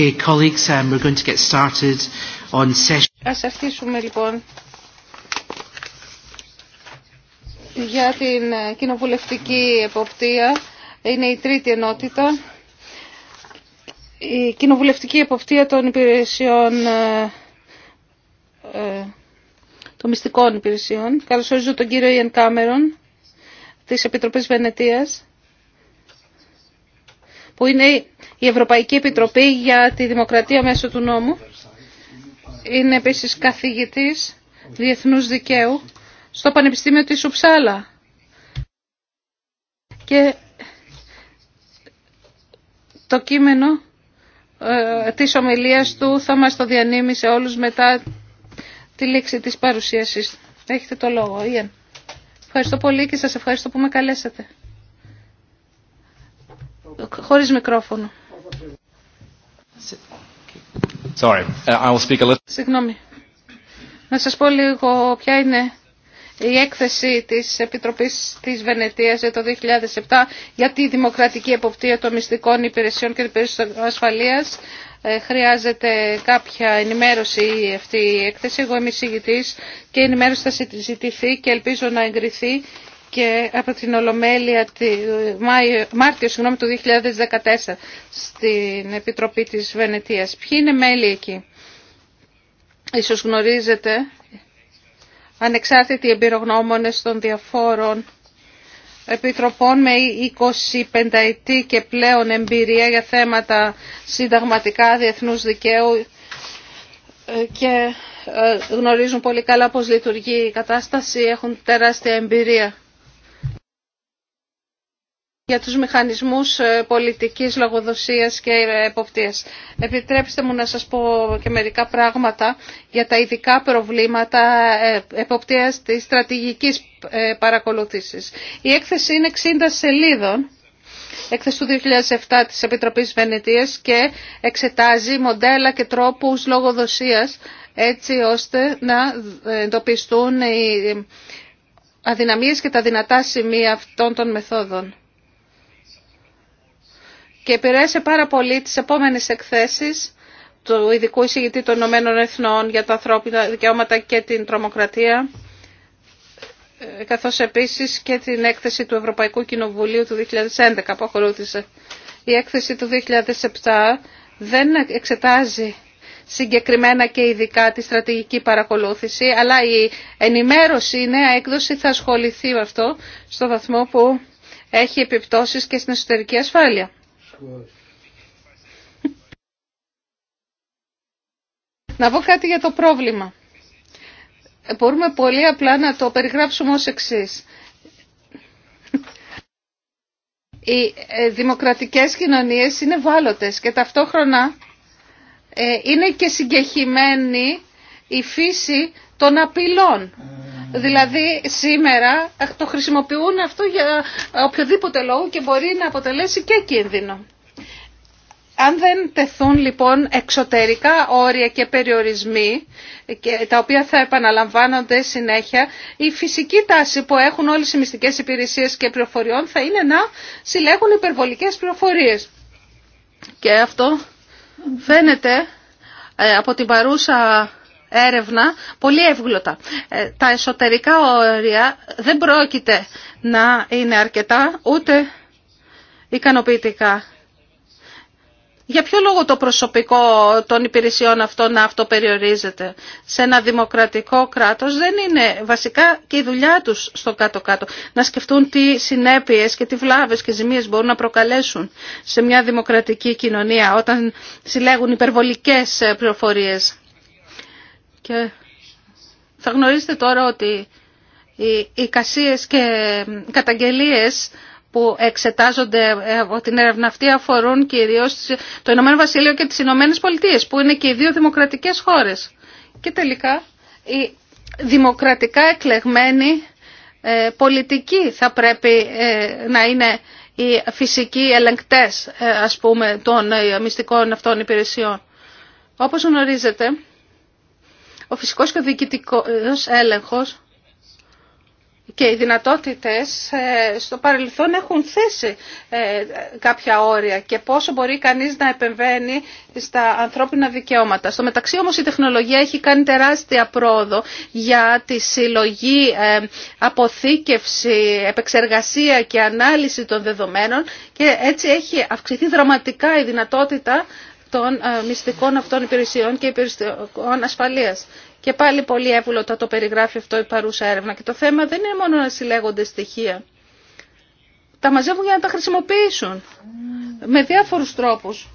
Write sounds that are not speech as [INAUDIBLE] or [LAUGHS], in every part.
Okay, um, Ας αρχίσουμε λοιπόν για την ε, κοινοβουλευτική εποπτεία. Είναι η τρίτη ενότητα. Η κοινοβουλευτική εποπτεία των υπηρεσιών, ε, ε, των μυστικών υπηρεσιών. Καλωσορίζω τον κύριο Ιεν Κάμερον της Επιτροπής Βενετίας που είναι η Ευρωπαϊκή Επιτροπή για τη Δημοκρατία μέσω του νόμου. Είναι επίσης καθηγητής διεθνούς δικαίου στο Πανεπιστήμιο της Ουψάλα. Και το κείμενο ε, της ομιλίας του θα μας το διανύμει σε όλους μετά τη λήξη της παρουσίασης. Έχετε το λόγο, Ιέν. Ευχαριστώ πολύ και σας ευχαριστώ που με καλέσατε χωρίς μικρόφωνο. Sorry, uh, I will speak a little. Συγγνώμη. Να σας πω λίγο ποια είναι η έκθεση της Επιτροπής της Βενετίας για το 2007 για τη δημοκρατική εποπτεία των μυστικών υπηρεσιών και υπηρεσιών ασφαλείας. Ε, χρειάζεται κάποια ενημέρωση αυτή η έκθεση. Εγώ είμαι συγγητής και η ενημέρωση θα συζητηθεί και ελπίζω να εγκριθεί και από την Ολομέλεια Μάρτιο συγγνώμη, του 2014 στην Επιτροπή της Βενετίας. Ποιοι είναι μέλη εκεί. Ίσως γνωρίζετε ανεξάρτητοι εμπειρογνώμονες των διαφόρων επιτροπών με 25 ετή και πλέον εμπειρία για θέματα συνταγματικά διεθνούς δικαίου και ε, γνωρίζουν πολύ καλά πώς λειτουργεί η κατάσταση, έχουν τεράστια εμπειρία για τους μηχανισμούς ε, πολιτικής λογοδοσίας και ε, εποπτείας. Επιτρέψτε μου να σας πω και μερικά πράγματα για τα ειδικά προβλήματα ε, εποπτείας της στρατηγικής παρακολούθησης. Η έκθεση είναι 60 σελίδων, έκθεση του 2007 της Επιτροπής Βενετίας και εξετάζει μοντέλα και τρόπους λογοδοσίας έτσι ώστε να εντοπιστούν οι αδυναμίες και τα δυνατά σημεία αυτών των μεθόδων και επηρέασε πάρα πολύ τις επόμενες εκθέσεις του ειδικού εισηγητή των Ηνωμένων Εθνών για τα ανθρώπινα δικαιώματα και την τρομοκρατία, ε, καθώς επίσης και την έκθεση του Ευρωπαϊκού Κοινοβουλίου του 2011 που ακολούθησε. Η έκθεση του 2007 δεν εξετάζει συγκεκριμένα και ειδικά τη στρατηγική παρακολούθηση, αλλά η ενημέρωση, η νέα έκδοση θα ασχοληθεί με αυτό στο βαθμό που έχει επιπτώσεις και στην εσωτερική ασφάλεια. Να πω κάτι για το πρόβλημα. Μπορούμε πολύ απλά να το περιγράψουμε ως εξής. Οι ε, δημοκρατικές κοινωνίες είναι βάλωτες και ταυτόχρονα ε, είναι και συγκεχημένη η φύση των απειλών ε. Δηλαδή σήμερα το χρησιμοποιούν αυτό για οποιοδήποτε λόγο και μπορεί να αποτελέσει και κίνδυνο. Αν δεν τεθούν λοιπόν εξωτερικά όρια και περιορισμοί, τα οποία θα επαναλαμβάνονται συνέχεια, η φυσική τάση που έχουν όλες οι μυστικές υπηρεσίες και πληροφοριών θα είναι να συλλέγουν υπερβολικές πληροφορίες. Και αυτό φαίνεται ε, από την παρούσα έρευνα πολύ εύγλωτα. Ε, τα εσωτερικά όρια δεν πρόκειται να είναι αρκετά ούτε ικανοποιητικά. Για ποιο λόγο το προσωπικό των υπηρεσιών αυτό να αυτοπεριορίζεται σε ένα δημοκρατικό κράτος δεν είναι βασικά και η δουλειά τους στο κάτω-κάτω. Να σκεφτούν τι συνέπειες και τι βλάβες και ζημίες μπορούν να προκαλέσουν σε μια δημοκρατική κοινωνία όταν συλλέγουν υπερβολικές πληροφορίες. Και θα γνωρίζετε τώρα ότι οι κασίες και καταγγελίες που εξετάζονται από την έρευνα αυτή αφορούν κυρίως το Ηνωμένο Βασίλειο και τις Ηνωμένε Πολιτείες που είναι και οι δύο δημοκρατικές χώρες. Και τελικά οι δημοκρατικά εκλεγμένοι ε, πολιτικοί θα πρέπει ε, να είναι οι φυσικοί ελεγκτές ε, ας πούμε των μυστικών αυτών υπηρεσιών. Όπως γνωρίζετε ο φυσικός και ο διοικητικός έλεγχος και οι δυνατότητες ε, στο παρελθόν έχουν θέσει ε, κάποια όρια και πόσο μπορεί κανείς να επεμβαίνει στα ανθρώπινα δικαιώματα. Στο μεταξύ όμως η τεχνολογία έχει κάνει τεράστια πρόοδο για τη συλλογή, ε, αποθήκευση, επεξεργασία και ανάλυση των δεδομένων και έτσι έχει αυξηθεί δραματικά η δυνατότητα των ε, μυστικών αυτών υπηρεσιών και υπηρεσιών ασφαλείας. Και πάλι πολύ εύγλωτα το περιγράφει αυτό η παρούσα έρευνα. Και το θέμα δεν είναι μόνο να συλλέγονται στοιχεία. Τα μαζεύουν για να τα χρησιμοποιήσουν με διάφορους τρόπους.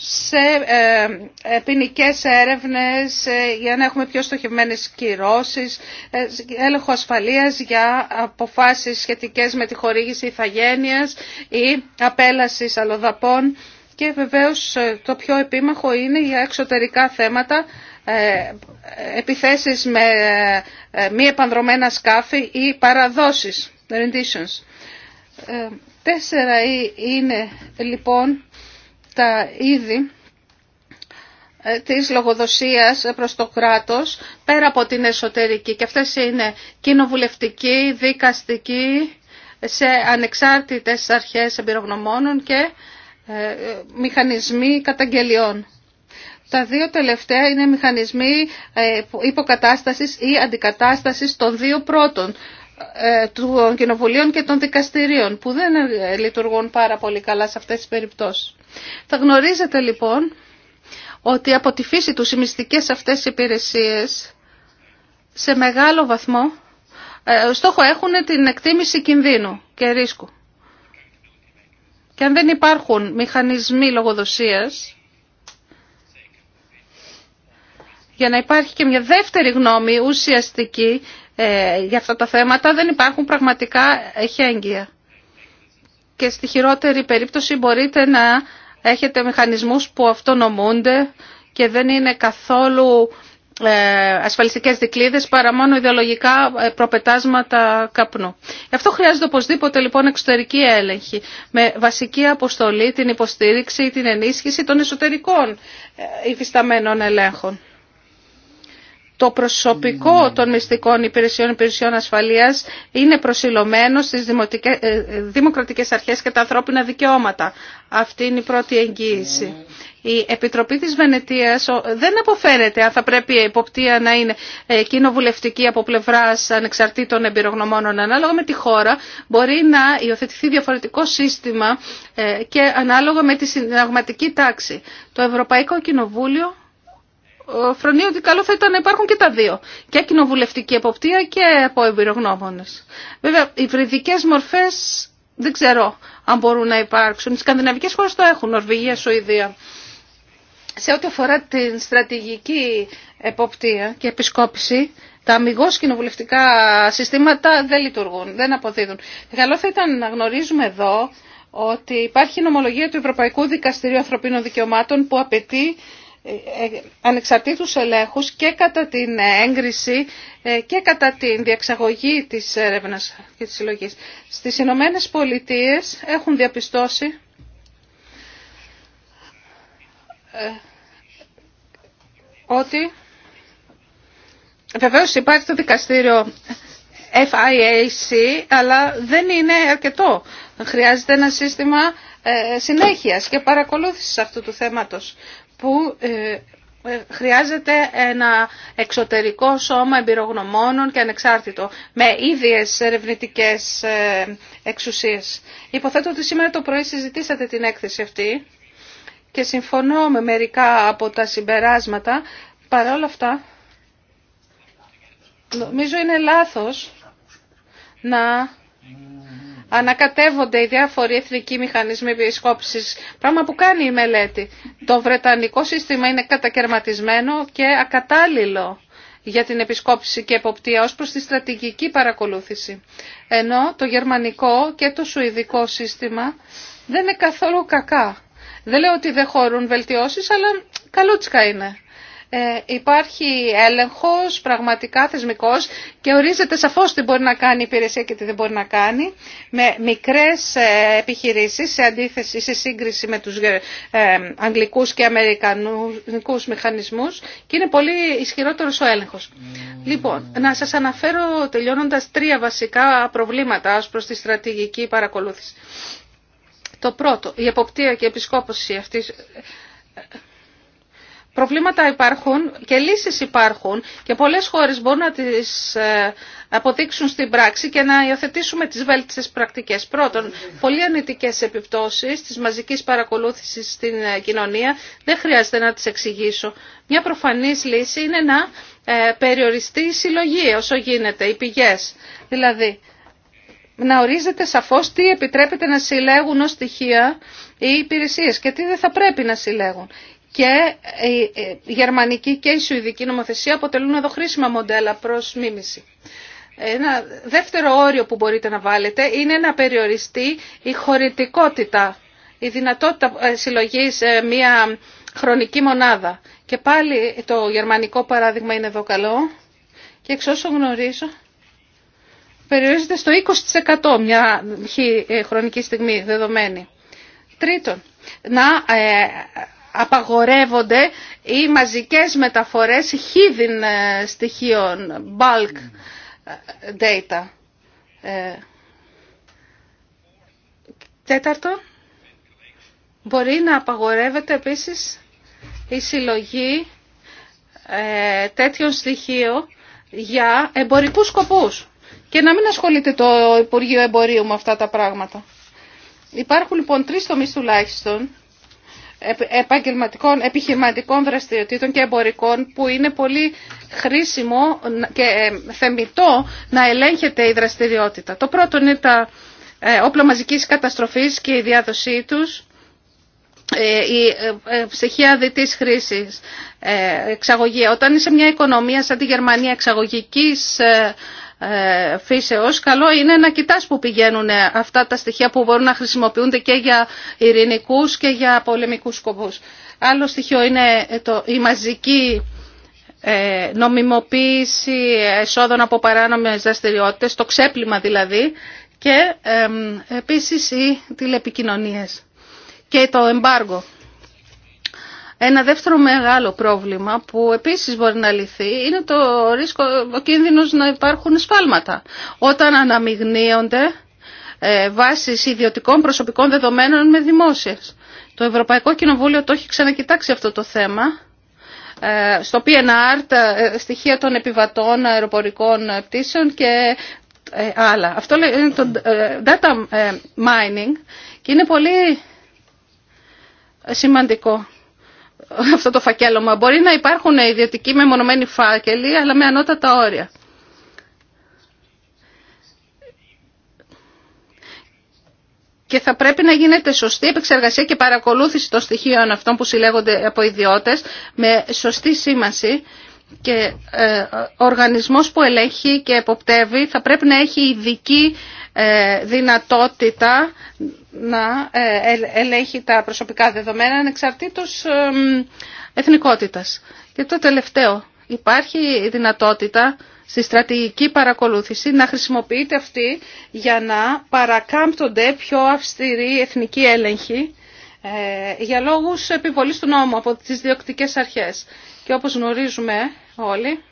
Σε ε, ε ποινικέ έρευνες ε, για να έχουμε πιο στοχευμένες κυρώσεις, έλεγχο ασφαλείας για αποφάσεις σχετικές με τη χορήγηση ηθαγένειας ή απέλασης αλλοδαπών και βεβαίως ε, το πιο επίμαχο είναι για εξωτερικά θέματα, ε, επιθέσεις με ε, μη επανδρομένα σκάφη ή παραδόσεις, renditions. Τέσσερα είναι λοιπόν τα είδη της λογοδοσίας προς το κράτος, πέρα από την εσωτερική. Και αυτές είναι κοινοβουλευτική, δικαστική, σε ανεξάρτητες αρχές εμπειρογνωμόνων και ε, ε, μηχανισμοί καταγγελιών. Τα δύο τελευταία είναι μηχανισμοί ε, υποκατάστασης ή αντικατάστασης των δύο πρώτων των κοινοβουλίων και των δικαστηρίων που δεν λειτουργούν πάρα πολύ καλά σε αυτές τις περιπτώσεις. Θα γνωρίζετε λοιπόν ότι από τη φύση τους οι μυστικές αυτές υπηρεσίες σε μεγάλο βαθμό στόχο έχουν την εκτίμηση κινδύνου και ρίσκου. Και αν δεν υπάρχουν μηχανισμοί λογοδοσίας, για να υπάρχει και μια δεύτερη γνώμη ουσιαστική ε, για αυτά τα θέματα, δεν υπάρχουν πραγματικά εχέγγυα. Και στη χειρότερη περίπτωση μπορείτε να έχετε μηχανισμούς που αυτονομούνται και δεν είναι καθόλου ε, ασφαλιστικές δικλείδες παρά μόνο ιδεολογικά ε, προπετάσματα καπνού. Γι' αυτό χρειάζεται οπωσδήποτε λοιπόν εξωτερική έλεγχη με βασική αποστολή την υποστήριξη ή την ενίσχυση των εσωτερικών ε, υφισταμένων ελέγχων. Το προσωπικό ναι. των μυστικών υπηρεσιών υπηρεσιών ασφαλείας είναι προσιλωμένο στις δημοκρατικές αρχές και τα ανθρώπινα δικαιώματα. Αυτή είναι η πρώτη εγγύηση. Ναι η Επιτροπή της Βενετίας δεν αποφέρεται αν θα πρέπει η υποπτία να είναι ε, κοινοβουλευτική από πλευράς ανεξαρτήτων εμπειρογνωμόνων ανάλογα με τη χώρα μπορεί να υιοθετηθεί διαφορετικό σύστημα ε, και ανάλογα με τη συνταγματική τάξη. Το Ευρωπαϊκό Κοινοβούλιο φρονεί ότι καλό θα ήταν να υπάρχουν και τα δύο. Και κοινοβουλευτική εποπτεία και από εμπειρογνώμονες. Βέβαια, οι βρυδικές μορφές δεν ξέρω αν μπορούν να υπάρξουν. Οι σκανδιναβικές χώρες το έχουν, Νορβηγία, Σουηδία σε ό,τι αφορά την στρατηγική εποπτεία και επισκόπηση, τα αμυγό κοινοβουλευτικά συστήματα δεν λειτουργούν, δεν αποδίδουν. Καλό θα ήταν να γνωρίζουμε εδώ ότι υπάρχει νομολογία του Ευρωπαϊκού Δικαστηρίου Ανθρωπίνων Δικαιωμάτων που απαιτεί ε, ε, ανεξαρτήτους ελέγχους και κατά την έγκριση ε, και κατά την διαξαγωγή της έρευνας και της συλλογής. Στις Ηνωμένε Πολιτείες έχουν διαπιστώσει Ε, ότι βεβαίως υπάρχει το δικαστήριο FIAC, αλλά δεν είναι αρκετό. Χρειάζεται ένα σύστημα ε, συνέχειας και παρακολούθησης αυτού του θέματος που ε, χρειάζεται ένα εξωτερικό σώμα εμπειρογνωμόνων και ανεξάρτητο με ίδιες ερευνητικές εξουσίες. Υποθέτω ότι σήμερα το πρωί συζητήσατε την έκθεση αυτή και συμφωνώ με μερικά από τα συμπεράσματα. Παρ' όλα αυτά, νομίζω είναι λάθος να ανακατεύονται οι διάφοροι εθνικοί μηχανισμοί επισκόπησης, πράγμα που κάνει η μελέτη. Το βρετανικό σύστημα είναι κατακαιρματισμένο και ακατάλληλο για την επισκόπηση και εποπτεία ως προς τη στρατηγική παρακολούθηση. Ενώ το γερμανικό και το σουηδικό σύστημα δεν είναι καθόλου κακά. Δεν λέω ότι δεν χωρούν βελτιώσεις, αλλά καλούτσικα είναι. Ε, υπάρχει έλεγχος πραγματικά θεσμικός και ορίζεται σαφώς τι μπορεί να κάνει η υπηρεσία και τι δεν μπορεί να κάνει με μικρές ε, επιχειρήσεις σε αντίθεση, σε σύγκριση με τους ε, ε αγγλικούς και αμερικανικούς μηχανισμούς και είναι πολύ ισχυρότερο ο έλεγχος. Λοιπόν, να σας αναφέρω τελειώνοντας τρία βασικά προβλήματα προς τη στρατηγική παρακολούθηση. Το πρώτο, η εποπτεία και η επισκόπωση αυτή. προβλήματα υπάρχουν και λύσεις υπάρχουν και πολλές χώρες μπορούν να τις ε, αποδείξουν στην πράξη και να υιοθετήσουμε τις βέλτιστες πρακτικές. Πρώτον, πολύ αρνητικέ επιπτώσεις της μαζικής παρακολούθησης στην ε, κοινωνία δεν χρειάζεται να τις εξηγήσω. Μια προφανής λύση είναι να ε, περιοριστεί η συλλογή όσο γίνεται, οι πηγές. Δηλαδή, να ορίζεται σαφώς τι επιτρέπεται να συλλέγουν ως στοιχεία οι υπηρεσίες και τι δεν θα πρέπει να συλλέγουν. Και η γερμανική και η σουηδική νομοθεσία αποτελούν εδώ χρήσιμα μοντέλα προς μίμηση. Ένα δεύτερο όριο που μπορείτε να βάλετε είναι να περιοριστεί η χωρητικότητα, η δυνατότητα ε, συλλογής ε, μια χρονική μονάδα. Και πάλι το γερμανικό παράδειγμα είναι εδώ καλό και εξ όσων γνωρίζω περιορίζεται στο 20% μια ε, χρονική στιγμή δεδομένη. Τρίτον, να ε, απαγορεύονται οι μαζικές μεταφορές χίδιν ε, στοιχείων, bulk data. Τέταρτο, μπορεί να απαγορεύεται επίσης η συλλογή τέτοιων στοιχείων για εμπορικούς σκοπούς και να μην ασχολείται το Υπουργείο Εμπορίου με αυτά τα πράγματα. Υπάρχουν λοιπόν τρεις τομείς τουλάχιστον επαγγελματικών, επιχειρηματικών δραστηριοτήτων και εμπορικών που είναι πολύ χρήσιμο και ε, θεμητό να ελέγχεται η δραστηριότητα. Το πρώτο είναι τα ε, όπλα μαζικής καταστροφής και η διάδοσή τους, ε, η ψυχία διτής χρήσης, εξαγωγή. Όταν είσαι μια οικονομία σαν τη Γερμανία εξαγωγικής ε, φύσεως, καλό είναι να κοιτάς που πηγαίνουν αυτά τα στοιχεία που μπορούν να χρησιμοποιούνται και για ειρηνικούς και για πολεμικούς σκοπούς. Άλλο στοιχείο είναι το, η μαζική ε, νομιμοποίηση εσόδων από παράνομες δραστηριότητες, το ξέπλυμα δηλαδή και ε, επίσης οι τηλεπικοινωνίες και το εμπάργο. Ένα δεύτερο μεγάλο πρόβλημα που επίσης μπορεί να λυθεί είναι το ρίσκο, ο κίνδυνος να υπάρχουν σφάλματα. Όταν αναμειγνύονται ε, βάσεις ιδιωτικών προσωπικών δεδομένων με δημόσιες. Το Ευρωπαϊκό Κοινοβούλιο το έχει ξανακοιτάξει αυτό το θέμα. Ε, στο PNR τα ε, στοιχεία των επιβατών αεροπορικών πτήσεων και ε, άλλα. Αυτό είναι το data mining και είναι πολύ σημαντικό αυτό το φακέλωμα. Μπορεί να υπάρχουν ιδιωτικοί μεμονωμένοι φάκελοι, αλλά με ανώτατα όρια. Και θα πρέπει να γίνεται σωστή επεξεργασία και παρακολούθηση των στοιχείων αυτών που συλλέγονται από ιδιώτες με σωστή σήμανση και ο ε, οργανισμός που ελέγχει και εποπτεύει θα πρέπει να έχει ειδική ε, δυνατότητα να ε, ελέγχει τα προσωπικά δεδομένα ανεξαρτήτως εθνικότητας. Και το τελευταίο, υπάρχει δυνατότητα στη στρατηγική παρακολούθηση να χρησιμοποιείται αυτή για να παρακάμπτονται πιο αυστηροί εθνικοί έλεγχοι για λόγους επιβολής του νόμου από τις διοκτικές αρχές. Και όπως γνωρίζουμε όλοι,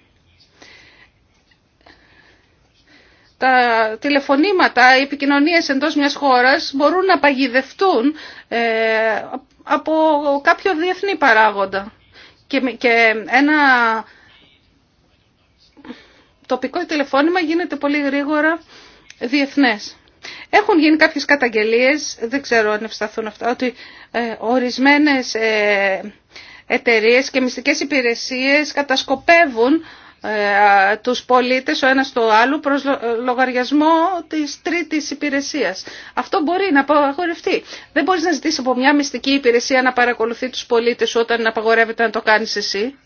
τα τηλεφωνήματα, οι επικοινωνίες εντός μιας χώρας μπορούν να παγιδευτούν ε, από κάποιο διεθνή παράγοντα. Και ένα τοπικό τηλεφώνημα γίνεται πολύ γρήγορα διεθνές. Έχουν γίνει κάποιες καταγγελίες, δεν ξέρω αν ευσταθούν αυτά, ότι ε, ορισμένες ε, εταιρείες και μυστικές υπηρεσίες κατασκοπεύουν ε, τους πολίτες ο ένας το άλλο προς λογαριασμό της τρίτης υπηρεσίας. Αυτό μπορεί να απαγορευτεί. Δεν μπορείς να ζητήσεις από μια μυστική υπηρεσία να παρακολουθεί τους πολίτες όταν απαγορεύεται να το κάνεις εσύ.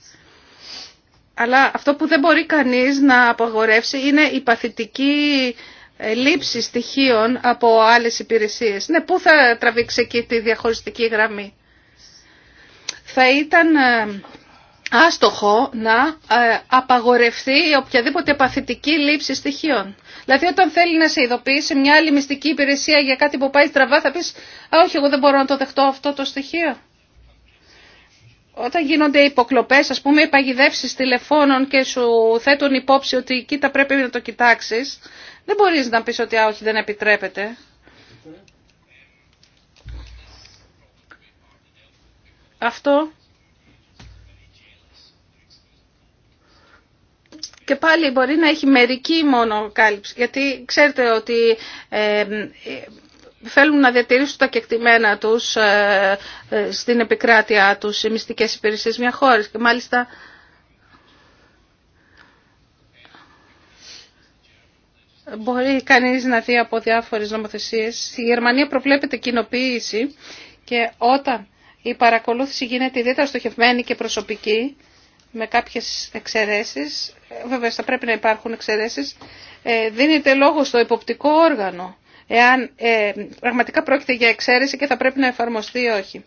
Αλλά αυτό που δεν μπορεί κανείς να απαγορεύσει είναι η παθητική ε, λήψη στοιχείων από άλλες υπηρεσίες. Ναι, πού θα τραβήξει εκεί τη διαχωριστική γραμμή θα ήταν ε, άστοχο να ε, απαγορευτεί οποιαδήποτε παθητική λήψη στοιχείων. Δηλαδή όταν θέλει να σε ειδοποιήσει μια άλλη μυστική υπηρεσία για κάτι που πάει στραβά θα πεις «Α, όχι, εγώ δεν μπορώ να το δεχτώ αυτό το στοιχείο». Όταν γίνονται υποκλοπές, ας πούμε, οι παγιδεύσει τηλεφώνων και σου θέτουν υπόψη ότι κοίτα πρέπει να το κοιτάξεις, δεν μπορείς να πεις ότι «Α, όχι, δεν επιτρέπεται». Αυτό και πάλι μπορεί να έχει μερική μόνο κάλυψη. Γιατί ξέρετε ότι ε, θέλουν να διατηρήσουν τα κεκτημένα τους ε, ε, στην επικράτειά τους οι μυστικές υπηρεσίες μια χώρα. Και μάλιστα μπορεί κανείς να δει από διάφορες νομοθεσίες. Η Γερμανία προβλέπεται κοινοποίηση και όταν η παρακολούθηση γίνεται ιδιαίτερα στοχευμένη και προσωπική, με κάποιες εξαιρέσεις, βέβαια θα πρέπει να υπάρχουν εξαιρέσεις, ε, δίνεται λόγο στο υποπτικό όργανο, εάν ε, πραγματικά πρόκειται για εξαίρεση και θα πρέπει να εφαρμοστεί ή όχι.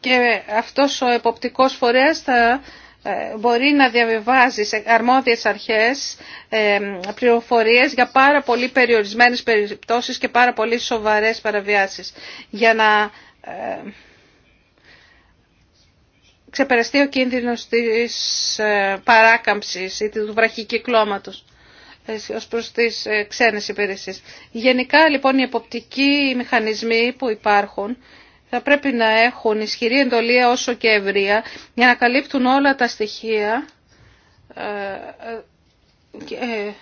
Και αυτός ο εποπτικός φορέας θα ε, μπορεί να διαβιβάζει σε αρμόδιες αρχές ε, πληροφορίες για πάρα πολύ περιορισμένες περιπτώσεις και πάρα πολύ σοβαρές παραβιάσεις για να ε, ξεπεραστεί ο κίνδυνος της παράκαμψης ή του βραχικυκλώματος ως προς τις ξένες υπηρεσίες. Γενικά λοιπόν οι εποπτικοί μηχανισμοί που υπάρχουν θα πρέπει να έχουν ισχυρή εντολή όσο και ευρεία για να καλύπτουν όλα τα στοιχεία ε, ε, ε,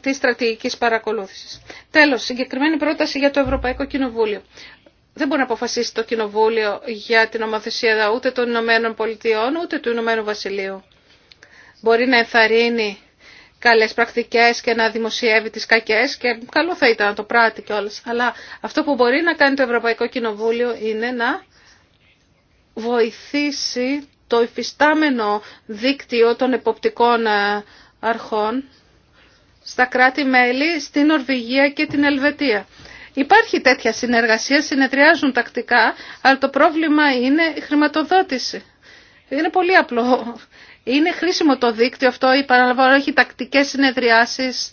της στρατηγική παρακολούθησης. Τέλος, συγκεκριμένη πρόταση για το Ευρωπαϊκό Κοινοβούλιο. Δεν μπορεί να αποφασίσει το Κοινοβούλιο για την ομοθεσία ούτε των Ηνωμένων Πολιτειών ούτε του Ηνωμένου Βασιλείου. Μπορεί να ενθαρρύνει καλές πρακτικές και να δημοσιεύει τις κακές και καλό θα ήταν να το πράττει κιόλα. Αλλά αυτό που μπορεί να κάνει το Ευρωπαϊκό Κοινοβούλιο είναι να βοηθήσει το υφιστάμενο δίκτυο των εποπτικών ε, αρχών στα κράτη-μέλη, στην Νορβηγία και την Ελβετία. Υπάρχει τέτοια συνεργασία, συνεδριάζουν τακτικά, αλλά το πρόβλημα είναι η χρηματοδότηση. Είναι πολύ απλό είναι χρήσιμο το δίκτυο αυτό, η παραλαμβάνω έχει τακτικές συνεδριάσεις,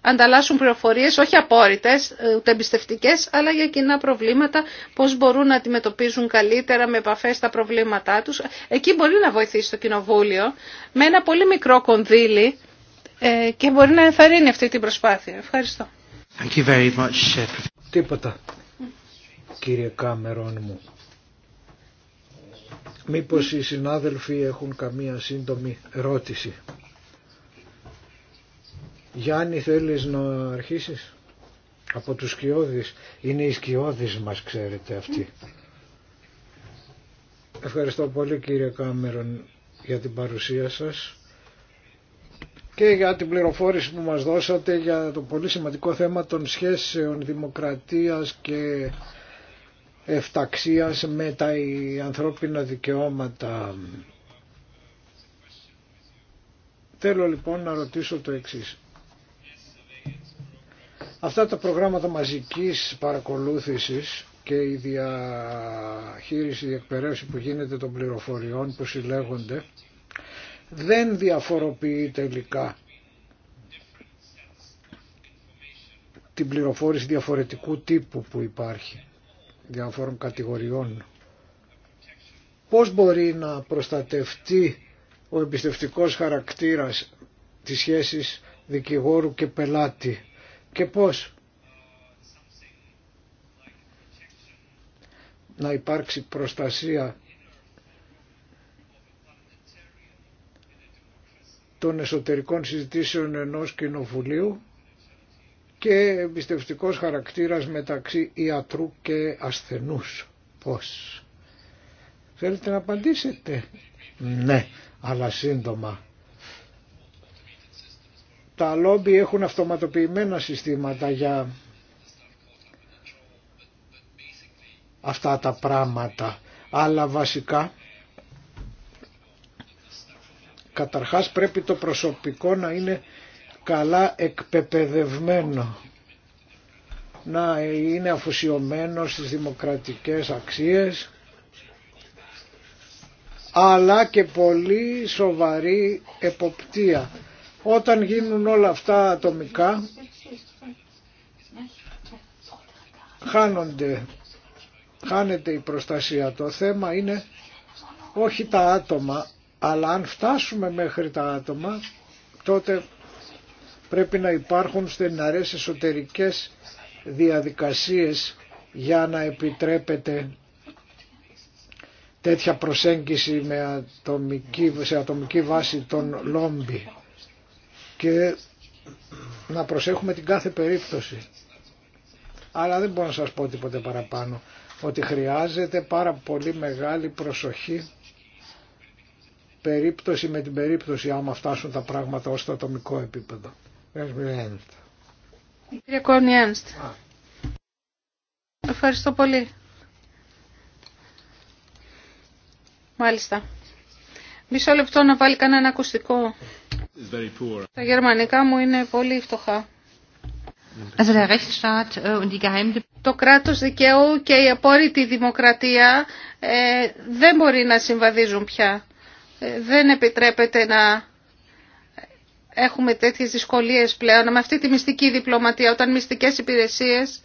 ανταλλάσσουν πληροφορίες, όχι απόρριτες, ε, ούτε εμπιστευτικέ, αλλά για κοινά προβλήματα, πώς μπορούν να αντιμετωπίζουν καλύτερα με επαφέ τα προβλήματά τους. Εκεί μπορεί να βοηθήσει το Κοινοβούλιο με ένα πολύ μικρό κονδύλι ε, και μπορεί να ενθαρρύνει αυτή την προσπάθεια. Ευχαριστώ. Thank you very much. Ε, Τίποτα, κύριε Κάμερον μου. Μήπως οι συνάδελφοι έχουν καμία σύντομη ερώτηση. Γιάννη θέλεις να αρχίσεις από τους σκιώδεις. Είναι οι σκιώδεις μας ξέρετε αυτοί. Ευχαριστώ πολύ κύριε Κάμερον για την παρουσία σας και για την πληροφόρηση που μας δώσατε για το πολύ σημαντικό θέμα των σχέσεων δημοκρατίας και εφταξίας με τα ανθρώπινα δικαιώματα. Θέλω λοιπόν να ρωτήσω το εξής. Αυτά τα προγράμματα μαζικής παρακολούθησης και η διαχείριση, η εκπαιρέωση που γίνεται των πληροφοριών που συλλέγονται δεν διαφοροποιεί τελικά την πληροφόρηση διαφορετικού τύπου που υπάρχει διαφόρων κατηγοριών. Πώς μπορεί να προστατευτεί ο εμπιστευτικός χαρακτήρας της σχέσης δικηγόρου και πελάτη και πώς να υπάρξει προστασία των εσωτερικών συζητήσεων ενός κοινοβουλίου και εμπιστευτικός χαρακτήρας μεταξύ ιατρού και ασθενούς. Πώς. Θέλετε να απαντήσετε. Ναι, αλλά σύντομα. Τα λόμπι έχουν αυτοματοποιημένα συστήματα για αυτά τα πράγματα. Αλλά βασικά, καταρχάς πρέπει το προσωπικό να είναι καλά εκπεπεδευμένο να είναι αφοσιωμένο στις δημοκρατικές αξίες αλλά και πολύ σοβαρή εποπτεία. Όταν γίνουν όλα αυτά ατομικά χάνονται, χάνεται η προστασία. Το θέμα είναι όχι τα άτομα αλλά αν φτάσουμε μέχρι τα άτομα τότε πρέπει να υπάρχουν στεναρές εσωτερικές διαδικασίες για να επιτρέπεται τέτοια προσέγγιση με ατομική, σε ατομική βάση των λόμπι και να προσέχουμε την κάθε περίπτωση. Αλλά δεν μπορώ να σας πω τίποτε παραπάνω ότι χρειάζεται πάρα πολύ μεγάλη προσοχή περίπτωση με την περίπτωση άμα φτάσουν τα πράγματα ως το ατομικό επίπεδο. Κύριε Κόρνι Ένστ. Ευχαριστώ πολύ. Μάλιστα. Μισό λεπτό να βάλει κανένα ακουστικό. Τα γερμανικά μου είναι πολύ φτωχά. Also der Rechtsstaat äh, und die Το κράτος δικαίου και η απόρριτη δημοκρατία ε, δεν μπορεί να συμβαδίζουν πια. Ε, δεν επιτρέπεται να έχουμε τέτοιες δυσκολίες πλέον με αυτή τη μυστική διπλωματία, όταν μυστικές υπηρεσίες,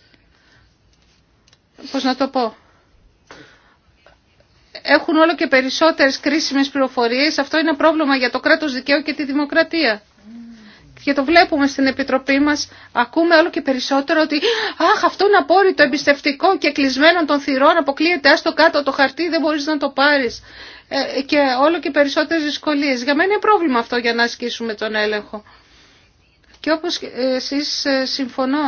πώς να το πω, έχουν όλο και περισσότερες κρίσιμες πληροφορίες. Αυτό είναι πρόβλημα για το κράτος δικαίου και τη δημοκρατία και το βλέπουμε στην Επιτροπή μας, ακούμε όλο και περισσότερο ότι «Αχ, αυτό είναι απόρριτο, εμπιστευτικό και κλεισμένο των θυρών, αποκλείεται, άστο κάτω το χαρτί, δεν μπορείς να το πάρεις». Ε, και όλο και περισσότερες δυσκολίες. Για μένα είναι πρόβλημα αυτό για να ασκήσουμε τον έλεγχο. Και όπως εσείς ε, συμφωνώ,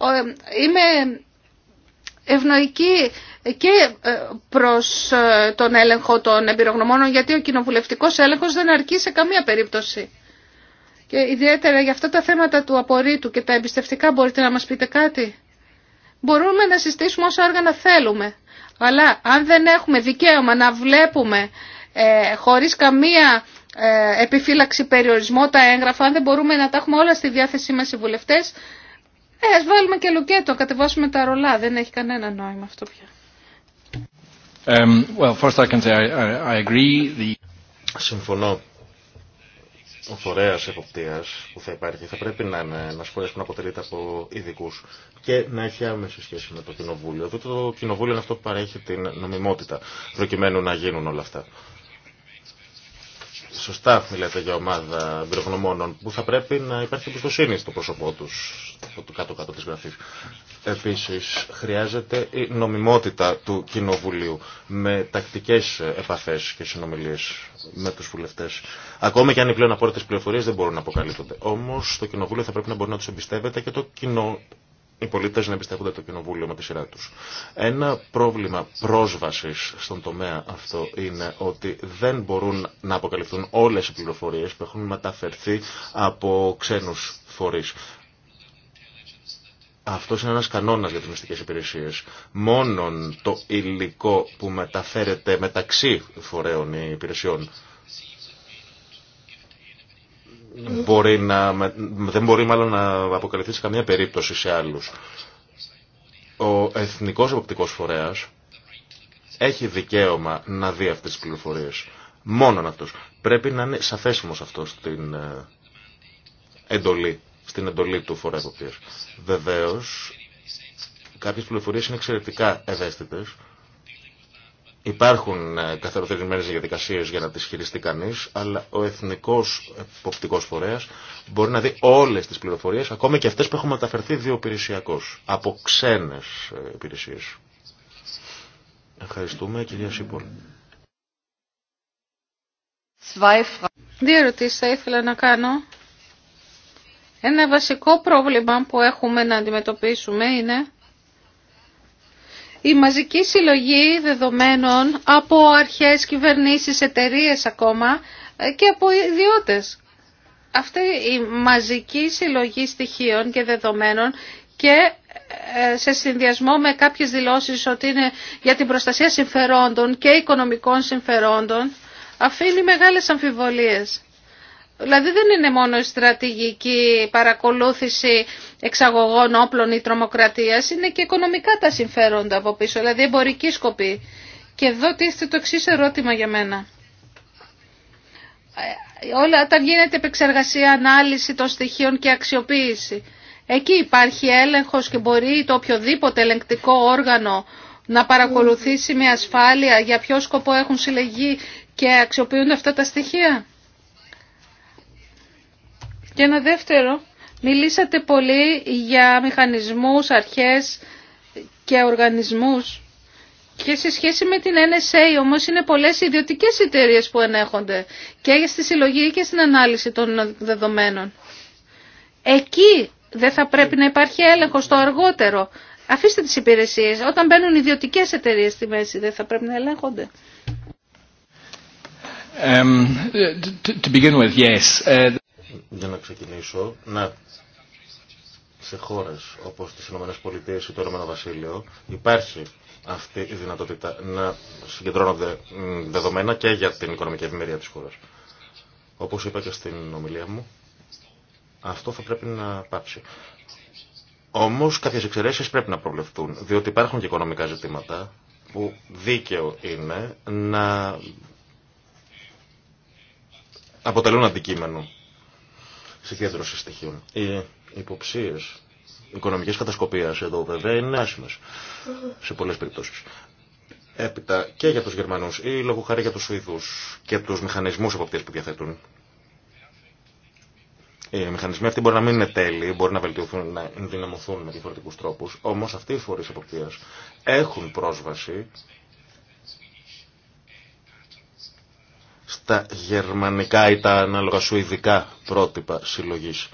ε, είμαι ευνοϊκή και ε, προς ε, τον έλεγχο των εμπειρογνωμόνων γιατί ο κοινοβουλευτικός έλεγχος δεν αρκεί σε καμία περίπτωση. Και ιδιαίτερα για αυτά τα θέματα του απορρίτου και τα εμπιστευτικά μπορείτε να μας πείτε κάτι. Μπορούμε να συστήσουμε όσα όργανα θέλουμε. Αλλά αν δεν έχουμε δικαίωμα να βλέπουμε ε, χωρίς καμία ε, επιφύλαξη περιορισμό τα έγγραφα, αν δεν μπορούμε να τα έχουμε όλα στη διάθεσή μας οι βουλευτές, ε, ας βάλουμε και λουκέτο, κατεβάσουμε τα ρολά. Δεν έχει κανένα νόημα αυτό πια. Well, Συμφωνώ. Ο φορέα εποπτεία που θα υπάρχει θα πρέπει να είναι ένα φορέα που να αποτελείται από ειδικού και να έχει άμεση σχέση με το κοινοβούλιο. Διότι το κοινοβούλιο είναι αυτό που παρέχει την νομιμότητα προκειμένου να γίνουν όλα αυτά. Σωστά μιλάτε για ομάδα εμπειρογνωμόνων που θα πρέπει να υπάρχει εμπιστοσύνη στο πρόσωπό του, το κάτω-κάτω τη γραφή. Επίσης, χρειάζεται η νομιμότητα του Κοινοβουλίου με τακτικές επαφές και συνομιλίες με τους βουλευτές. Ακόμη και αν οι πλέον απόρριτες πληροφορίες δεν μπορούν να αποκαλύπτονται. Όμως, το Κοινοβούλιο θα πρέπει να μπορεί να τους εμπιστεύεται και το κοινό... Οι πολίτε να εμπιστεύονται το κοινοβούλιο με τη σειρά του. Ένα πρόβλημα πρόσβαση στον τομέα αυτό είναι ότι δεν μπορούν να αποκαλυφθούν όλε οι πληροφορίε που έχουν μεταφερθεί από ξένου φορεί. Αυτός είναι ένας κανόνας για τις μυστικές υπηρεσίες. Μόνον το υλικό που μεταφέρεται μεταξύ φορέων ή υπηρεσιών μπορεί να, δεν μπορεί μάλλον να αποκαλυφθεί σε καμία περίπτωση σε άλλους. Ο Εθνικός Εποπτικός Φορέας έχει δικαίωμα να δει αυτές τις πληροφορίες. Μόνον αυτός. Πρέπει να είναι σαφέσιμος αυτό στην ε, εντολή στην εντολή του φορέα εποπτείας. Βεβαίως, κάποιες πληροφορίες είναι εξαιρετικά ευαίσθητες. Υπάρχουν ε, καθαροτερημένες διαδικασίες για να τις χειριστεί κανείς, αλλά ο εθνικός εποπτικός φορέας μπορεί να δει όλες τις πληροφορίες, ακόμα και αυτές που έχουν μεταφερθεί διοπηρεσιακώς, από ξένες ε, υπηρεσίε. Ευχαριστούμε, κυρία Σίπολ. Δύο ερωτήσεις θα ήθελα να κάνω ένα βασικό πρόβλημα που έχουμε να αντιμετωπίσουμε είναι η μαζική συλλογή δεδομένων από αρχές, κυβερνήσεις, εταιρείες ακόμα και από ιδιώτες. Αυτή η μαζική συλλογή στοιχείων και δεδομένων και ε, σε συνδυασμό με κάποιες δηλώσεις ότι είναι για την προστασία συμφερόντων και οικονομικών συμφερόντων αφήνει μεγάλες αμφιβολίες. Δηλαδή δεν είναι μόνο η στρατηγική παρακολούθηση εξαγωγών όπλων ή τρομοκρατίας, είναι και οικονομικά τα συμφέροντα από πίσω, δηλαδή εμπορική σκοπή. Και εδώ τίθεται το εξή ερώτημα για μένα. Ε, όλα όταν γίνεται επεξεργασία, ανάλυση των στοιχείων και αξιοποίηση. Εκεί υπάρχει έλεγχος και μπορεί το οποιοδήποτε ελεγκτικό όργανο να παρακολουθήσει με ασφάλεια για ποιο σκοπό έχουν συλλεγεί και αξιοποιούν αυτά τα στοιχεία. Και ένα δεύτερο, μιλήσατε πολύ για μηχανισμούς, αρχές και οργανισμούς. Και σε σχέση με την NSA όμως είναι πολλές ιδιωτικές εταιρείες που ενέχονται και στη συλλογή και στην ανάλυση των δεδομένων. Εκεί δεν θα πρέπει να υπάρχει έλεγχος το αργότερο. Αφήστε τις υπηρεσίες. Όταν μπαίνουν ιδιωτικές εταιρείες στη μέση δεν θα πρέπει να ελέγχονται. Um, to begin with, yes. Ε, για να ξεκινήσω, να σε χώρες όπως τις ΗΠΑ ή το Ρωμένο Βασίλειο υπάρχει αυτή η το ηνωμενο βασιλειο υπαρχει αυτη η δυνατοτητα να συγκεντρώνονται δεδομένα και για την οικονομική ευημερία της χώρας. Όπως είπα και στην ομιλία μου, αυτό θα πρέπει να πάψει. Όμω κάποιε εξαιρέσει πρέπει να προβλεφθούν, διότι υπάρχουν και οικονομικά ζητήματα που δίκαιο είναι να αποτελούν αντικείμενο συγκέντρωση στοιχείων. Οι υποψίε οικονομική κατασκοπία εδώ βέβαια είναι άσχημε σε πολλέ περιπτώσει. Έπειτα και για του Γερμανού ή λόγω χάρη για του Σουηδού και του μηχανισμού εποπτεία που διαθέτουν. Οι μηχανισμοί αυτοί μπορεί να μην είναι τέλειοι, μπορεί να βελτιωθούν, να ενδυναμωθούν με διαφορετικού τρόπου. Όμω αυτοί οι φορεί εποπτεία έχουν πρόσβαση στα γερμανικά ή τα ανάλογα σουηδικά πρότυπα συλλογής.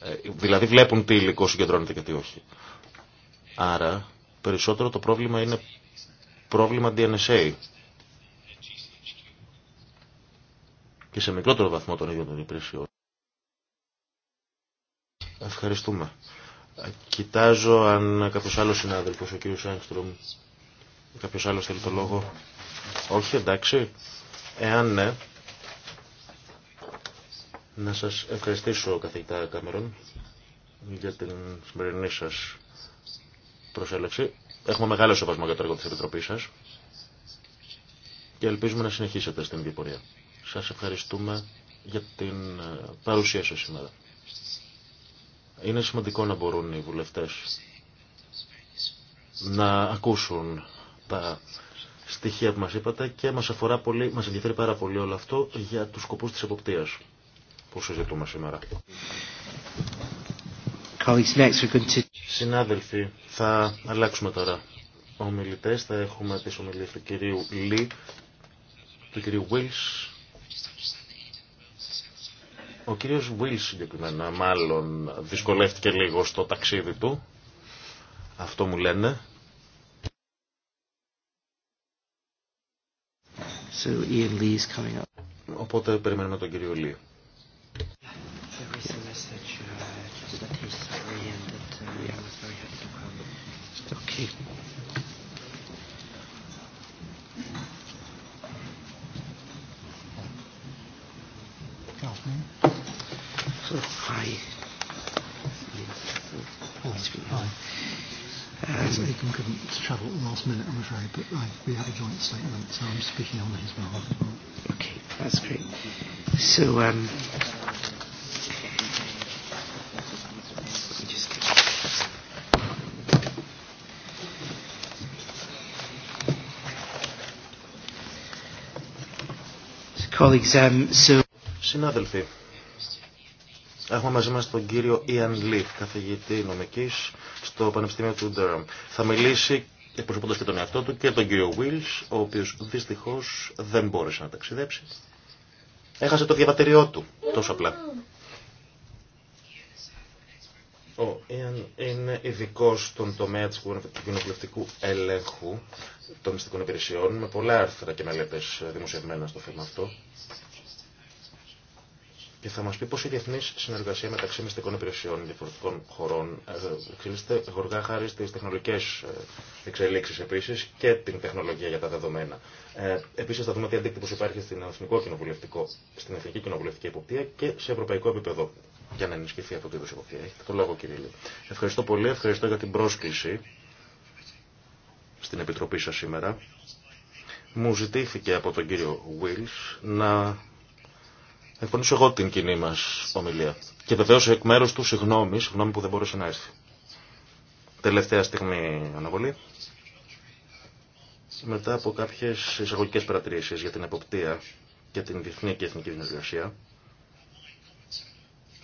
Ε, δηλαδή βλέπουν τι υλικό συγκεντρώνεται και τι όχι. Άρα περισσότερο το πρόβλημα είναι πρόβλημα DNSA. Και σε μικρότερο βαθμό των ίδιων των υπηρεσιών. Ευχαριστούμε. Κοιτάζω αν κάποιος άλλος συνάδελφος, ο κύριος Άγκστρομ, κάποιος άλλος θέλει το λόγο. Όχι, εντάξει. Εάν ναι, να σας ευχαριστήσω καθηγητά Κάμερον για την σημερινή σας προσέλευση. Έχουμε μεγάλο σεβασμό για το έργο της Επιτροπής σας και ελπίζουμε να συνεχίσετε στην διπορία. Σα Σας ευχαριστούμε για την ε, παρουσία σας σήμερα. Είναι σημαντικό να μπορούν οι βουλευτές να ακούσουν τα στοιχεία που μας είπατε και μας, αφορά πολύ, μας ενδιαφέρει πάρα πολύ όλο αυτό για τους σκοπούς της εποπτείας που συζητούμε σήμερα. Συνάδελφοι, θα αλλάξουμε τώρα ομιλητές. Θα έχουμε τις ομιλίες του κυρίου Λί, του κυρίου Βίλς. Ο κύριος Βίλς συγκεκριμένα μάλλον δυσκολεύτηκε λίγο στο ταξίδι του. Αυτό μου λένε. So Ian Lee is coming up. Οπότε περιμένουμε τον κύριο Λί. Uh, uh, okay. So, hi. He couldn't travel at the last minute, I'm afraid, but I, we have a joint statement, so I'm speaking on his behalf. Okay, that's great. So, um, colleagues, um, so... Συνάδελφοι, έχουμε μαζί μας τον κύριο Ιαν Λίφ, καθηγητή νομικής στο Πανεπιστήμιο του Ντεραμ. Θα μιλήσει εκπροσωπώντα και τον εαυτό του και τον κύριο Βίλ, ο οποίο δυστυχώ δεν μπόρεσε να ταξιδέψει. Έχασε το διαβατηριό του, τόσο απλά. Ο Ιαν είναι ειδικό στον τομέα του κοινοβουλευτικού ελέγχου των μυστικών υπηρεσιών με πολλά άρθρα και μελέτε δημοσιευμένα στο θέμα αυτό και θα μα πει πώ η διεθνή συνεργασία μεταξύ μυστικών υπηρεσιών διαφορετικών χωρών ε, εξελίσσεται γοργά χάρη στι τεχνολογικέ ε, εξελίξει επίση και την τεχνολογία για τα δεδομένα. Ε, επίση θα δούμε τι αντίκτυπο υπάρχει στην, εθνικό κοινοβουλευτικό, στην εθνική κοινοβουλευτική εποπτεία και σε ευρωπαϊκό επίπεδο για να ενισχυθεί αυτό το είδο εποπτεία. Έχετε το λόγο κύριε Λίλη. Ευχαριστώ πολύ, ευχαριστώ για την πρόσκληση στην επιτροπή σα σήμερα. Μου ζητήθηκε από τον κύριο Wills να εκπονήσω εγώ την κοινή μα ομιλία. Και βεβαίω εκ μέρου του συγγνώμη, συγγνώμη που δεν μπορούσε να έρθει. Τελευταία στιγμή αναβολή. Μετά από κάποιε εισαγωγικέ παρατηρήσει για την εποπτεία και την διεθνή και εθνική συνεργασία,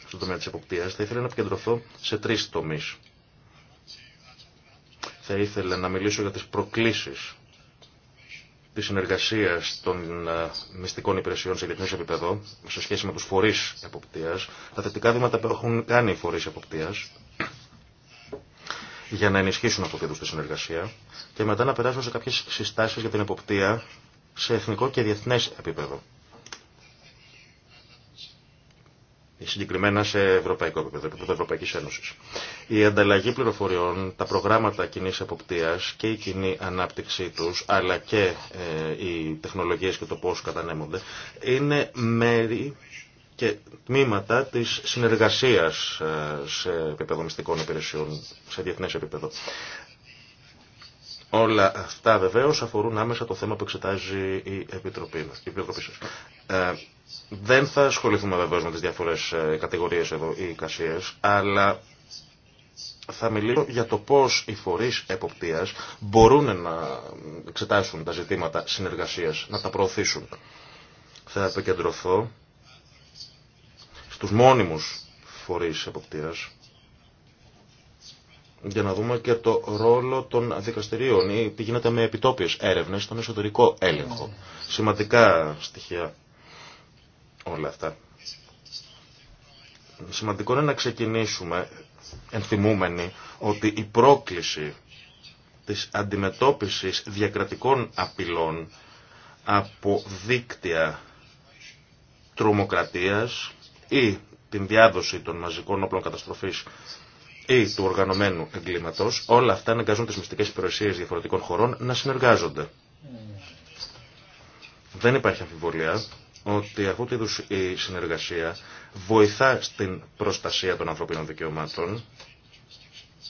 στον τομέα τη εποπτεία, θα ήθελα να επικεντρωθώ σε τρει τομεί. Θα ήθελα να μιλήσω για τι προκλήσει τη συνεργασία των ε, μυστικών υπηρεσιών σε διεθνέ επίπεδο σε σχέση με του φορεί εποπτεία, τα θετικά βήματα που έχουν κάνει οι φορεί εποπτεία για να ενισχύσουν αυτό το τη συνεργασία και μετά να περάσουν σε κάποιε συστάσει για την εποπτεία σε εθνικό και διεθνέ επίπεδο. συγκεκριμένα σε ευρωπαϊκό επίπεδο, επίπεδο ευρωπαϊκή Ένωση. Η ανταλλαγή πληροφοριών, τα προγράμματα κοινή εποπτεία και η κοινή ανάπτυξή τους, αλλά και ε, οι τεχνολογίες και το πώ κατανέμονται, είναι μέρη και τμήματα της συνεργασίας ε, σε επίπεδο μυστικών υπηρεσιών, σε διεθνές επίπεδο. Όλα αυτά βεβαίω αφορούν άμεσα το θέμα που εξετάζει η Επιτροπή, η ε, δεν θα ασχοληθούμε βεβαίω με τι διάφορε κατηγορίε εδώ ή εικασίε, αλλά θα μιλήσω για το πώ οι φορεί εποπτεία μπορούν να εξετάσουν τα ζητήματα συνεργασία, να τα προωθήσουν. Θα επικεντρωθώ στους μόνιμους φορεί εποπτείας για να δούμε και το ρόλο των δικαστηρίων ή τι γίνεται με επιτόπιες έρευνες στον εσωτερικό έλεγχο. Σημαντικά στοιχεία όλα αυτά. Σημαντικό είναι να ξεκινήσουμε ενθυμούμενοι ότι η πρόκληση της αντιμετώπισης διακρατικών απειλών από δίκτυα τρομοκρατίας ή την διάδοση των μαζικών όπλων καταστροφής ή του οργανωμένου εγκλήματος, όλα αυτά αναγκάζουν τις μυστικές υπηρεσίες διαφορετικών χωρών να συνεργάζονται. Δεν υπάρχει αμφιβολία ότι αυτή του η συνεργασία βοηθά στην προστασία των ανθρωπίνων δικαιωμάτων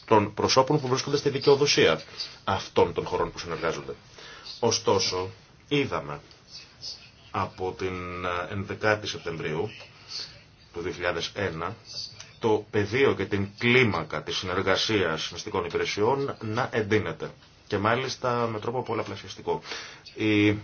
των προσώπων που βρίσκονται στη δικαιοδοσία αυτών των χωρών που συνεργάζονται. Ωστόσο, είδαμε από την 11η Σεπτεμβρίου του 2001 το πεδίο και την κλίμακα της συνεργασίας μυστικών υπηρεσιών να εντείνεται και μάλιστα με τρόπο πολλαπλασιαστικό. Η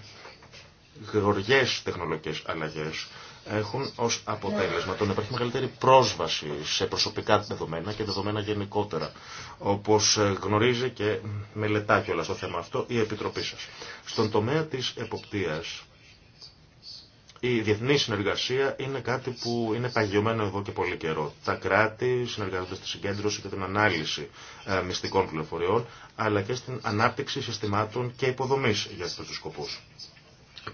γοργές τεχνολογικές αλλαγές έχουν ως αποτέλεσμα το να υπάρχει μεγαλύτερη πρόσβαση σε προσωπικά δεδομένα και δεδομένα γενικότερα, όπως γνωρίζει και μελετά κιόλας το θέμα αυτό η Επιτροπή σας. Στον τομέα της εποπτείας, η διεθνή συνεργασία είναι κάτι που είναι παγιωμένο εδώ και πολύ καιρό. Τα κράτη συνεργάζονται στη συγκέντρωση και την ανάλυση ε, μυστικών πληροφοριών, αλλά και στην ανάπτυξη συστημάτων και υποδομής για αυτούς τους σκοπούς.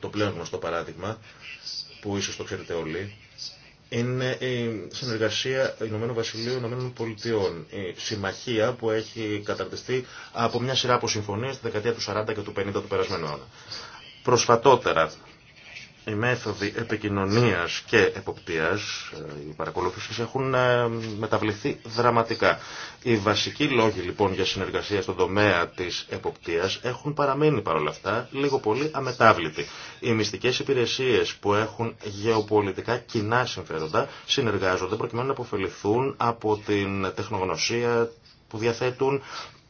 Το πλέον γνωστό παράδειγμα, που ίσως το ξέρετε όλοι, είναι η συνεργασία ΗΠΑ Βασιλείου Ηνωμένων Πολιτειών. Η συμμαχία που έχει καταρτιστεί από μια σειρά από συμφωνίε τη δεκαετία του 40 και του 50 του περασμένου αιώνα. Προσφατότερα οι μέθοδοι επικοινωνίας και εποπτείας, ε, οι παρακολούθησης έχουν ε, μεταβληθεί δραματικά. Οι βασικοί λόγοι λοιπόν για συνεργασία στον τομέα της εποπτείας έχουν παραμείνει παρόλα αυτά λίγο πολύ αμετάβλητοι. Οι μυστικές υπηρεσίες που έχουν γεωπολιτικά κοινά συμφέροντα συνεργάζονται προκειμένου να αποφεληθούν από την τεχνογνωσία που διαθέτουν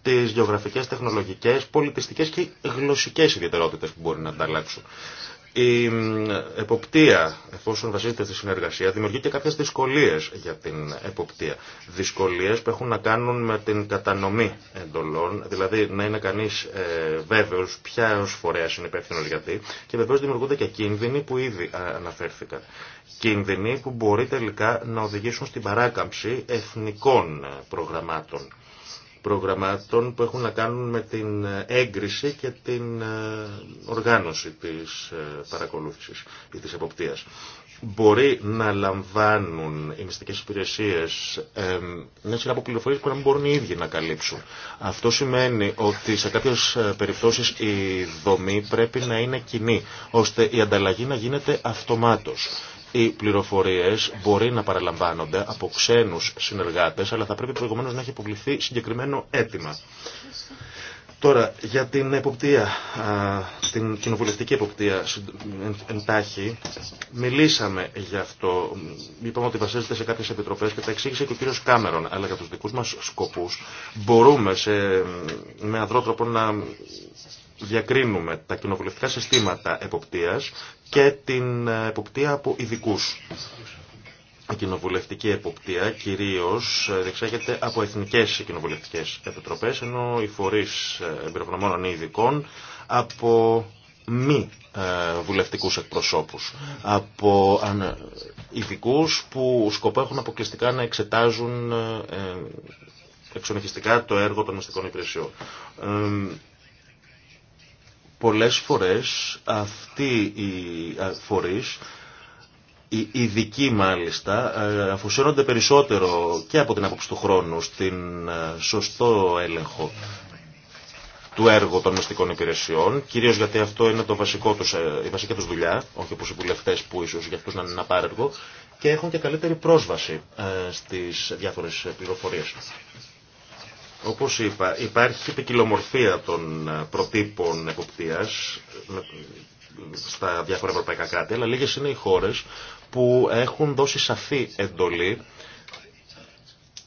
τις γεωγραφικές, τεχνολογικές, πολιτιστικές και γλωσσικές ιδιαιτερότητες που μπορεί να ανταλλάξουν. Η εποπτεία, εφόσον βασίζεται στη συνεργασία, δημιουργεί και κάποιες δυσκολίες για την εποπτεία. Δυσκολίες που έχουν να κάνουν με την κατανομή εντολών, δηλαδή να είναι κανείς ε, βέβαιος ποια φορέας είναι υπεύθυνο γιατί και βεβαίως δημιουργούνται και κίνδυνοι που ήδη ε, αναφέρθηκαν. Κίνδυνοι που μπορεί τελικά να οδηγήσουν στην παράκαμψη εθνικών ε, προγραμμάτων προγραμμάτων που έχουν να κάνουν με την έγκριση και την ε, οργάνωση της ε, παρακολούθησης ή της εποπτείας. Μπορεί να λαμβάνουν οι μυστικές υπηρεσίες ε, μια σειρά από πληροφορίες που να μην μπορούν οι ίδιοι να καλύψουν. Αυτό σημαίνει ότι σε κάποιες περιπτώσεις η δομή πρέπει να είναι κοινή, ώστε η ανταλλαγή να γίνεται αυτομάτως οι πληροφορίε μπορεί να παραλαμβάνονται από ξένου συνεργάτε, αλλά θα πρέπει προηγουμένω να έχει υποβληθεί συγκεκριμένο αίτημα. Τώρα, για την εποπτεία, την κοινοβουλευτική εποπτεία εντάχει, μιλήσαμε γι' αυτό. Είπαμε ότι βασίζεται σε κάποιες επιτροπές και τα εξήγησε και ο κύριος Κάμερον, αλλά για τους δικούς μας σκοπούς μπορούμε με αδρό τρόπο να διακρίνουμε τα κοινοβουλευτικά συστήματα εποπτείας και την εποπτεία από ειδικού. Η κοινοβουλευτική εποπτεία κυρίως διεξάγεται από εθνικές κοινοβουλευτικέ επιτροπές, ενώ οι φορείς εμπειρογνωμόνων ή ειδικών από μη ε, βουλευτικούς εκπροσώπους, από ειδικού που σκοπό έχουν αποκλειστικά να εξετάζουν ε, ε, εξονυχιστικά το έργο των μυστικών υπηρεσιών πολλές φορές αυτοί οι ε, φορείς οι ειδικοί μάλιστα ε, αφοσιώνονται περισσότερο και από την άποψη του χρόνου στην ε, σωστό έλεγχο του έργου των μυστικών υπηρεσιών, κυρίως γιατί αυτό είναι το βασικό τους, η βασική τους δουλειά, όχι όπως οι βουλευτές που ίσως για αυτούς να είναι ένα πάρεργο, και έχουν και καλύτερη πρόσβαση στις διάφορες πληροφορίες. Όπως είπα, υπάρχει ποικιλομορφία των ε, προτύπων εποπτείας στα διάφορα ευρωπαϊκά κράτη, αλλά λίγες είναι οι χώρες που έχουν δώσει σαφή εντολή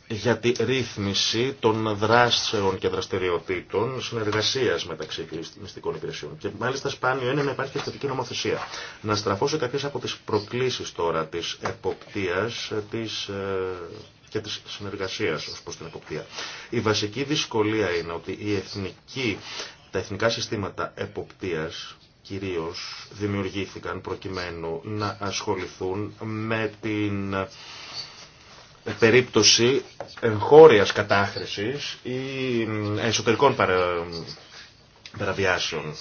για τη ρύθμιση των δράσεων και δραστηριοτήτων συνεργασία μεταξύ μυστικών υπηρεσιών. Και μάλιστα σπάνιο είναι να υπάρχει θετική νομοθεσία. Να στραφώ σε κάποιες από τι προκλήσει τώρα τη εποπτεία ε, τη ε, και της συνεργασίας ως προς την εποπτεία. Η βασική δυσκολία είναι ότι εθνική, τα εθνικά συστήματα εποπτείας κυρίως δημιουργήθηκαν προκειμένου να ασχοληθούν με την περίπτωση εγχώριας κατάχρησης ή εσωτερικών παραβιάσεων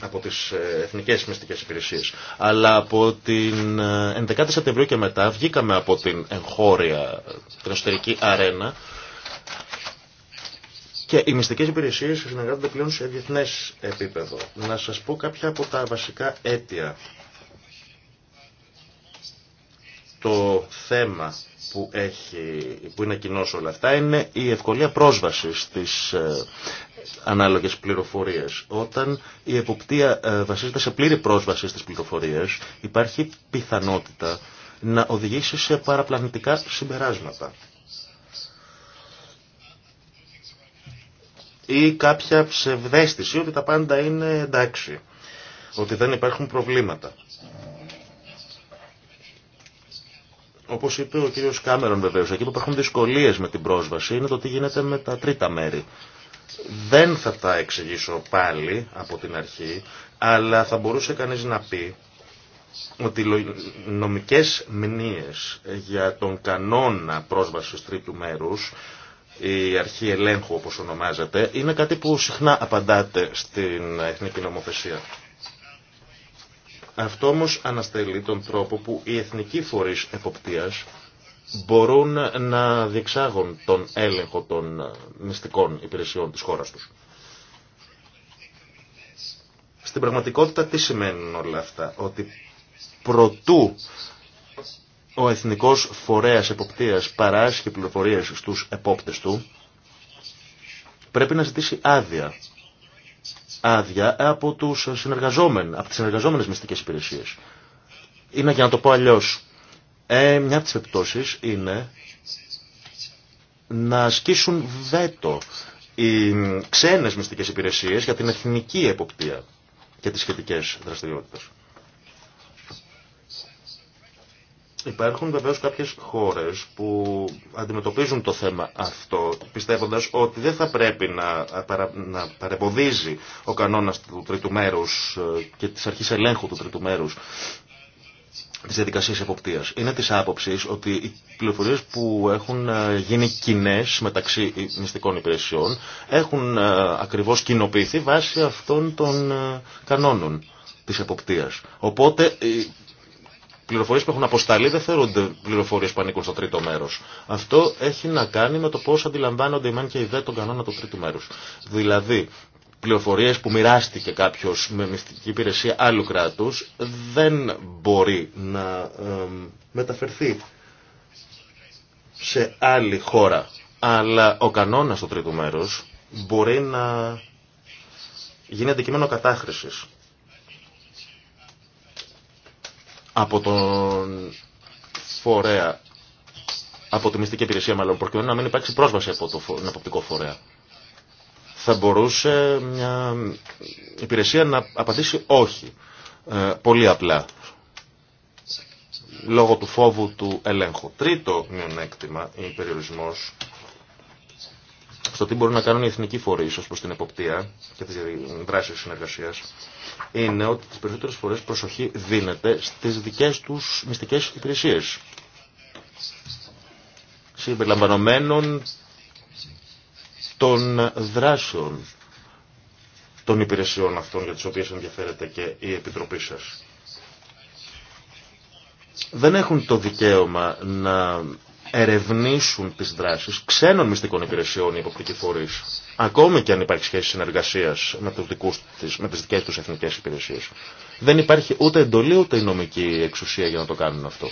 από τις ε, εθνικές μυστικές υπηρεσίες, αλλά από την 11η ε, Σεπτεμβρίου και μετά βγήκαμε από την εγχώρια, την εσωτερική αρένα και οι μυστικές υπηρεσίες συνεργάζονται πλέον σε διεθνές επίπεδο. Να σας πω κάποια από τα βασικά αίτια. Το θέμα που, έχει, που είναι κοινό όλα αυτά είναι η ευκολία πρόσβασης στις ε, ανάλογες πληροφορίες. Όταν η εποπτεία ε, βασίζεται σε πλήρη πρόσβαση στις πληροφορίες υπάρχει πιθανότητα να οδηγήσει σε παραπλανητικά συμπεράσματα. Ή κάποια ψευδέστηση ότι τα πάντα είναι εντάξει, ότι δεν υπάρχουν προβλήματα. Όπω είπε ο κ. Κάμερον βεβαίω, εκεί που υπάρχουν δυσκολίε με την πρόσβαση είναι το τι γίνεται με τα τρίτα μέρη. Δεν θα τα εξηγήσω πάλι από την αρχή, αλλά θα μπορούσε κανεί να πει ότι νομικές μνήε για τον κανόνα πρόσβασης τρίτου μέρου η αρχή ελέγχου όπως ονομάζεται, είναι κάτι που συχνά απαντάται στην εθνική νομοθεσία. Αυτό όμω αναστελεί τον τρόπο που οι εθνικοί φορεί εποπτείας μπορούν να διεξάγουν τον έλεγχο των ε, μυστικών υπηρεσιών της χώρας του. Στην πραγματικότητα τι σημαίνουν όλα αυτά. Ότι προτού ο εθνικός φορέας εποπτείας παράσχει πληροφορίες στους επόπτες του, πρέπει να ζητήσει άδεια άδεια από, τους συνεργαζόμενους, από τις συνεργαζόμενες μυστικές υπηρεσίες. Είναι για να το πω αλλιώ. Ε, μια από τις επιπτώσεις είναι να ασκήσουν βέτο οι ξένες μυστικές υπηρεσίες για την εθνική εποπτεία και τις σχετικές δραστηριότητες. Υπάρχουν βεβαίω κάποιε χώρε που αντιμετωπίζουν το θέμα αυτό, πιστεύοντα ότι δεν θα πρέπει να, παρα, παρεμποδίζει ο κανόνα του τρίτου μέρου ε, και τη αρχή ελέγχου του τρίτου μέρου τη διαδικασία εποπτεία. Είναι τη άποψη ότι οι πληροφορίε που έχουν ε, γίνει κοινέ μεταξύ μυστικών υπηρεσιών έχουν ε, ακριβώ κοινοποιηθεί βάσει αυτών των κανόνων της εποπτείας. Οπότε πληροφορίε που έχουν αποσταλεί δεν θεωρούνται πληροφορίε που ανήκουν στο τρίτο μέρο. Αυτό έχει να κάνει με το πώ αντιλαμβάνονται οι μεν και οι δε τον κανόνα του τρίτου μέρου. Δηλαδή, πληροφορίε που μοιράστηκε κάποιο με μυστική υπηρεσία άλλου κράτου δεν μπορεί να μεταφερθεί σε άλλη χώρα. Αλλά ο κανόνα του τρίτου μέρου μπορεί να γίνει αντικείμενο κατάχρηση. από τον φορέα, από τη μυστική υπηρεσία μάλλον, προκειμένου να μην υπάρξει πρόσβαση από τον αποπτικό φορέα. Θα μπορούσε μια υπηρεσία να απαντήσει όχι, ε, πολύ απλά, λόγω του φόβου του ελέγχου. Τρίτο μειονέκτημα, η περιορισμός στο τι μπορούν να κάνουν οι εθνικοί φορεί ω προ την εποπτεία και τι δράσει συνεργασία, είναι ότι τι περισσότερε φορέ προσοχή δίνεται στι δικέ του μυστικέ υπηρεσίε. Συμπεριλαμβανομένων των δράσεων των υπηρεσιών αυτών για τις οποίες ενδιαφέρεται και η Επιτροπή σας. Δεν έχουν το δικαίωμα να ερευνήσουν τι δράσει ξένων μυστικών υπηρεσιών οι υποπτικοί φορεί, ακόμη και αν υπάρχει σχέση συνεργασία με, με τις Δεν υπάρχει ούτε εντολή ούτε η νομική εξουσία για να το κάνουν αυτό.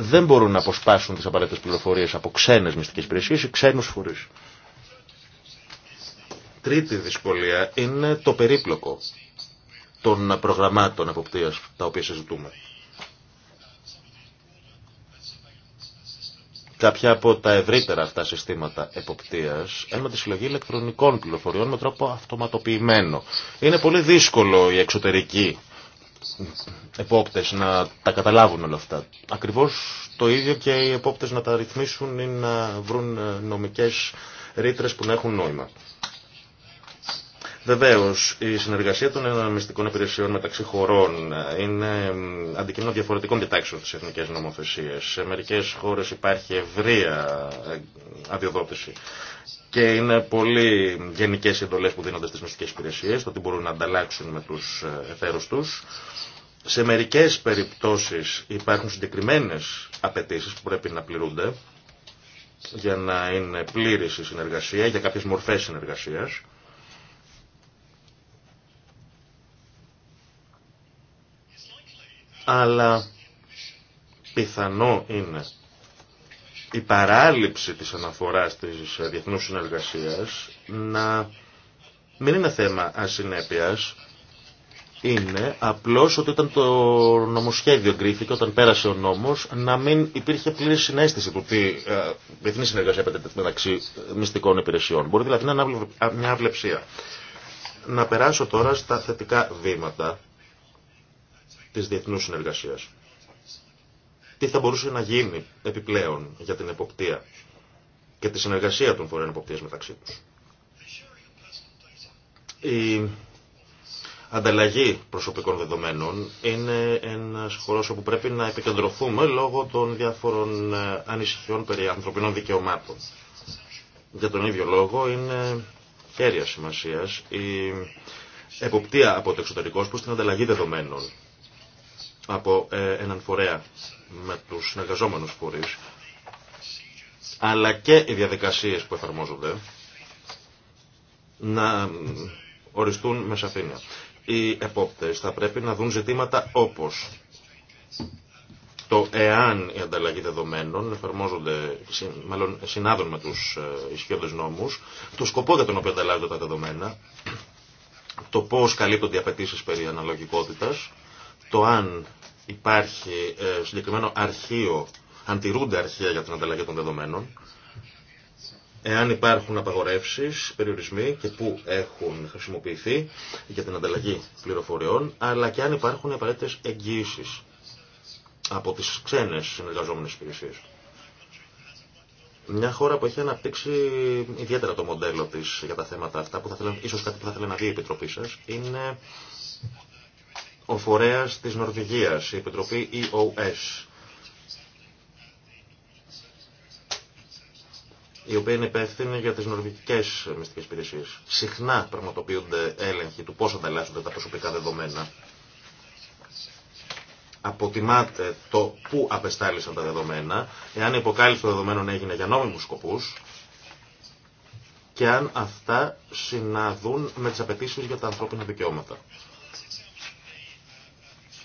Δεν μπορούν να αποσπάσουν τι απαραίτητε πληροφορίε από ξένες μυστικέ υπηρεσίες ή ξένου φορεί. Τρίτη δυσκολία είναι το περίπλοκο των προγραμμάτων εποπτείας τα οποία συζητούμε. Κάποια από τα ευρύτερα αυτά συστήματα εποπτείας έχουν τη συλλογή ηλεκτρονικών πληροφοριών με τρόπο αυτοματοποιημένο. Είναι πολύ δύσκολο οι εξωτερικοί επόπτες να τα καταλάβουν όλα αυτά. Ακριβώς το ίδιο και οι επόπτες να τα ρυθμίσουν ή να βρουν νομικές ρήτρες που να έχουν νόημα. Βεβαίω, η συνεργασία των μυστικών υπηρεσιών μεταξύ χωρών είναι αντικείμενο διαφορετικών διτάξεων στι εθνικέ νομοθεσίε. Σε μερικέ χώρε υπάρχει ευρεία ε, αδειοδότηση και είναι πολύ γενικέ οι εντολέ που δίνονται στι μυστικέ υπηρεσίε, το ότι μπορούν να ανταλλάξουν με του εθέρου του. Σε μερικέ περιπτώσει υπάρχουν συγκεκριμένε απαιτήσει που πρέπει να πληρούνται για να είναι πλήρης η συνεργασία, για κάποιε μορφέ συνεργασία. αλλά πιθανό είναι η παράληψη της αναφοράς της διεθνούς συνεργασίας να μην είναι θέμα ασυνέπειας, είναι απλώς ότι όταν το νομοσχέδιο εγκρίθηκε, όταν πέρασε ο νόμος, να μην υπήρχε πλήρη συνέστηση του ότι ε, διεθνή συνεργασία μεταξύ μυστικών υπηρεσιών. Μπορεί δηλαδή να είναι μια αυλεψία. Να περάσω τώρα στα θετικά βήματα της διεθνούς συνεργασίας. Τι θα μπορούσε να γίνει επιπλέον για την εποπτεία και τη συνεργασία των φορέων εποπτείας μεταξύ τους. Η ανταλλαγή προσωπικών δεδομένων είναι ένας χώρος όπου πρέπει να επικεντρωθούμε λόγω των διάφορων ε, ανησυχιών περί ανθρωπινών δικαιωμάτων. Για τον ίδιο λόγο είναι κέρια σημασίας η εποπτεία από το εξωτερικό προς την ανταλλαγή δεδομένων από ε, έναν φορέα με τους συνεργαζόμενους φορείς, αλλά και οι διαδικασίες που εφαρμόζονται να οριστούν με σαφήνεια. Οι επόπτες θα πρέπει να δουν ζητήματα όπως το εάν η ανταλλαγή δεδομένων εφαρμόζονται, μάλλον συνάδουν με τους ε, ισχύοντες νόμους, το σκοπό για τον οποίο ανταλλάζονται τα δεδομένα, το πώς καλύπτονται οι απαιτήσει περί αναλογικότητας, το αν υπάρχει ε, συγκεκριμένο αρχείο, αν τηρούνται αρχεία για την ανταλλαγή των δεδομένων, εάν υπάρχουν απαγορεύσεις, περιορισμοί και πού έχουν χρησιμοποιηθεί για την ανταλλαγή πληροφοριών, αλλά και αν υπάρχουν απαραίτητες εγγύησεις από τις ξένες συνεργαζόμενες υπηρεσίε. Μια χώρα που έχει αναπτύξει ιδιαίτερα το μοντέλο της για τα θέματα αυτά, που θα ίσως κάτι που θα θέλει να δει η Επιτροπή σας, είναι ο φορέας της Νορβηγίας, η Επιτροπή EOS, η οποία είναι υπεύθυνη για τις νορβηγικές μυστικέ υπηρεσίε. Συχνά πραγματοποιούνται έλεγχοι του πώ ανταλλάσσονται τα προσωπικά δεδομένα. Αποτιμάται το πού απεστάλησαν τα δεδομένα, εάν η υποκάλυψη των δεδομένων έγινε για νόμιμους σκοπούς, και αν αυτά συνάδουν με τις απαιτήσει για τα ανθρώπινα δικαιώματα.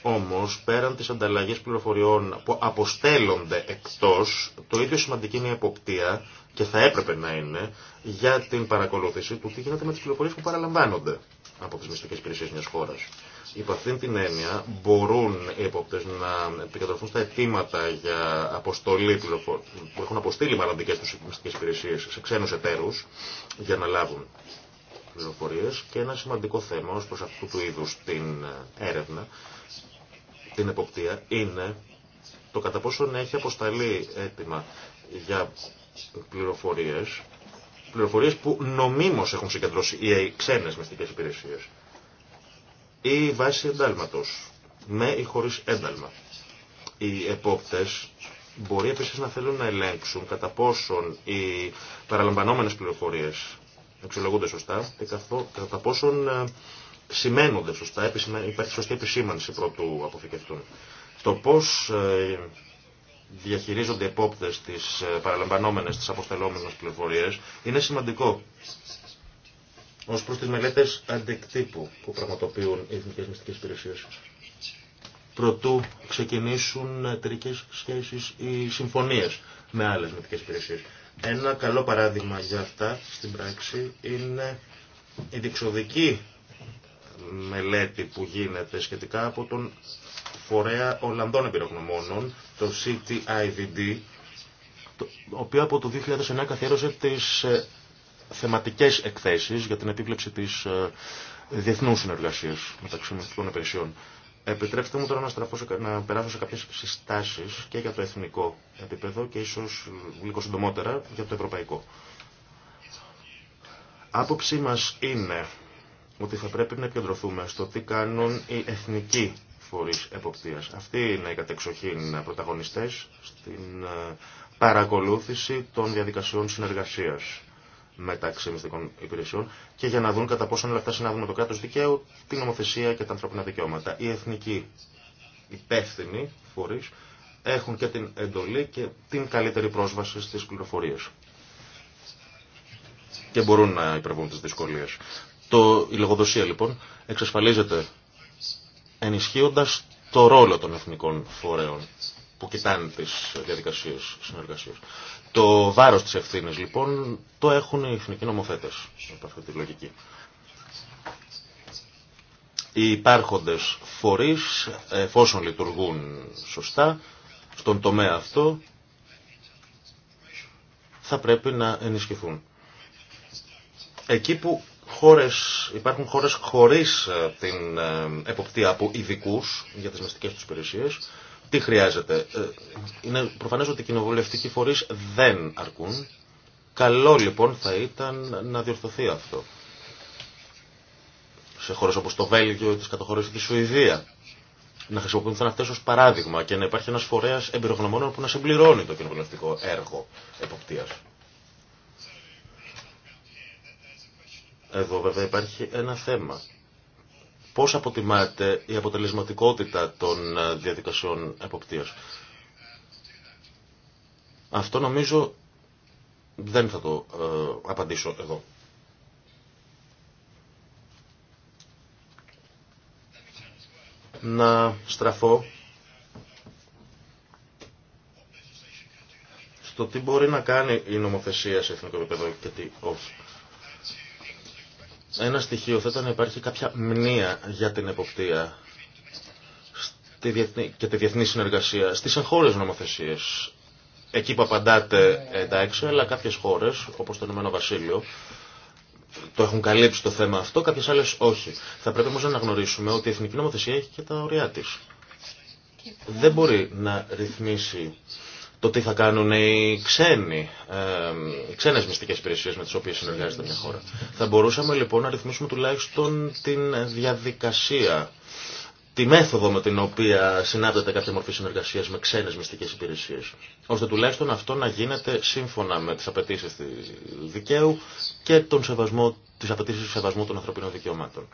Όμως, πέραν τις ανταλλαγές πληροφοριών που αποστέλλονται εκτός, το ίδιο σημαντική είναι η εποπτεία, και θα έπρεπε να είναι, για την παρακολούθηση του τι γίνεται με τις πληροφορίες που παραλαμβάνονται από τις μυστικές υπηρεσίες μιας χώρας. Υπό αυτήν την έννοια μπορούν οι υπόπτες να επικεντρωθούν στα αιτήματα για αποστολή πληροφοριών, που έχουν αποστείλει μαλλοντικές τους μυστικές υπηρεσίες σε ξένους εταίρους, για να λάβουν πληροφορίες και ένα σημαντικό θέμα ως προς αυτού του είδους την ε, έρευνα την εποπτεία είναι το κατά πόσο έχει αποσταλεί έτοιμα για πληροφορίες, πληροφορίες που νομίμως έχουν συγκεντρώσει οι ξένες μυστικές υπηρεσίες ή βάση εντάλματος, με ή χωρίς ένταλμα. Οι επόπτες μπορεί επίσης να θέλουν να ελέγξουν κατά πόσον οι παραλαμβανόμενες πληροφορίες εξολογούνται σωστά και κατά πόσον ε, σημαίνονται σωστά, υπάρχει σωστή επισήμανση πρωτού αποθηκευτούν. Το πώς ε, διαχειρίζονται επόπτες τις ε, παραλαμβανόμενες, τις αποστελόμενες πληροφορίες είναι σημαντικό ως προς τις μελέτες αντικτύπου που πραγματοποιούν οι εθνικές μυστικές υπηρεσίες. Προτού ξεκινήσουν εταιρικέ σχέσεις ή συμφωνίες με άλλες μυστικές υπηρεσίες. Ένα καλό παράδειγμα για αυτά στην πράξη είναι η διεξοδική μελέτη που γίνεται σχετικά από τον φορέα Ολλανδών εμπειρογνωμόνων, το CTIVD, το οποίο από το 2009 καθιέρωσε τις ε, θεματικές εκθέσεις για την επίβλεψη της ε, διεθνούς συνεργασίας μεταξύ των υπηρεσιών. Επιτρέψτε μου τώρα να, στραφώ, να περάσω σε κάποιες συστάσεις και για το εθνικό επίπεδο και ίσως λίγο συντομότερα για το ευρωπαϊκό. Άποψή μας είναι ότι θα πρέπει να επικεντρωθούμε στο τι κάνουν οι εθνικοί φορείς εποπτείας. Αυτοί είναι οι κατεξοχήν πρωταγωνιστές στην ε, παρακολούθηση των διαδικασιών συνεργασία μεταξύ μυστικών υπηρεσιών και για να δουν κατά πόσο όλα αυτά συνάδουν με το κράτο δικαίου, την νομοθεσία και τα ανθρώπινα δικαιώματα. Οι εθνικοί υπεύθυνοι φορείς έχουν και την εντολή και την καλύτερη πρόσβαση στις πληροφορίες και μπορούν να υπερβούν τις δυσκολίε. Το, η λογοδοσία λοιπόν εξασφαλίζεται ενισχύοντας το ρόλο των εθνικών φορέων που κοιτάνε τις διαδικασίες συνεργασίας. Το βάρος της ευθύνης λοιπόν το έχουν οι εθνικοί νομοθέτες από αυτή τη λογική. Οι υπάρχοντες φορείς εφόσον λειτουργούν σωστά στον τομέα αυτό θα πρέπει να ενισχυθούν. Εκεί που χώρες, υπάρχουν χώρες χωρίς ε, την ε, εποπτεία από ειδικού για τις μυστικές τους υπηρεσίε. Τι χρειάζεται. Ε, είναι προφανές ότι οι κοινοβουλευτικοί φορείς δεν αρκούν. Καλό λοιπόν θα ήταν να διορθωθεί αυτό. Σε χώρες όπως το Βέλγιο, τις κατοχώρες τη Σουηδία. Να χρησιμοποιηθούν αυτές ως παράδειγμα και να υπάρχει ένας φορέας εμπειρογνωμόνων που να συμπληρώνει το κοινοβουλευτικό έργο εποπτείας. Εδώ βέβαια υπάρχει ένα θέμα. Πώς αποτιμάται η αποτελεσματικότητα των ε, διαδικασιών εποπτείας. Αυτό νομίζω δεν θα το ε, απαντήσω εδώ. Να στραφώ στο τι μπορεί να κάνει η νομοθεσία σε εθνικό επίπεδο και τι όχι. Ένα στοιχείο θα ήταν να υπάρχει κάποια μνήα για την εποπτεία και τη διεθνή συνεργασία στις εγχώρες νομοθεσίες. Εκεί που απαντάτε ε, εντάξει, αλλά κάποιες χώρες, όπως το Ηνωμένο Βασίλειο, το έχουν καλύψει το θέμα αυτό, κάποιες άλλες όχι. Θα πρέπει όμως να αναγνωρίσουμε ότι η εθνική νομοθεσία έχει και τα ωριά της. Δεν μπορεί να ρυθμίσει το τι θα κάνουν οι ξένοι, οι ξένες μυστικές υπηρεσίες με τις οποίες συνεργάζεται μια χώρα. Θα μπορούσαμε λοιπόν να ρυθμίσουμε τουλάχιστον την διαδικασία, τη μέθοδο με την οποία συνάπτεται κάποια μορφή συνεργασίας με ξένες μυστικές υπηρεσίες, ώστε τουλάχιστον αυτό να γίνεται σύμφωνα με τις απαιτήσει του δικαίου και τον σεβασμό τι απαιτήσει του σεβασμού των ανθρωπίνων δικαιωμάτων.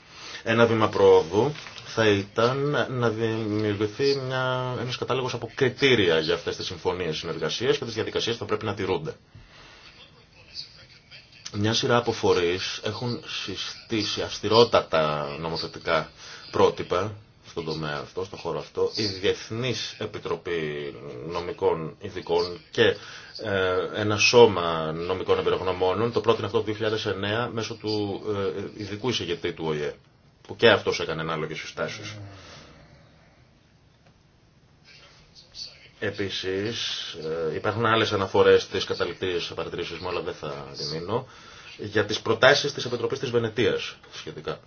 Ένα βήμα πρόοδου θα ήταν να δημιουργηθεί ένα ένας κατάλογος από κριτήρια για αυτές τις συμφωνίες συνεργασία και τις διαδικασίες που θα πρέπει να τηρούνται. Μια σειρά από φορείς έχουν συστήσει αυστηρότατα νομοθετικά πρότυπα στον τομέα αυτό, στον χώρο αυτό, η Διεθνής Επιτροπή Νομικών Ειδικών και ε, ένα σώμα νομικών εμπειρογνωμόνων. Το πρώτο είναι αυτό το 2009 μέσω του ε, ειδικού εισηγητή του ΟΗΕ, που και αυτός έκανε ανάλογες συστάσεις. Επίσης, ε, υπάρχουν άλλες αναφορές της καταληκτήριες παρατηρήσεις μου, αλλά δεν θα διμείνω, για τις προτάσεις της Επιτροπής της Βενετίας σχετικά.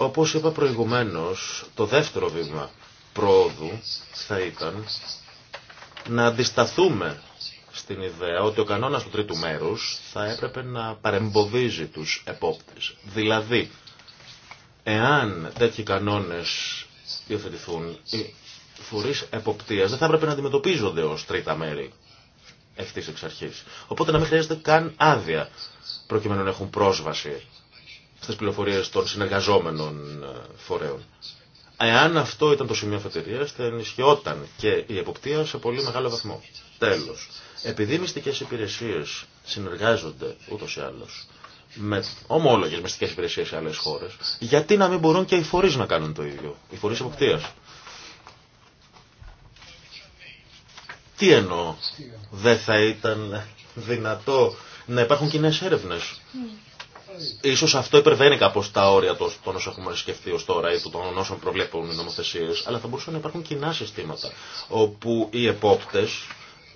Όπως είπα προηγουμένως, το δεύτερο βήμα πρόοδου θα ήταν να αντισταθούμε στην ιδέα ότι ο κανόνας του τρίτου μέρους θα έπρεπε να παρεμποδίζει τους επόπτες. Δηλαδή, εάν τέτοιοι κανόνες υιοθετηθούν, οι φορείς εποπτείας δεν θα έπρεπε να αντιμετωπίζονται ως τρίτα μέρη ευθύς εξ αρχής. Οπότε να μην χρειάζεται καν άδεια προκειμένου να έχουν πρόσβαση στις πληροφορίες των συνεργαζόμενων ε, φορέων. Εάν αυτό ήταν το σημείο αφετηρίας, θα ενισχυόταν και η εποπτεία σε πολύ μεγάλο βαθμό. Τέλο, επειδή οι μυστικές υπηρεσίες συνεργάζονται ούτως ή άλλως με ομόλογες μυστικές υπηρεσίες σε άλλε χώρε, γιατί να μην μπορούν και οι φορεί να κάνουν το ίδιο, οι φορεί εποπτείας. Τι εννοώ, δεν θα ήταν δυνατό να υπάρχουν κοινέ έρευνε. Ναι. Ίσως αυτό υπερβαίνει κάπως τα όρια των όσων έχουμε σκεφτεί ως τώρα ή των όσων προβλέπουν οι νομοθεσίες, αλλά θα μπορούσαν να υπάρχουν κοινά συστήματα, όπου οι επόπτες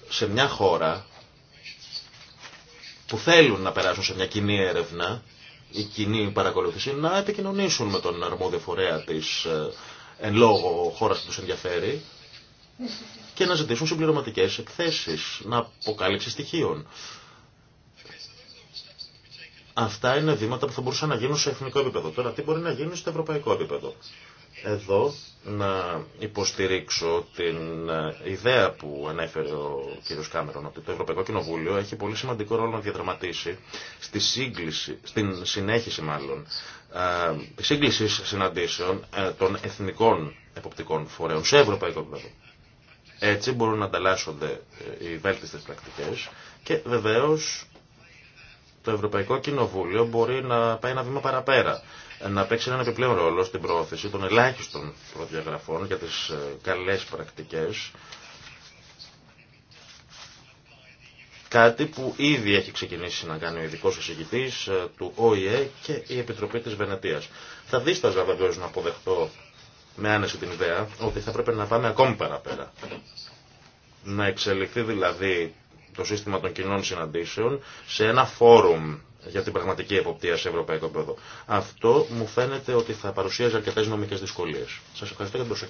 σε μια χώρα που θέλουν να περάσουν σε μια κοινή έρευνα, η κοινή παρακολούθηση, να επικοινωνήσουν με τον αρμόδιο φορέα της ε, εν λόγω χώρας που τους ενδιαφέρει και να ζητήσουν συμπληρωματικές εκθέσεις, να αποκάλυψει στοιχείων. Αυτά είναι βήματα που θα μπορούσαν να γίνουν σε εθνικό επίπεδο. Τώρα τι μπορεί να γίνει στο ευρωπαϊκό επίπεδο. Εδώ να υποστηρίξω την ε, ιδέα που ανέφερε ο κ. Κάμερον ότι το Ευρωπαϊκό Κοινοβούλιο έχει πολύ σημαντικό ρόλο να διαδραματίσει στη σύγκληση, στην συνέχιση μάλλον τη ε, σύγκληση συναντήσεων ε, των εθνικών εποπτικών φορέων σε ευρωπαϊκό επίπεδο. Έτσι μπορούν να ανταλλάσσονται οι βέλτιστες πρακτικές και βεβαίως το Ευρωπαϊκό Κοινοβούλιο μπορεί να πάει ένα βήμα παραπέρα, να παίξει έναν επιπλέον ρόλο στην προώθηση των ελάχιστων προδιαγραφών για τις ε, καλές πρακτικές, κάτι που ήδη έχει ξεκινήσει να κάνει ο ειδικό εισηγητή ε, του ΟΗΕ και η Επιτροπή τη Βενετία. Θα δίσταζα βεβαίω να αποδεχτώ με άνεση την ιδέα ότι θα πρέπει να πάμε ακόμη παραπέρα. Να εξελιχθεί δηλαδή το σύστημα των κοινών συναντήσεων σε ένα φόρουμ για την πραγματική εποπτεία σε ευρωπαϊκό επίπεδο. Αυτό μου φαίνεται ότι θα παρουσίαζει αρκετέ νομικέ δυσκολίε. Σα ευχαριστώ για την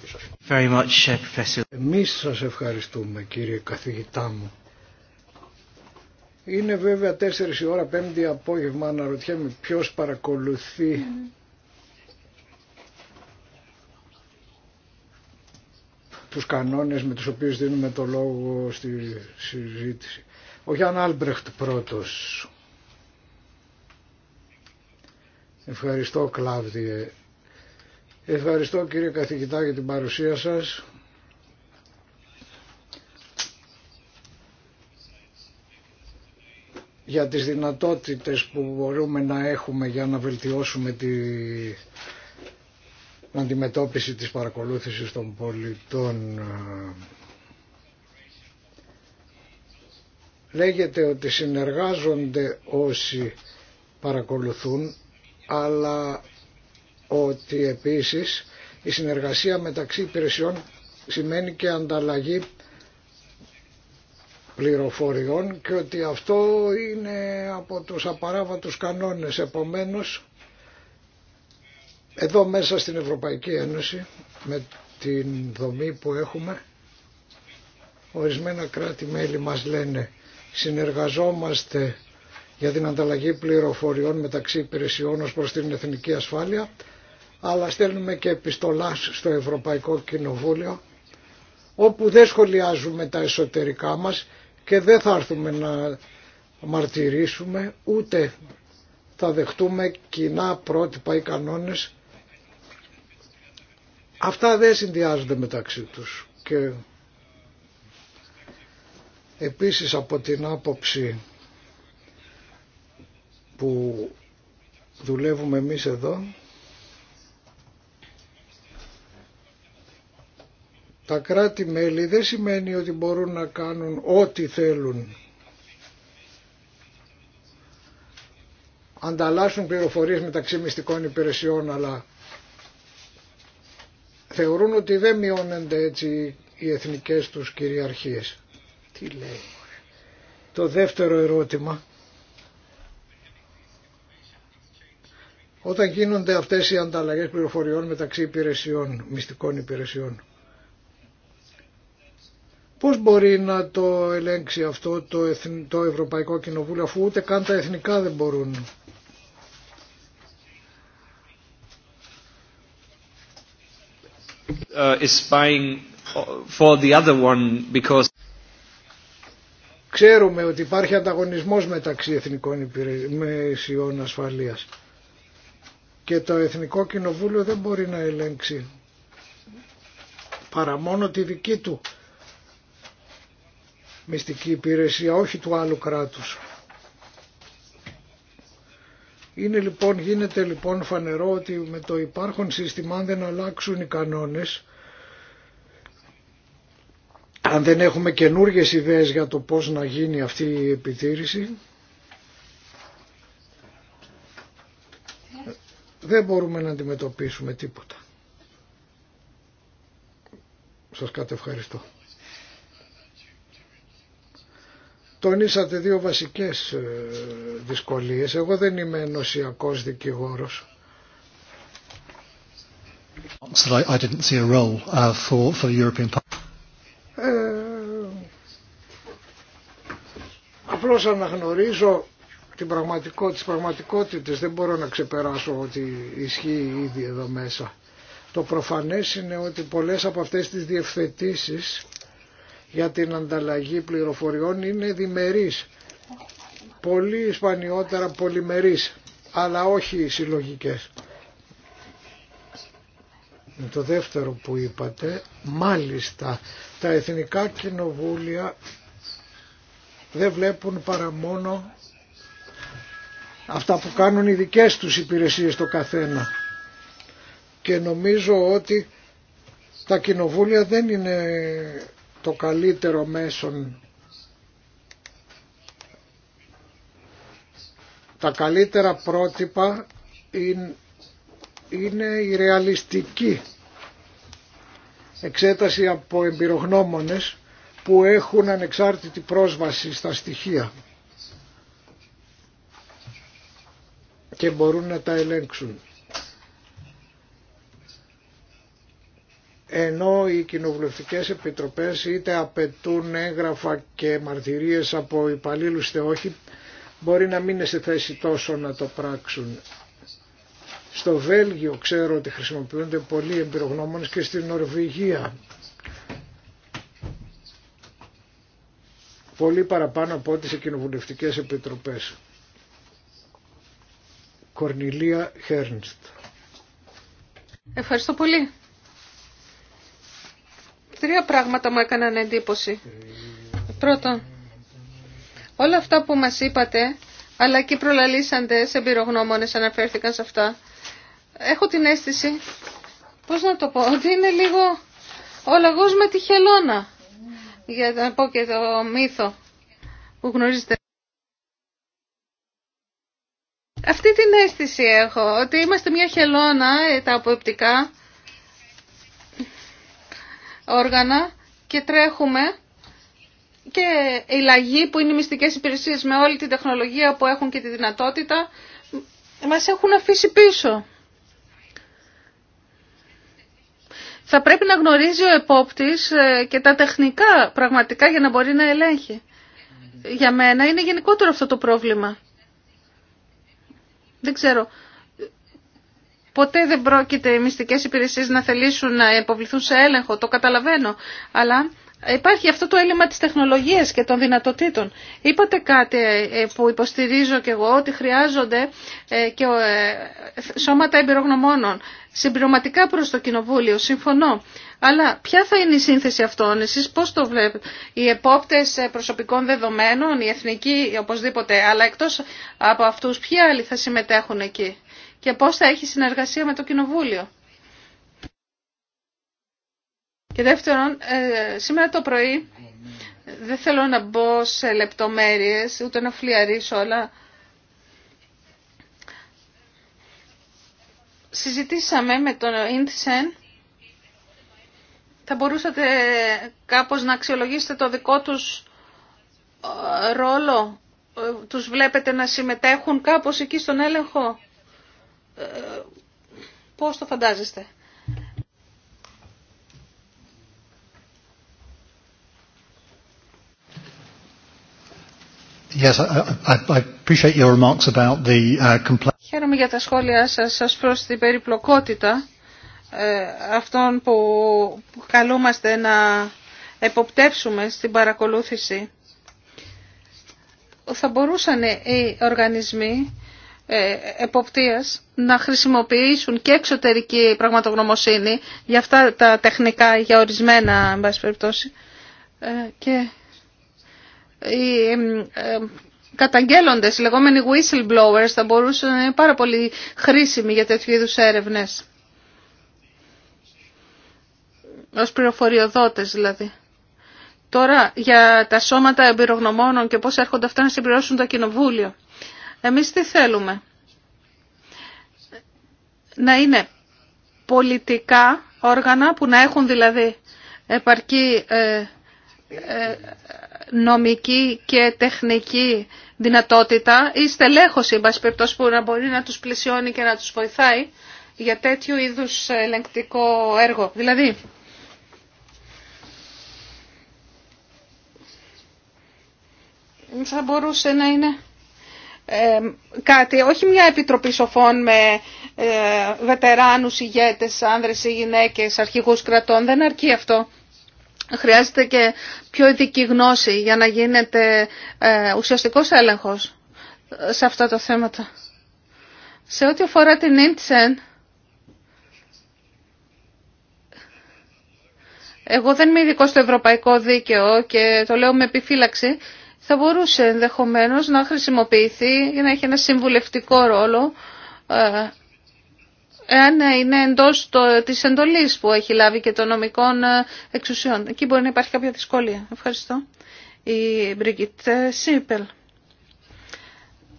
προσοχή σα. Εμεί σα ευχαριστούμε, κύριε καθηγητά μου. Είναι βέβαια 4 η ώρα, 5η απόγευμα. Αναρωτιέμαι ποιο παρακολουθεί τους κανόνες με τους οποίους δίνουμε το λόγο στη συζήτηση. Ο Γιάνν Άλμπρεχτ πρώτος. Ευχαριστώ Κλάβδιε. Ευχαριστώ κύριε καθηγητά για την παρουσία σας. για τις δυνατότητες που μπορούμε να έχουμε για να βελτιώσουμε τη αντιμετώπιση της παρακολούθησης των πολιτών. Λέγεται ότι συνεργάζονται όσοι παρακολουθούν, αλλά ότι επίσης η συνεργασία μεταξύ υπηρεσιών σημαίνει και ανταλλαγή πληροφοριών και ότι αυτό είναι από τους απαράβατους κανόνες. Επομένως, εδώ μέσα στην Ευρωπαϊκή Ένωση με την δομή που έχουμε ορισμένα κράτη-μέλη μας λένε συνεργαζόμαστε για την ανταλλαγή πληροφοριών μεταξύ υπηρεσιών ως προς την εθνική ασφάλεια αλλά στέλνουμε και επιστολά στο Ευρωπαϊκό Κοινοβούλιο όπου δεν σχολιάζουμε τα εσωτερικά μας και δεν θα έρθουμε να μαρτυρήσουμε ούτε θα δεχτούμε κοινά πρότυπα ή κανόνες Αυτά δεν συνδυάζονται μεταξύ τους και επίσης από την άποψη που δουλεύουμε εμείς εδώ τα κράτη-μέλη δεν σημαίνει ότι μπορούν να κάνουν ό,τι θέλουν. Ανταλλάσσουν πληροφορίες μεταξύ μυστικών υπηρεσιών αλλά θεωρούν ότι δεν μειώνονται έτσι οι εθνικές τους κυριαρχίες. Τι λέει. Το δεύτερο ερώτημα. Όταν γίνονται αυτές οι ανταλλαγές πληροφοριών μεταξύ υπηρεσιών, μυστικών υπηρεσιών, πώς μπορεί να το ελέγξει αυτό το, Ευρωπαϊκό Κοινοβούλιο αφού ούτε καν τα εθνικά δεν μπορούν. Uh, is for the other one because... Ξέρουμε ότι υπάρχει ανταγωνισμός μεταξύ εθνικών υπηρεσιών ασφαλείας και το Εθνικό Κοινοβούλιο δεν μπορεί να ελέγξει παρά μόνο τη δική του μυστική υπηρεσία, όχι του άλλου κράτους. Είναι λοιπόν, γίνεται λοιπόν φανερό ότι με το υπάρχον σύστημα αν δεν αλλάξουν οι κανόνες, αν δεν έχουμε καινούργιες ιδέες για το πώς να γίνει αυτή η επιτήρηση, δεν μπορούμε να αντιμετωπίσουμε τίποτα. Σας ευχαριστώ. τονίσατε δύο βασικές ε, δυσκολίες. Εγώ δεν είμαι ενωσιακός δικηγόρος. Ε, απλώς αναγνωρίζω την πραγματικό, τις πραγματικότητες. Δεν μπορώ να ξεπεράσω ότι ισχύει ήδη εδώ μέσα. Το προφανές είναι ότι πολλές από αυτές τις διευθετήσεις για την ανταλλαγή πληροφοριών είναι διμερείς, πολύ σπανιότερα πολυμερείς, αλλά όχι συλλογικές. το δεύτερο που είπατε, μάλιστα τα εθνικά κοινοβούλια δεν βλέπουν παρά μόνο αυτά που κάνουν οι δικές τους υπηρεσίες το καθένα. Και νομίζω ότι τα κοινοβούλια δεν είναι το καλύτερο μέσον τα καλύτερα πρότυπα είναι η ρεαλιστική εξέταση από εμπειρογνώμονες που έχουν ανεξάρτητη πρόσβαση στα στοιχεία και μπορούν να τα ελέγξουν. ενώ οι κοινοβουλευτικές επιτροπές είτε απαιτούν έγγραφα και μαρτυρίες από υπαλλήλους είτε όχι, μπορεί να μην είναι σε θέση τόσο να το πράξουν. Στο Βέλγιο ξέρω ότι χρησιμοποιούνται πολλοί εμπειρογνώμονες και στην Νορβηγία. Πολύ παραπάνω από ό,τι σε κοινοβουλευτικές επιτροπές. Κορνιλία Χέρνστ. Ευχαριστώ πολύ. Τρία πράγματα μου έκαναν εντύπωση. Πρώτον, όλα αυτά που μας είπατε, αλλά και οι προλαλήσαντες εμπειρογνώμονες αναφέρθηκαν σε αυτά, έχω την αίσθηση, πώς να το πω, ότι είναι λίγο ο λαγός με τη χελώνα, για να πω και το μύθο που γνωρίζετε. Αυτή την αίσθηση έχω, ότι είμαστε μια χελώνα, ε, τα αποεπτικά, όργανα και τρέχουμε και η λαγή που είναι οι μυστικές υπηρεσίες με όλη την τεχνολογία που έχουν και τη δυνατότητα μας έχουν αφήσει πίσω. Θα πρέπει να γνωρίζει ο επόπτης ε, και τα τεχνικά πραγματικά για να μπορεί να ελέγχει. Για μένα είναι γενικότερο αυτό το πρόβλημα. Δεν ξέρω. Ποτέ δεν πρόκειται οι μυστικές υπηρεσίες να θελήσουν να υποβληθούν σε έλεγχο, το καταλαβαίνω. Αλλά υπάρχει αυτό το έλλειμμα της τεχνολογίας και των δυνατοτήτων. Είπατε κάτι ε, ε, που υποστηρίζω και εγώ, ότι χρειάζονται ε, και σώματα εμπειρογνωμόνων συμπληρωματικά προς το Κοινοβούλιο, συμφωνώ. Αλλά ποια θα είναι η σύνθεση αυτών, εσείς πώς το βλέπετε, οι επόπτες προσωπικών δεδομένων, οι εθνικοί, οπωσδήποτε, αλλά εκτός από αυτούς, ποιοι άλλοι θα συμμετέχουν εκεί και πώς θα έχει συνεργασία με το Κοινοβούλιο. Και δεύτερον, ε, σήμερα το πρωί δεν θέλω να μπω σε λεπτομέρειες, ούτε να φλιαρίσω, αλλά συζητήσαμε με τον Ίνθισεν. θα μπορούσατε κάπως να αξιολογήσετε το δικό τους ε, ρόλο. Ε, τους βλέπετε να συμμετέχουν κάπως εκεί στον έλεγχο. Ε, πώς το φαντάζεστε. Yes, I, your remarks about the uh, Χαίρομαι για τα σχόλια σας, σας προς την περιπλοκότητα ε, αυτών που καλούμαστε να εποπτεύσουμε στην παρακολούθηση. Θα μπορούσαν οι οργανισμοί ε, εποπτείας να χρησιμοποιήσουν και εξωτερική πραγματογνωμοσύνη για αυτά τα τεχνικά, για ορισμένα, εν πάση περιπτώσει. Ε, και οι ε, καταγγέλλοντες, οι λεγόμενοι whistleblowers, θα μπορούσαν να είναι πάρα πολύ χρήσιμοι για τέτοιου είδους έρευνες. Ως πληροφοριοδότες δηλαδή. Τώρα για τα σώματα εμπειρογνωμόνων και πώς έρχονται αυτά να συμπληρώσουν το κοινοβούλιο. Εμείς τι θέλουμε. Να είναι πολιτικά όργανα που να έχουν δηλαδή επαρκή ε, ε, νομική και τεχνική δυνατότητα ή στελέχωση, εν που να μπορεί να τους πλησιώνει και να τους βοηθάει για τέτοιου είδους ελεγκτικό έργο. Δηλαδή, θα μπορούσε να είναι κάτι, όχι μια επιτροπή σοφών με ε, βετεράνους, ηγέτες, άνδρες ή γυναίκες, αρχηγούς κρατών. Δεν αρκεί αυτό. Χρειάζεται και πιο ειδική γνώση για να γίνεται ε, ουσιαστικός έλεγχος σε αυτά τα θέματα. Σε ό,τι αφορά την Ίντσεν, εγώ δεν είμαι ειδικό στο ευρωπαϊκό δίκαιο και το λέω με επιφύλαξη, θα μπορούσε ενδεχομένως να χρησιμοποιηθεί για να έχει ένα συμβουλευτικό ρόλο ε, εάν είναι εντός τη της εντολής που έχει λάβει και των νομικών ε, εξουσιών. Εκεί μπορεί να υπάρχει κάποια δυσκολία. Ευχαριστώ. Η Μπριγκίτ Σίπελ.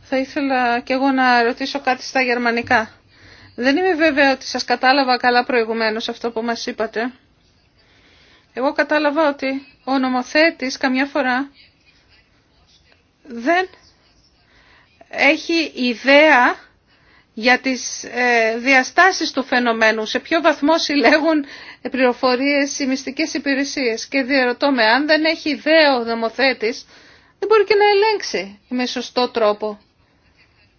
Θα ήθελα κι εγώ να ρωτήσω κάτι στα γερμανικά. Δεν είμαι βέβαια ότι σας κατάλαβα καλά προηγουμένως αυτό που μας είπατε. Εγώ κατάλαβα ότι ο νομοθέτης καμιά φορά δεν έχει ιδέα για τις ε, διαστάσεις του φαινομένου, σε ποιο βαθμό συλλέγουν πληροφορίες οι μυστικές υπηρεσίες. Και διαρωτώ με, αν δεν έχει ιδέα ο νομοθέτης, δεν μπορεί και να ελέγξει με σωστό τρόπο.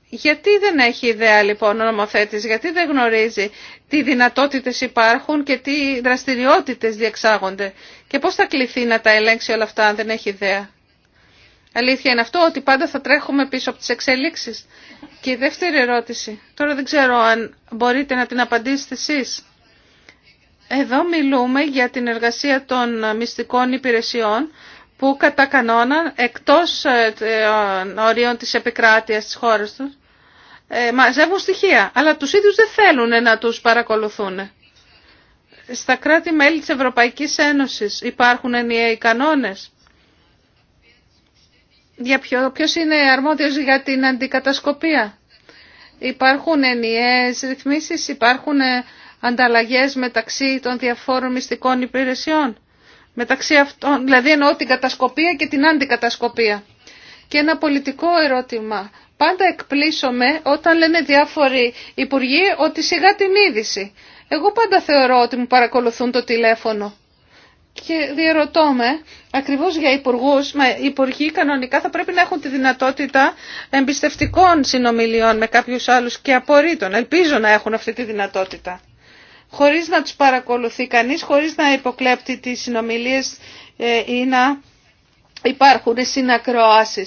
Γιατί δεν έχει ιδέα λοιπόν ο νομοθέτης, γιατί δεν γνωρίζει τι δυνατότητες υπάρχουν και τι δραστηριότητες διεξάγονται και πώς θα κληθεί να τα ελέγξει όλα αυτά αν δεν έχει ιδέα. Αλήθεια είναι αυτό ότι πάντα θα τρέχουμε πίσω από τις εξελίξεις. Και η δεύτερη ερώτηση, τώρα δεν ξέρω αν μπορείτε να την απαντήσετε εσείς. Εδώ μιλούμε για την εργασία των μυστικών υπηρεσιών που κατά κανόνα εκτός ε, ορίων της επικράτειας της χώρας τους ε, μαζεύουν στοιχεία, αλλά τους ίδιους δεν θέλουν να τους παρακολουθούν. Στα κράτη-μέλη της Ευρωπαϊκής Ένωσης υπάρχουν ενιαίοι κανόνες για ποιο, ποιος είναι αρμόδιος για την αντικατασκοπία. Υπάρχουν ενιαίες ρυθμίσεις, υπάρχουν ε, ανταλλαγές μεταξύ των διαφόρων μυστικών υπηρεσιών. Μεταξύ αυτών, δηλαδή εννοώ την κατασκοπία και την αντικατασκοπία. Και ένα πολιτικό ερώτημα. Πάντα εκπλήσωμαι όταν λένε διάφοροι υπουργοί ότι σιγά την είδηση. Εγώ πάντα θεωρώ ότι μου παρακολουθούν το τηλέφωνο. Και διερωτώ με, ακριβώς για υπουργούς, μα υπουργοί κανονικά θα πρέπει να έχουν τη δυνατότητα εμπιστευτικών συνομιλιών με κάποιους άλλους και απορρίτων. Ελπίζω να έχουν αυτή τη δυνατότητα. Χωρίς να τους παρακολουθεί κανείς, χωρίς να υποκλέπτει τις συνομιλίες ε, ή να υπάρχουν συνακροάσει.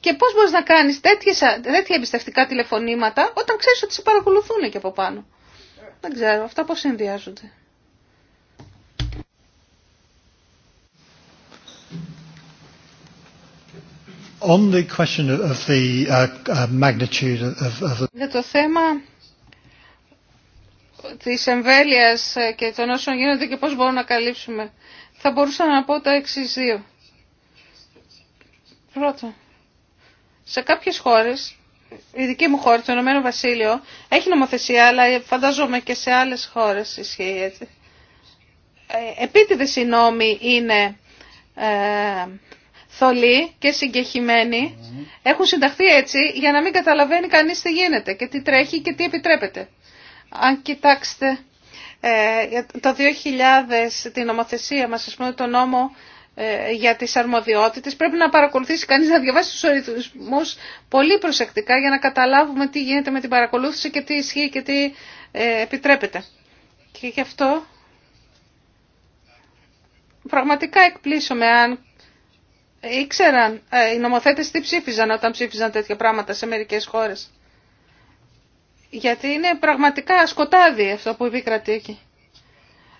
Και πώς μπορείς να κάνεις τέτοια εμπιστευτικά τηλεφωνήματα όταν ξέρεις ότι σε παρακολουθούν και από πάνω. Δεν ξέρω. Αυτά πώς συνδυάζονται. On the Για το θέμα της εμβέλειας και των όσων γίνονται και πώς μπορούμε να καλύψουμε, θα μπορούσα να πω τα εξή δύο. Πρώτον, σε κάποιες χώρες η δική μου χώρα, το Ηνωμένο Βασίλειο, έχει νομοθεσία, αλλά φαντάζομαι και σε άλλες χώρες ισχύει έτσι. Ε, Επίτηδες οι νόμοι είναι ε, θολοί και συγκεχημένοι. Mm-hmm. Έχουν συνταχθεί έτσι για να μην καταλαβαίνει κανείς τι γίνεται και τι τρέχει και τι επιτρέπεται. Αν κοιτάξτε ε, το 2000 την νομοθεσία μας, ας πούμε, το νόμο ε, για τις αρμοδιότητες. Πρέπει να παρακολουθήσει κανείς να διαβάσει τους ορισμούς πολύ προσεκτικά για να καταλάβουμε τι γίνεται με την παρακολούθηση και τι ισχύει και τι ε, επιτρέπεται. Και γι' αυτό πραγματικά εκπλήσωμαι αν ήξεραν ε, οι νομοθέτες τι ψήφιζαν όταν ψήφιζαν τέτοια πράγματα σε μερικές χώρες. Γιατί είναι πραγματικά σκοτάδι αυτό που επικρατεί εκεί.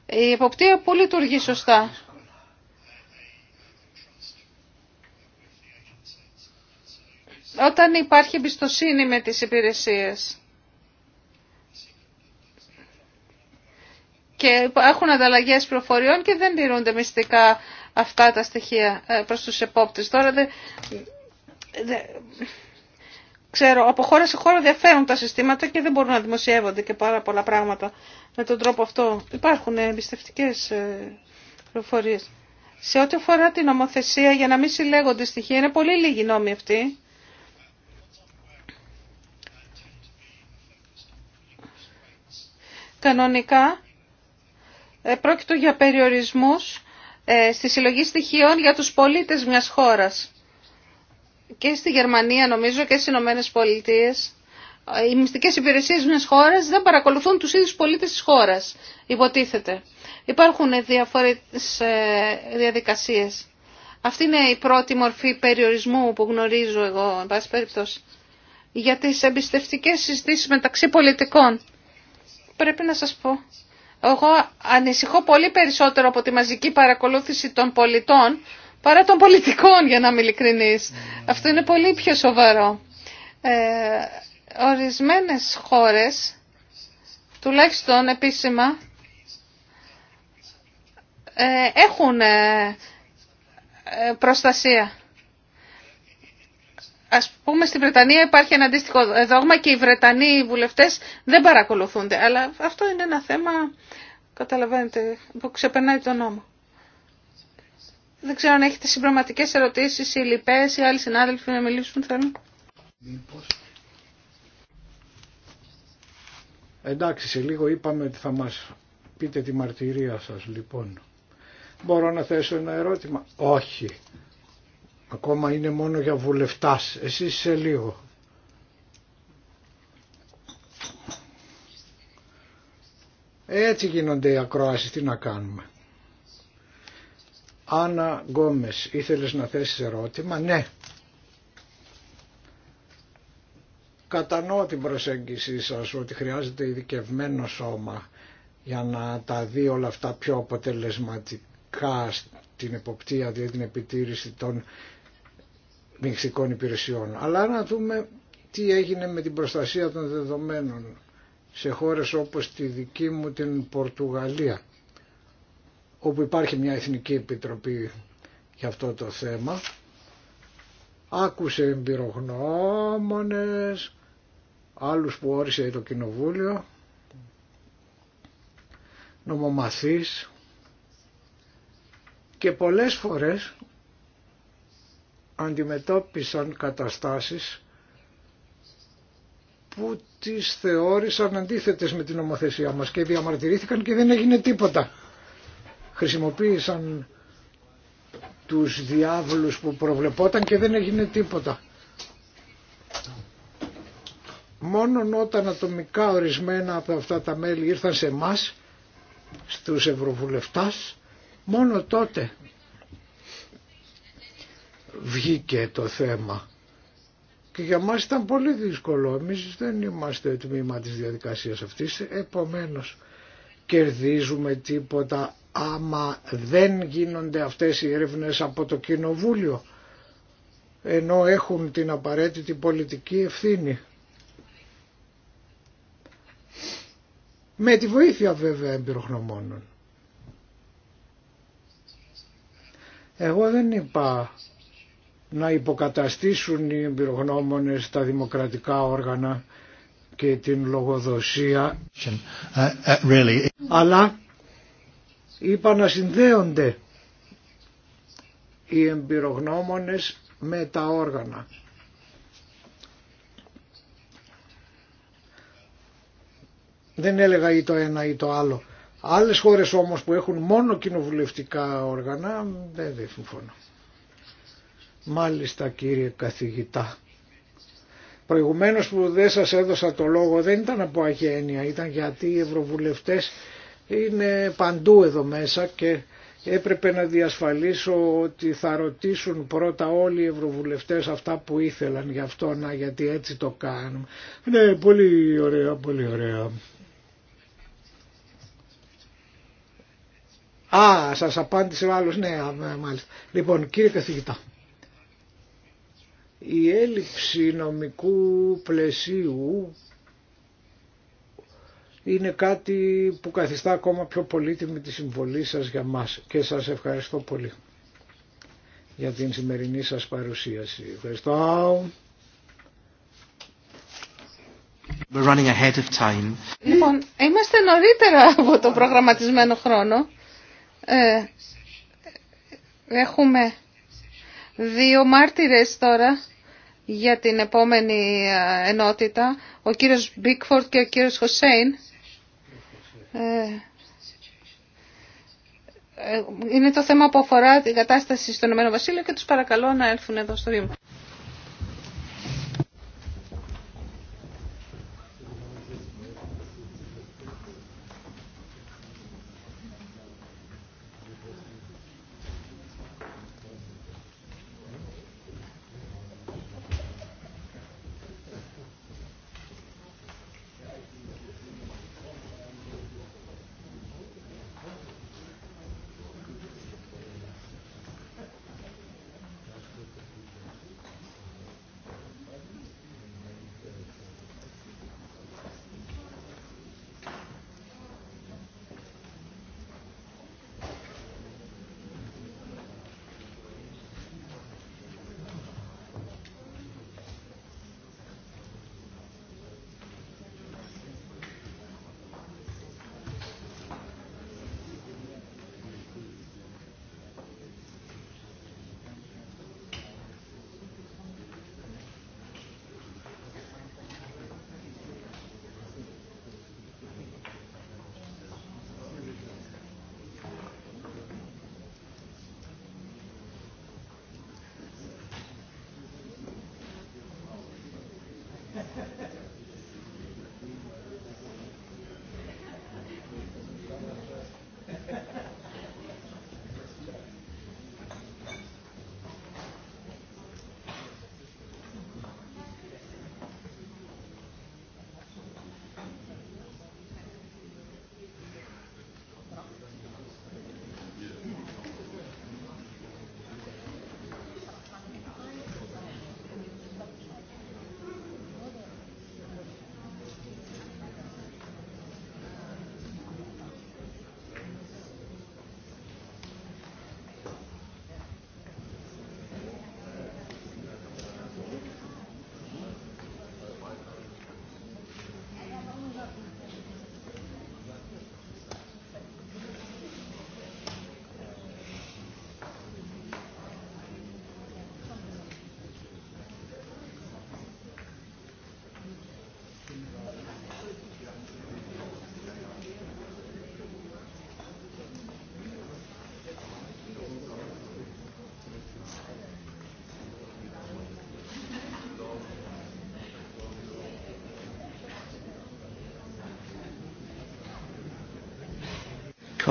Η εποπτεία που λειτουργεί σωστά όταν υπάρχει εμπιστοσύνη με τις υπηρεσίες. Και έχουν ανταλλαγές προφοριών και δεν τηρούνται μυστικά αυτά τα στοιχεία ε, προς τους επόπτες. Τώρα δεν... Ξέρω, από χώρα σε χώρα διαφέρουν τα συστήματα και δεν μπορούν να δημοσιεύονται και πάρα πολλά πράγματα με τον τρόπο αυτό. Υπάρχουν εμπιστευτικέ ε, πληροφορίε. Σε ό,τι αφορά την νομοθεσία για να μην συλλέγονται στοιχεία, είναι πολύ λίγοι νόμοι αυτοί. κανονικά ε, πρόκειται για περιορισμούς ε, στη συλλογή στοιχείων για τους πολίτες μιας χώρας. Και στη Γερμανία νομίζω και στις Ηνωμένε Πολιτείε. Ε, οι μυστικές υπηρεσίες μιας χώρας δεν παρακολουθούν τους ίδιους πολίτες της χώρας, υποτίθεται. Υπάρχουν διαφορετικές διαδικασίες. Αυτή είναι η πρώτη μορφή περιορισμού που γνωρίζω εγώ, εν πάση περιπτώσει, για τις εμπιστευτικές συζητήσεις μεταξύ πολιτικών πρέπει να σας πω. Εγώ ανησυχώ πολύ περισσότερο από τη μαζική παρακολούθηση των πολιτών παρά των πολιτικών, για να είμαι ειλικρινής. Mm. Αυτό είναι πολύ πιο σοβαρό. Ε, ορισμένες χώρες, τουλάχιστον επίσημα, ε, έχουν ε, προστασία. Ας πούμε στη Βρετανία υπάρχει ένα αντίστοιχο δόγμα και οι Βρετανοί βουλευτές δεν παρακολουθούνται. Αλλά αυτό είναι ένα θέμα, καταλαβαίνετε, που ξεπερνάει τον νόμο. Δεν ξέρω αν έχετε συμπροματικές ερωτήσεις ή λοιπές ή άλλοι συνάδελφοι να μιλήσουν θέλουν. Εντάξει, σε λίγο είπαμε ότι θα μας πείτε τη μαρτυρία σας λοιπόν. Μπορώ να θέσω ένα ερώτημα. Όχι. Ακόμα είναι μόνο για βουλευτάς. Εσείς σε λίγο. Έτσι γίνονται οι ακροάσεις. Τι να κάνουμε. Άννα Γκόμες, ήθελες να θέσεις ερώτημα. Ναι. Κατανοώ την προσέγγιση σας ότι χρειάζεται ειδικευμένο σώμα για να τα δει όλα αυτά πιο αποτελεσματικά στην εποπτεία, δηλαδή την επιτήρηση των υπηρεσιών. Αλλά να δούμε τι έγινε με την προστασία των δεδομένων σε χώρες όπως τη δική μου την Πορτογαλία όπου υπάρχει μια Εθνική Επιτροπή για αυτό το θέμα άκουσε εμπειρογνώμονες άλλους που όρισε το Κοινοβούλιο νομομαθείς και πολλές φορές αντιμετώπισαν καταστάσεις που τις θεώρησαν αντίθετες με την νομοθεσία μας και διαμαρτυρήθηκαν και δεν έγινε τίποτα. Χρησιμοποίησαν τους διάβολους που προβλεπόταν και δεν έγινε τίποτα. Μόνο όταν ατομικά ορισμένα από αυτά τα μέλη ήρθαν σε εμά, στους ευρωβουλευτάς, μόνο τότε βγήκε το θέμα. Και για μας ήταν πολύ δύσκολο. Εμείς δεν είμαστε τμήμα της διαδικασίας αυτής. Επομένως, κερδίζουμε τίποτα άμα δεν γίνονται αυτές οι έρευνες από το Κοινοβούλιο ενώ έχουν την απαραίτητη πολιτική ευθύνη. Με τη βοήθεια βέβαια εμπειροχνομόνων. Εγώ δεν είπα να υποκαταστήσουν οι εμπειρογνώμονες τα δημοκρατικά όργανα και την λογοδοσία αλλά είπα να συνδέονται οι εμπειρογνώμονες με τα όργανα. Δεν έλεγα ή το ένα ή το άλλο. Άλλες χώρες όμως που έχουν μόνο κοινοβουλευτικά όργανα δεν, δεν Μάλιστα κύριε καθηγητά. Προηγουμένως που δεν σας έδωσα το λόγο δεν ήταν από αγένεια, ήταν γιατί οι ευρωβουλευτές είναι παντού εδώ μέσα και έπρεπε να διασφαλίσω ότι θα ρωτήσουν πρώτα όλοι οι ευρωβουλευτές αυτά που ήθελαν γι' αυτό, να, γιατί έτσι το κάνουμε. Ναι, πολύ ωραία, πολύ ωραία. Α, σας απάντησε ο άλλος, ναι, μάλιστα. Λοιπόν, κύριε καθηγητά η έλλειψη νομικού πλαισίου είναι κάτι που καθιστά ακόμα πιο πολύτιμη τη συμβολή σας για μας και σας ευχαριστώ πολύ για την σημερινή σας παρουσίαση. Ευχαριστώ. running ahead of time. Λοιπόν, είμαστε νωρίτερα από το προγραμματισμένο χρόνο. Ε, έχουμε δύο μάρτυρες τώρα για την επόμενη ε, ενότητα, ο κύριος Μπίκφορτ και ο κύριος Χωσέιν. Ε, ε, είναι το θέμα που αφορά την κατάσταση στον Ηνωμένο Βασίλειο και τους παρακαλώ να έλθουν εδώ στο βήμα.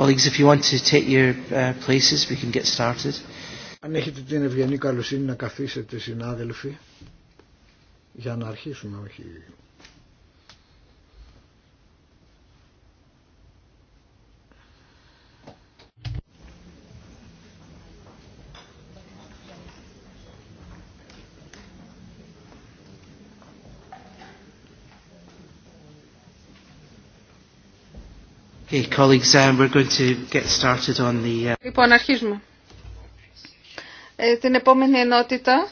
Colleagues, if you want to take your uh, places, we can get started. Αν έχετε την ευγενή καλοσύνη να καθίσετε συνάδελφοι για να αρχίσουμε όχι Λοιπόν, αρχίζουμε. Ε, την επόμενη ενότητα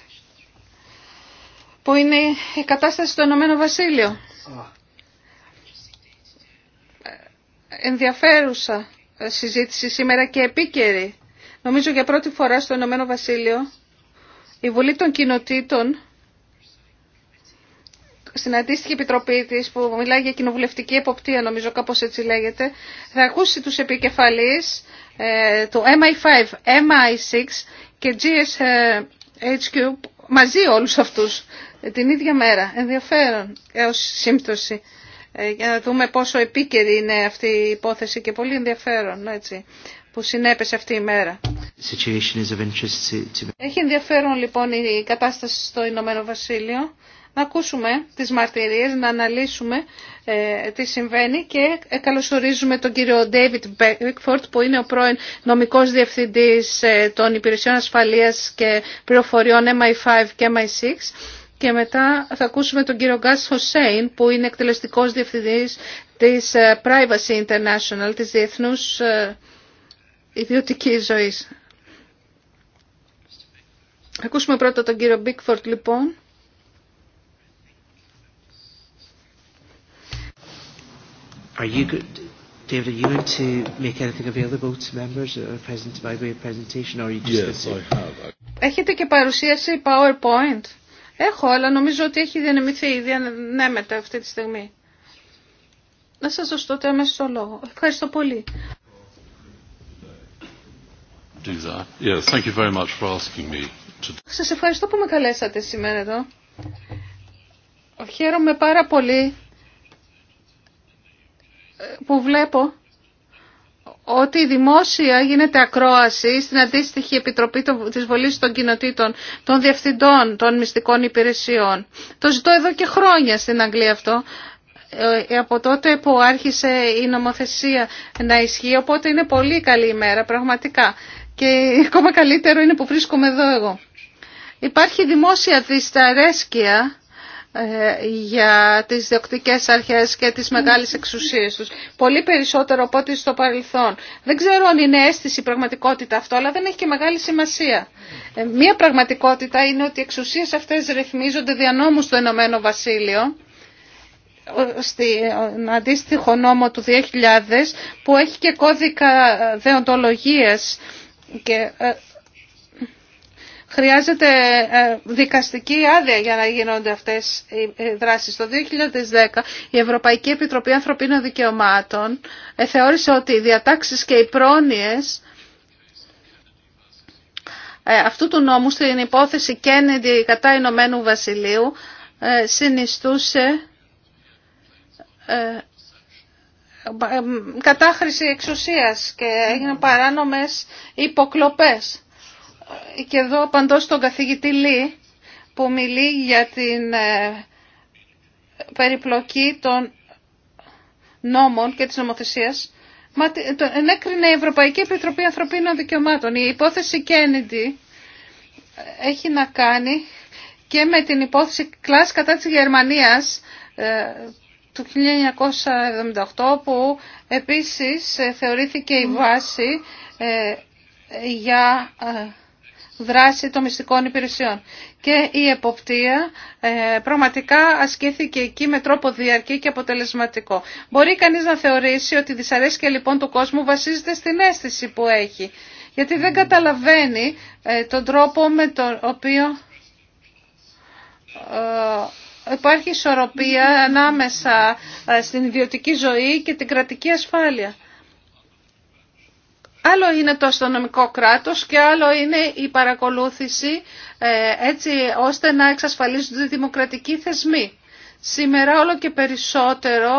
που είναι η κατάσταση στο Ηνωμένο Βασίλειο. Ε, ενδιαφέρουσα συζήτηση σήμερα και επίκαιρη. Νομίζω για πρώτη φορά στο Ηνωμένο Βασίλειο η Βουλή των Κοινοτήτων στην αντίστοιχη επιτροπή τη που μιλάει για κοινοβουλευτική εποπτεία, νομίζω κάπως έτσι λέγεται, θα ακούσει τους επικεφαλείς ε, του MI5, MI6 και GSHQ μαζί όλους αυτούς την ίδια μέρα. Ενδιαφέρον έω σύμπτωση ε, για να δούμε πόσο επίκαιρη είναι αυτή η υπόθεση και πολύ ενδιαφέρον έτσι, που συνέπεσε αυτή η μέρα. Έχει ενδιαφέρον λοιπόν η κατάσταση στο Ηνωμένο Βασίλειο να ακούσουμε τις μαρτυρίες, να αναλύσουμε ε, τι συμβαίνει και καλωσορίζουμε τον κύριο David Beckford που είναι ο πρώην νομικός διευθυντής ε, των Υπηρεσιών Ασφαλείας και Πληροφοριών MI5 και MI6 και μετά θα ακούσουμε τον κύριο Γκάς Χωσέιν που είναι εκτελεστικός διευθυντής της ε, Privacy International, της Διεθνούς Ιδιωτικής Ζωής. Ακούσουμε πρώτα τον κύριο Μπίκφορτ λοιπόν Are you good, David? Are you going to make anything available to members or present by way of presentation, or are you just yes, I have. Έχετε και παρουσίαση PowerPoint. Έχω, αλλά νομίζω ότι έχει διανεμηθεί ήδη ανέμετα αυτή τη στιγμή. Να σας δώσω τότε αμέσως το λόγο. Ευχαριστώ πολύ. Do that. Yeah, thank you very much for asking me to... Σας ευχαριστώ που με καλέσατε σήμερα εδώ. Χαίρομαι πάρα πολύ που βλέπω ότι η δημόσια γίνεται ακρόαση στην αντίστοιχη Επιτροπή της Βολής των Κοινοτήτων, των Διευθυντών των Μυστικών Υπηρεσιών. Το ζητώ εδώ και χρόνια στην Αγγλία αυτό, ε, από τότε που άρχισε η νομοθεσία να ισχύει, οπότε είναι πολύ καλή ημέρα πραγματικά. Και ακόμα καλύτερο είναι που βρίσκομαι εδώ εγώ. Υπάρχει δημόσια δυσταρέσκεια ε, για τις διοκτικές αρχές και τις μεγάλες εξουσίες τους. Πολύ περισσότερο από ό,τι στο παρελθόν. Δεν ξέρω αν είναι αίσθηση πραγματικότητα αυτό, αλλά δεν έχει και μεγάλη σημασία. Ε, μία πραγματικότητα είναι ότι οι εξουσίες αυτές ρυθμίζονται δια νόμου στο Ηνωμένο Βασίλειο, στην αντίστοιχο νόμο του 2000, που έχει και κώδικα δεοντολογίας και ε, χρειάζεται ε, δικαστική άδεια για να γίνονται αυτές οι δράσεις. Το 2010 η Ευρωπαϊκή Επιτροπή Ανθρωπίνων Δικαιωμάτων ε, θεώρησε ότι οι διατάξεις και οι πρόνοιες ε, αυτού του νόμου στην υπόθεση Κέννιντι κατά Ηνωμένου Βασιλείου συνιστούσε κατάχρηση εξουσίας και έγιναν παράνομες υποκλοπές και εδώ απαντώ στον καθηγητή Λί που μιλεί για την ε, περιπλοκή των νόμων και της νομοθεσίας. Μα ενέκρινε η Ευρωπαϊκή Επιτροπή Ανθρωπίνων Δικαιωμάτων. Η υπόθεση Κέννιντι ε, έχει να κάνει και με την υπόθεση κλάς κατά της Γερμανίας ε, του 1978 που επίσης θεωρήθηκε η βάση για δράση των μυστικών υπηρεσιών. Και η εποπτεία ε, πραγματικά ασκήθηκε εκεί με τρόπο διαρκή και αποτελεσματικό. Μπορεί κανείς να θεωρήσει ότι η δυσαρέσκεια λοιπόν του κόσμου βασίζεται στην αίσθηση που έχει. Γιατί δεν καταλαβαίνει ε, τον τρόπο με τον οποίο ε, υπάρχει ισορροπία ανάμεσα ε, στην ιδιωτική ζωή και την κρατική ασφάλεια. Άλλο είναι το αστυνομικό κράτος και άλλο είναι η παρακολούθηση ε, έτσι ώστε να εξασφαλίζονται οι δημοκρατικοί θεσμοί. Σήμερα όλο και περισσότερο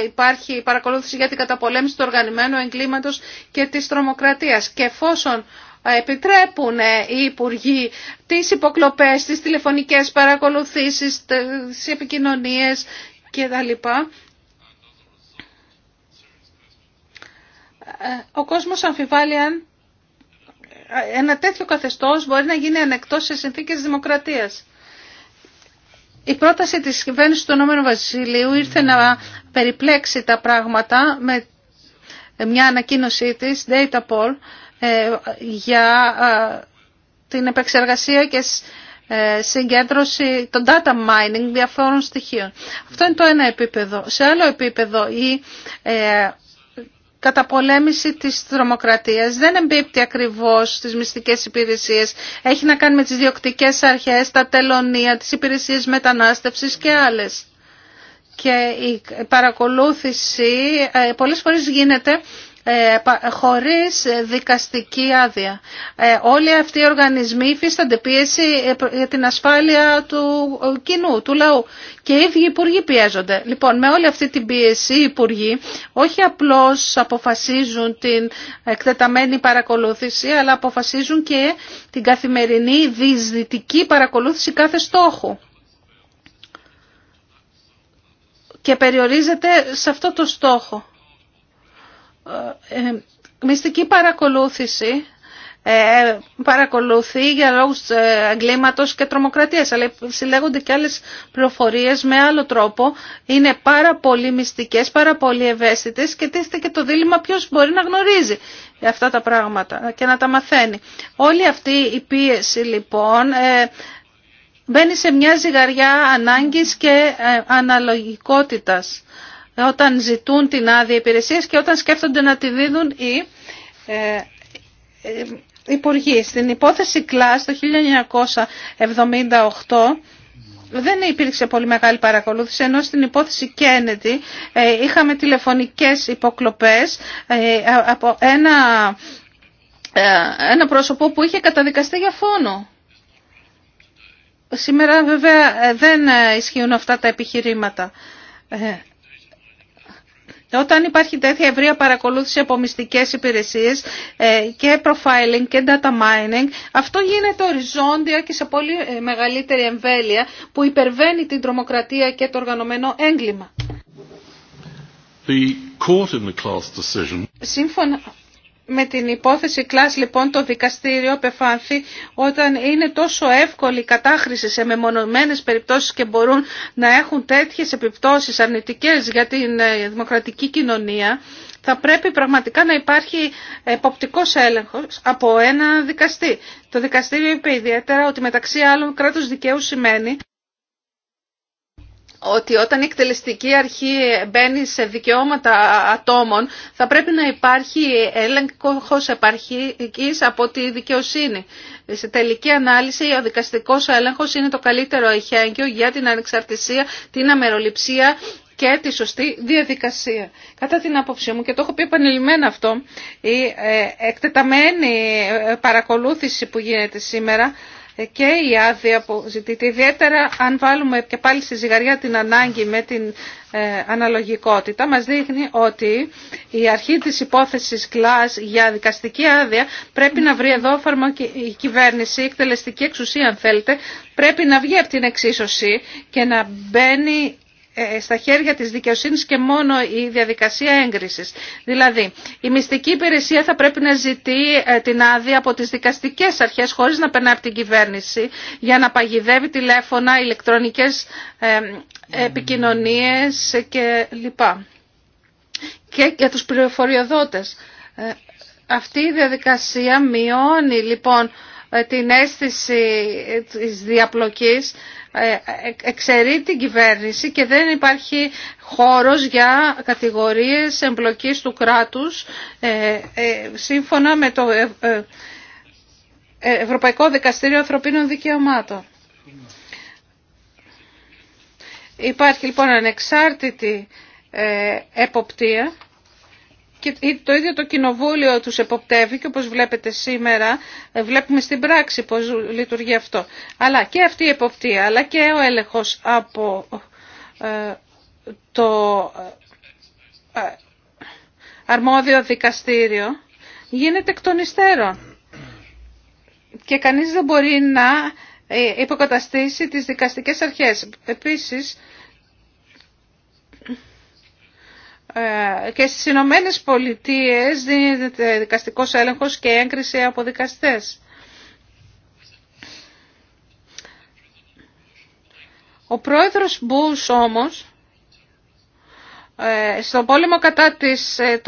ε, υπάρχει παρακολούθηση για την καταπολέμηση του οργανωμένου εγκλήματος και της τρομοκρατίας. Και εφόσον ε, επιτρέπουν οι υπουργοί τις υποκλοπές, τις τηλεφωνικές παρακολουθήσεις, τις επικοινωνίες λοιπά, Ε, ο κόσμος αμφιβάλλει αν ένα τέτοιο καθεστώς μπορεί να γίνει ανεκτός σε συνθήκες δημοκρατίας. Η πρόταση της κυβέρνησης του Ηνωμένου Βασιλείου ήρθε να περιπλέξει τα πράγματα με μια ανακοίνωσή της, data poll, ε, για ε, την επεξεργασία και συγκέντρωση, των data mining διαφόρων στοιχείων. Αυτό είναι το ένα επίπεδο. Σε άλλο επίπεδο, η καταπολέμηση της τρομοκρατίας δεν εμπίπτει ακριβώς στις μυστικές υπηρεσίες. Έχει να κάνει με τις διοκτικές αρχές, τα τελωνία, τις υπηρεσίες μετανάστευσης και άλλες. Και η παρακολούθηση ε, πολλές φορές γίνεται ε, χωρίς δικαστική άδεια. Ε, όλοι αυτοί οι οργανισμοί υφίστανται πίεση ε, για την ασφάλεια του κοινού, του λαού και οι ίδιοι υπουργοί πιέζονται. Λοιπόν, με όλη αυτή την πίεση οι υπουργοί όχι απλώς αποφασίζουν την εκτεταμένη παρακολούθηση αλλά αποφασίζουν και την καθημερινή διεισδυτική παρακολούθηση κάθε στόχου. Και περιορίζεται σε αυτό το στόχο. Ε, ε, μυστική παρακολούθηση ε, παρακολουθεί για λόγους ε, εγκλήματος και τρομοκρατίας αλλά συλλέγονται και άλλες πληροφορίες με άλλο τρόπο είναι πάρα πολύ μυστικές, πάρα πολύ ευαίσθητες και τίστε και το δίλημα ποιος μπορεί να γνωρίζει αυτά τα πράγματα και να τα μαθαίνει όλη αυτή η πίεση λοιπόν ε, μπαίνει σε μια ζυγαριά ανάγκης και αναλογικότητας όταν ζητούν την άδεια υπηρεσίας και όταν σκέφτονται να τη δίδουν οι ε, ε, υπουργοί. Στην υπόθεση Κλάς το 1978 δεν υπήρξε πολύ μεγάλη παρακολούθηση, ενώ στην υπόθεση Κένετι είχαμε τηλεφωνικές υποκλοπές ε, από ένα, ένα πρόσωπο που είχε καταδικαστεί για φόνο. Σήμερα βέβαια δεν ισχύουν αυτά τα επιχειρήματα. Όταν υπάρχει τέτοια ευρεία παρακολούθηση από μυστικές υπηρεσίες ε, και profiling και data mining, αυτό γίνεται οριζόντια και σε πολύ ε, μεγαλύτερη εμβέλεια που υπερβαίνει την τρομοκρατία και το οργανωμένο έγκλημα. The court the class decision... Σύμφωνα με την υπόθεση κλάς λοιπόν το δικαστήριο απεφάνθη όταν είναι τόσο εύκολη η κατάχρηση σε μεμονωμένες περιπτώσεις και μπορούν να έχουν τέτοιες επιπτώσεις αρνητικές για την ε, δημοκρατική κοινωνία θα πρέπει πραγματικά να υπάρχει εποπτικός έλεγχος από ένα δικαστή. Το δικαστήριο είπε ιδιαίτερα ότι μεταξύ άλλων κράτος δικαίου σημαίνει ότι όταν η εκτελεστική αρχή μπαίνει σε δικαιώματα ατόμων θα πρέπει να υπάρχει έλεγχος επαρχικής από τη δικαιοσύνη. Σε τελική ανάλυση ο δικαστικό έλεγχος είναι το καλύτερο εχέγγυο για την ανεξαρτησία, την αμεροληψία και τη σωστή διαδικασία. Κατά την άποψή μου, και το έχω πει επανειλημμένα αυτό, η ε, εκτεταμένη παρακολούθηση που γίνεται σήμερα και η άδεια που ζητείται. Ιδιαίτερα αν βάλουμε και πάλι στη ζυγαριά την ανάγκη με την ε, αναλογικότητα, μας δείχνει ότι η αρχή της υπόθεσης κλάς για δικαστική άδεια πρέπει να βρει εδώ η κυβέρνηση, η εκτελεστική εξουσία αν θέλετε, πρέπει να βγει από την εξίσωση και να μπαίνει ε, στα χέρια της δικαιοσύνης και μόνο η διαδικασία έγκρισης. Δηλαδή, η μυστική υπηρεσία θα πρέπει να ζητεί ε, την άδεια από τις δικαστικές αρχές χωρίς να περνάει από την κυβέρνηση για να παγιδεύει τηλέφωνα, ηλεκτρονικές ε, επικοινωνίες και λοιπά. Και για τους πληροφοριοδότες. Αυτή η διαδικασία μειώνει λοιπόν την αίσθηση της διαπλοκής ε, ε, εξαιρεί την κυβέρνηση και δεν υπάρχει χώρος για κατηγορίες εμπλοκής του κράτους ε, σύμφωνα με το Ευρωπαϊκό Δικαστήριο Ανθρωπίνων Δικαιωμάτων. Υπάρχει λοιπόν ανεξάρτητη εποπτεία και το ίδιο το κοινοβούλιο τους εποπτεύει και όπως βλέπετε σήμερα ε, βλέπουμε στην πράξη πώς λειτουργεί αυτό. Αλλά και αυτή η εποπτεία, αλλά και ο έλεγχος από ε, το ε, αρμόδιο δικαστήριο γίνεται εκ των υστέρων. Και κανείς δεν μπορεί να υποκαταστήσει τις δικαστικές αρχές. Επίσης, Ε, και στις Ηνωμένε Πολιτείε δίνεται δικαστικός έλεγχος και έγκριση από δικαστές. Ο πρόεδρος Μπούς όμως ε, στον πόλεμο κατά της ε,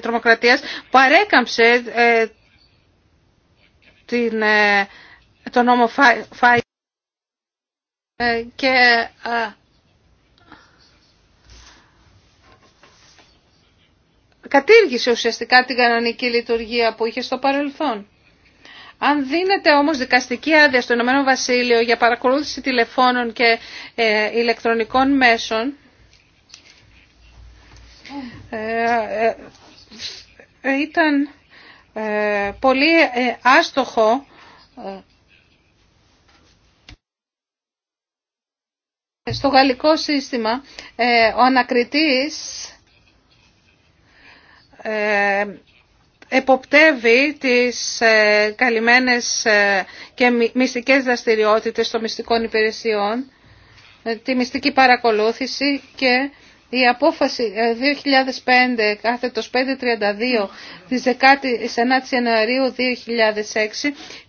τρομοκρατίας παρέκαμψε την, τον νόμο Φάι και κατήργησε ουσιαστικά την κανονική λειτουργία που είχε στο παρελθόν. Αν δίνεται όμως δικαστική άδεια στο Ηνωμένο Βασίλειο για παρακολούθηση τηλεφώνων και ε, ηλεκτρονικών μέσων, ε, ε ήταν ε, πολύ άστοχο στο γαλλικό σύστημα ο ανακριτής ε, εποπτεύει τις ε, καλυμμένες ε, και μυστικές δραστηριότητες των μυστικών υπηρεσιών, τη μυστική παρακολούθηση και η απόφαση 2005 κάθετος 532 της 19ης Ιανουαρίου 2006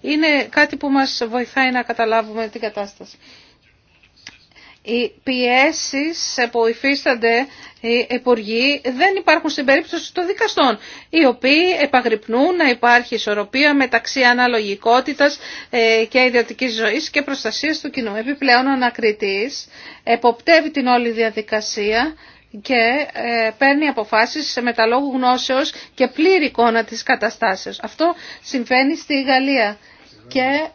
είναι κάτι που μας βοηθάει να καταλάβουμε την κατάσταση οι πιέσεις που υφίστανται οι υπουργοί δεν υπάρχουν στην περίπτωση των δικαστών, οι οποίοι επαγρυπνούν να υπάρχει ισορροπία μεταξύ αναλογικότητας ε, και ιδιωτικής ζωής και προστασίας του κοινού. Επιπλέον ο ανακριτής εποπτεύει την όλη διαδικασία και ε, παίρνει αποφάσεις σε μεταλόγου γνώσεως και πλήρη εικόνα της καταστάσεως. Αυτό συμβαίνει στη Γαλλία και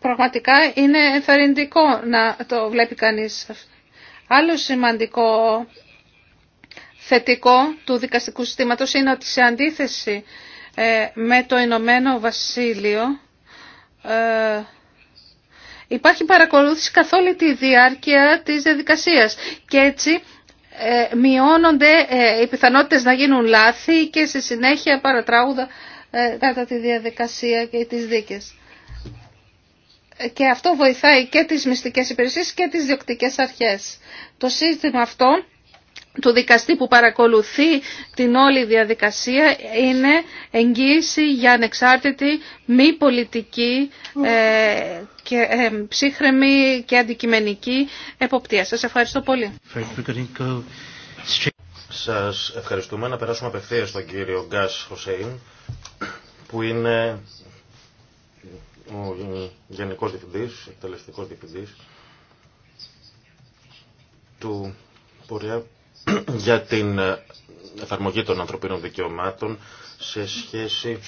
Πραγματικά είναι ενθαρρυντικό να το βλέπει κανείς. Άλλο σημαντικό θετικό του δικαστικού συστήματος είναι ότι σε αντίθεση ε, με το Ηνωμένο Βασίλειο ε, υπάρχει παρακολούθηση καθ' όλη τη διάρκεια της διαδικασίας και έτσι ε, μειώνονται οι πιθανότητες να γίνουν λάθη και σε συνέχεια παρατράγουδα κατά τη διαδικασία και τις δίκες και αυτό βοηθάει και τις μυστικές υπηρεσίες και τις διοκτικές αρχές. Το σύστημα αυτό του δικαστή που παρακολουθεί την όλη διαδικασία είναι εγγύηση για ανεξάρτητη, μη πολιτική ε, και ε, ψύχρεμη και αντικειμενική εποπτεία. Σας ευχαριστώ πολύ. Σας ευχαριστούμε. Να περάσουμε απευθείας στον κύριο Γκάς που είναι ο ε, Γενικός Διευθυντής, εκτελεστικός Διευθυντής του Πορεία [CLEARS THROAT] για την ε, εφαρμογή των ανθρωπίνων δικαιωμάτων σε σχέση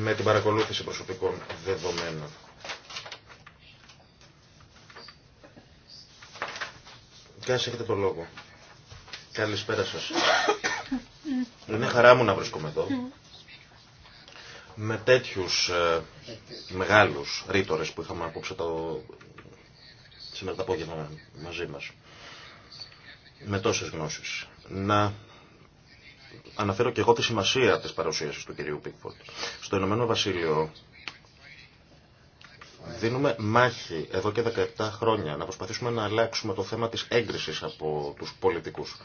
με την παρακολούθηση προσωπικών δεδομένων. Και έχετε το λόγο. Καλησπέρα σας. [COUGHS] Είναι χαρά μου να βρίσκομαι εδώ. Ναι με τέτοιους ε, μεγάλους ρήτορες που είχαμε απόψε το σήμερα το απόγευμα μαζί μας με τόσες γνώσεις. Να αναφέρω και εγώ τη σημασία της παρουσίασης του κυρίου Πίκφορντ. Στο Ηνωμένο Βασίλειο δίνουμε μάχη εδώ και 17 χρόνια να προσπαθήσουμε να αλλάξουμε το θέμα της έγκρισης από τους πολιτικούς.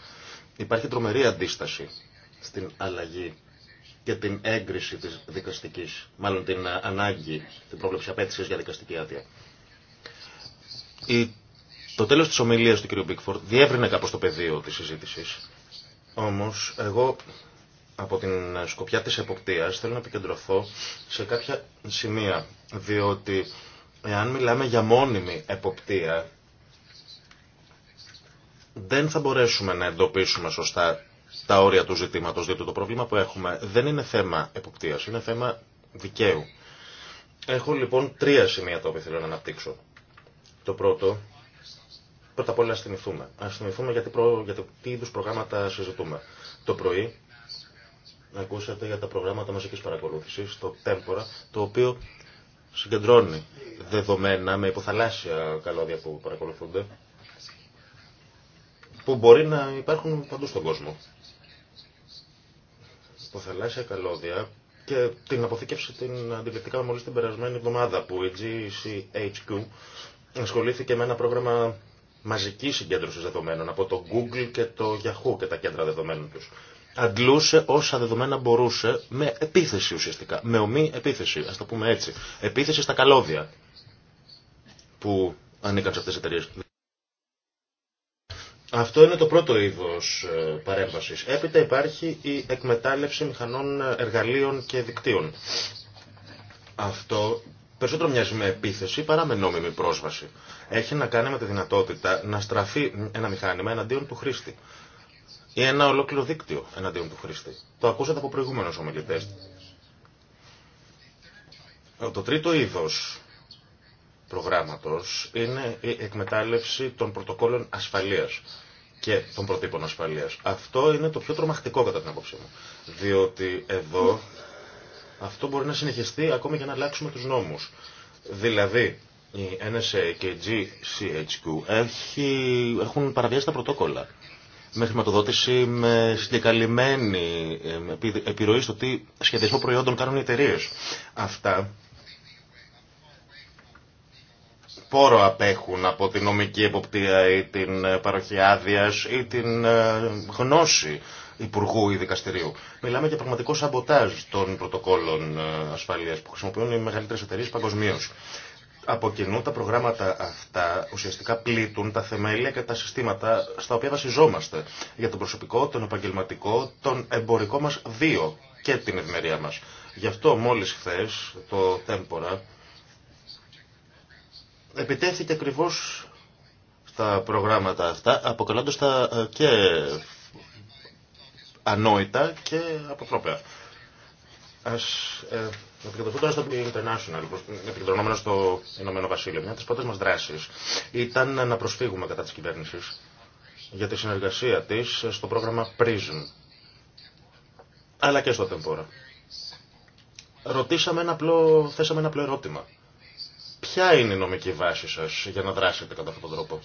Υπάρχει τρομερή αντίσταση στην αλλαγή και την έγκριση της δικαστικής, μάλλον την ε, ανάγκη, την πρόβλεψη απέτησης για δικαστική άδεια. Η, το τέλος της ομιλίας του κ. Μπίκφορτ διεύρυνε κάπως το πεδίο της συζήτησης. Όμως, εγώ από την σκοπιά της εποπτείας θέλω να επικεντρωθώ σε κάποια σημεία, διότι εάν μιλάμε για μόνιμη εποπτεία, δεν θα μπορέσουμε να εντοπίσουμε σωστά στα όρια του ζητήματο, διότι το πρόβλημα που έχουμε δεν είναι θέμα εποπτεία, είναι θέμα δικαίου. Έχω λοιπόν τρία σημεία τα οποία θέλω να αναπτύξω. Το πρώτο, πρώτα απ' όλα α θυμηθούμε. Α θυμηθούμε γιατί, προ... για τι είδου προγράμματα συζητούμε. Το πρωί ακούσατε για τα προγράμματα μαζική παρακολούθηση το Τέμπορα, το οποίο συγκεντρώνει δεδομένα με υποθαλάσσια καλώδια που παρακολουθούνται, που μπορεί να υπάρχουν παντού στον κόσμο από θαλάσσια καλώδια και την αποθήκευση την αντιληπτικά μόλι την περασμένη εβδομάδα που η GCHQ ασχολήθηκε με ένα πρόγραμμα μαζική συγκέντρωση δεδομένων από το Google και το Yahoo και τα κέντρα δεδομένων τους. Αντλούσε όσα δεδομένα μπορούσε με επίθεση ουσιαστικά, με ομή επίθεση, α το πούμε έτσι. Επίθεση στα καλώδια που ανήκαν σε αυτέ τι εταιρείε. Αυτό είναι το πρώτο είδος ε, παρέμβασης. Έπειτα υπάρχει η εκμετάλλευση μηχανών ε, εργαλείων και δικτύων. Αυτό περισσότερο μοιάζει με επίθεση παρά με νόμιμη πρόσβαση. Έχει να κάνει με τη δυνατότητα να στραφεί ένα μηχάνημα εναντίον του χρήστη. Ή ένα ολόκληρο δίκτυο εναντίον του χρήστη. Το ακούσατε από προηγούμενους ομιλητές. Το τρίτο είδος προγράμματος είναι η εκμετάλλευση των πρωτοκόλων ασφαλείας και των προτύπων ασφαλείας. Αυτό είναι το πιο τρομακτικό κατά την άποψή μου. Διότι εδώ αυτό μπορεί να συνεχιστεί ακόμη για να αλλάξουμε τους νόμους. Δηλαδή, η NSA και η GCHQ έχει, έχουν παραβιάσει τα πρωτόκολλα. Με χρηματοδότηση, με συγκεκαλυμμένη ε, επιρροή στο τι σχεδιασμό προϊόντων κάνουν οι εταιρείε. Αυτά Πόρο απέχουν από την νομική εποπτεία ή την ε, παροχή άδεια ή την ε, γνώση υπουργού ή δικαστηρίου. Μιλάμε για πραγματικό σαμποτάζ των πρωτοκόλων ε, ασφαλείας που χρησιμοποιούν οι μεγαλύτερες εταιρείε παγκοσμίω. Από κοινού τα προγράμματα αυτά ουσιαστικά πλήττουν τα θεμέλια και τα συστήματα στα οποία βασιζόμαστε για τον προσωπικό, τον επαγγελματικό, τον εμπορικό μας βίο και την ευημερία μας. Γι' αυτό μόλις χθε το Τέμπορα επιτέθηκε ακριβώ στα προγράμματα αυτά, αποκαλώντας τα ε, και ανόητα και αποτρόπαια. Ας ε, τώρα στο International, επικεντρωνόμενο στο Ηνωμένο Βασίλειο. Μια από τις πρώτες μας δράσεις ήταν να προσφύγουμε κατά της κυβέρνησης για τη συνεργασία της στο πρόγραμμα PRISM, αλλά και στο Tempora. Ρωτήσαμε ένα απλό, θέσαμε ένα απλό ερώτημα. Ποια είναι η νομική βάση σας για να δράσετε κατά αυτόν τον τρόπο.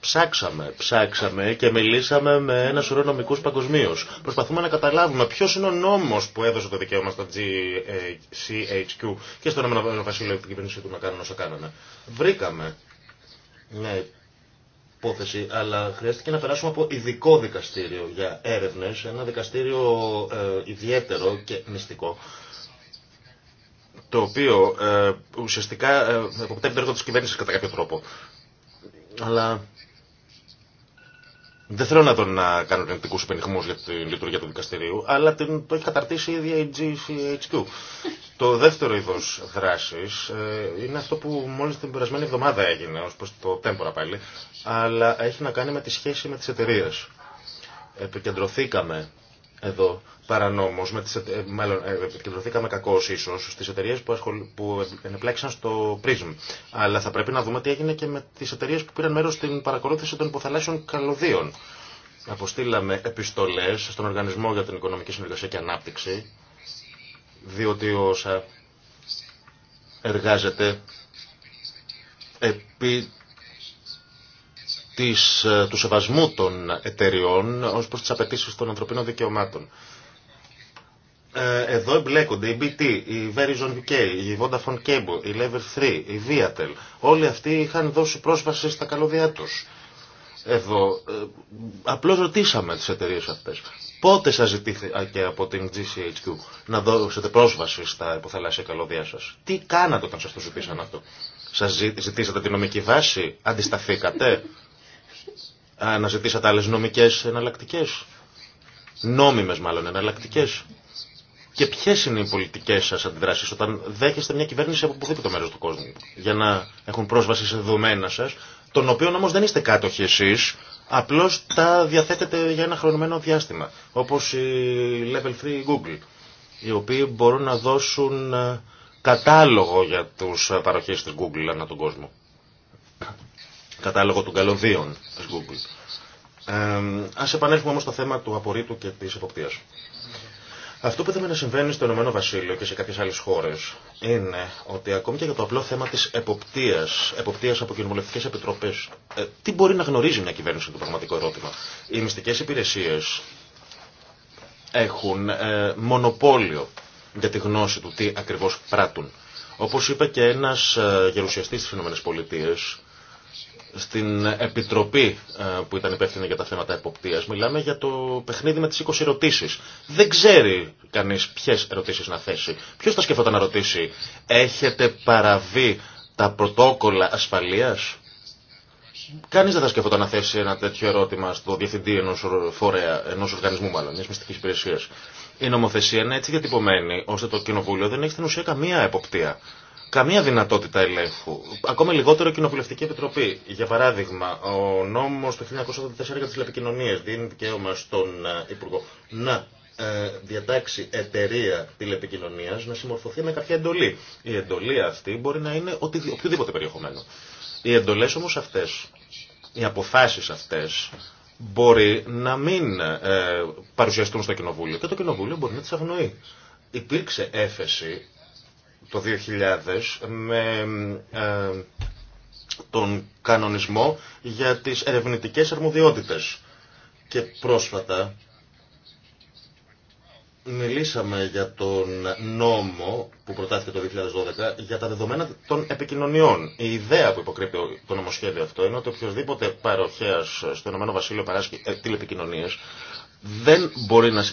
Ψάξαμε, ψάξαμε και μιλήσαμε με ένα σωρό νομικούς παγκοσμίω. Προσπαθούμε να καταλάβουμε ποιος είναι ο νόμος που έδωσε το δικαίωμα στα GCHQ και στον νόμο Βασίλειο και την κυβέρνησή του να κάνουν όσα κάνανε. Βρήκαμε μια υπόθεση, αλλά χρειάστηκε να περάσουμε από ειδικό δικαστήριο για έρευνες, ένα δικαστήριο ε, ιδιαίτερο και μυστικό το οποίο ε, ουσιαστικά ε, το έργο τη κυβέρνηση κατά κάποιο τρόπο. Αλλά δεν θέλω να τον να κάνω ενεργητικού υπενιχμού για τη λειτουργία του δικαστηρίου, αλλά την, το έχει καταρτήσει η ίδια η GCHQ. [LAUGHS] το δεύτερο είδο δράση ε, είναι αυτό που μόλι την περασμένη εβδομάδα έγινε, ω προ το τέμπορα πάλι, αλλά έχει να κάνει με τη σχέση με τι εταιρείε. Επικεντρωθήκαμε εδώ παρανόμω, με τις, ε, μάλλον ε, επικεντρωθήκαμε κακώς στις εταιρείες που, ασχολ, που ενεπλέξαν στο πρίσμ. Αλλά θα πρέπει να δούμε τι έγινε και με τις εταιρείε που πήραν μέρος στην παρακολούθηση των υποθαλάσσιων καλωδίων. Αποστήλαμε επιστολές στον Οργανισμό για την Οικονομική Συνεργασία και Ανάπτυξη, διότι όσα εργάζεται επί της, ε, του σεβασμού των εταιριών ως προς τις απαιτήσεις των ανθρωπίνων δικαιωμάτων. Ε, εδώ εμπλέκονται η BT, η Verizon UK, η Vodafone Cable, η Level 3, η Viatel. Όλοι αυτοί είχαν δώσει πρόσβαση στα καλώδια τους. Εδώ ε, απλώς ρωτήσαμε τις εταιρείες αυτές. Πότε σας ζητήθηκε από την GCHQ να δώσετε πρόσβαση στα υποθαλάσσια καλώδια σας. Τι κάνατε όταν σας το ζητήσαν αυτό. Σας ζητήσατε την νομική βάση, αντισταθήκατε, Αναζητήσατε άλλε νομικέ εναλλακτικέ, νόμιμε, μάλλον εναλλακτικέ. Και ποιε είναι οι πολιτικέ σα αντιδράσει όταν δέχεστε μια κυβέρνηση από οπουδήποτε μέρο του κόσμου για να έχουν πρόσβαση σε δεδομένα σα, των οποίων όμω δεν είστε κάτοχοι εσεί, απλώ τα διαθέτετε για ένα χρονομενό διάστημα. Όπω η Level 3 Google, οι οποίοι μπορούν να δώσουν ε, κατάλογο για τους ε, παροχέ τη Google ανά τον κόσμο κατάλογο των καλωδίων της Google. Ε, ας επανέλθουμε όμως στο θέμα του απορρίτου και της εποπτείας. Αυτό που θέλουμε να συμβαίνει στο Ηνωμένο Βασίλειο και σε κάποιες άλλες χώρες είναι ότι ακόμη και για το απλό θέμα της εποπτείας, εποπτείας από κοινοβουλευτικές επιτροπές, ε, τι μπορεί να γνωρίζει μια κυβέρνηση το πραγματικό ερώτημα. Οι μυστικές υπηρεσίες έχουν ε, μονοπόλιο για τη γνώση του τι ακριβώς πράττουν. Όπως είπε και ένας ε, γερουσιαστής στις Ηνωμένες στην επιτροπή ε, που ήταν υπεύθυνη για τα θέματα εποπτείας. Μιλάμε για το παιχνίδι με τις 20 ερωτήσεις. Δεν ξέρει κανείς ποιες ερωτήσεις να θέσει. Ποιος θα σκεφτόταν να ρωτήσει «Έχετε παραβεί τα πρωτόκολλα ασφαλείας» Κανείς δεν θα σκεφτόταν να θέσει ένα τέτοιο ερώτημα στο διευθυντή ενό φορέα, οργανισμού μάλλον, μια μυστική υπηρεσία. Η νομοθεσία είναι έτσι διατυπωμένη, ώστε το κοινοβούλιο δεν έχει στην ουσία καμία εποπτεία καμία δυνατότητα ελέγχου. Ακόμα λιγότερο κοινοβουλευτική επιτροπή. Για παράδειγμα, ο νόμος του 1984 για τις τηλεπικοινωνίες δίνει δικαίωμα στον ε, Υπουργό να ε, διατάξει εταιρεία τηλεπικοινωνίας να συμμορφωθεί με κάποια εντολή. Η εντολή αυτή μπορεί να είναι οποιοδήποτε περιεχομένο. Οι εντολές όμως αυτές, οι αποφάσεις αυτές μπορεί να μην ε, παρουσιαστούν στο κοινοβούλιο και το κοινοβούλιο μπορεί να τις αγνοεί. Υπήρξε έφεση το 2000 με ε, τον κανονισμό για τις ερευνητικές αρμοδιότητες. Και πρόσφατα μιλήσαμε για τον νόμο που προτάθηκε το 2012 για τα δεδομένα των επικοινωνιών. Η ιδέα που υποκρύπτει το νομοσχέδιο αυτό είναι ότι οποιοδήποτε παροχέας στο Ηνωμένο Βασίλειο παράσχει ε, τηλεπικοινωνίες δεν μπορεί να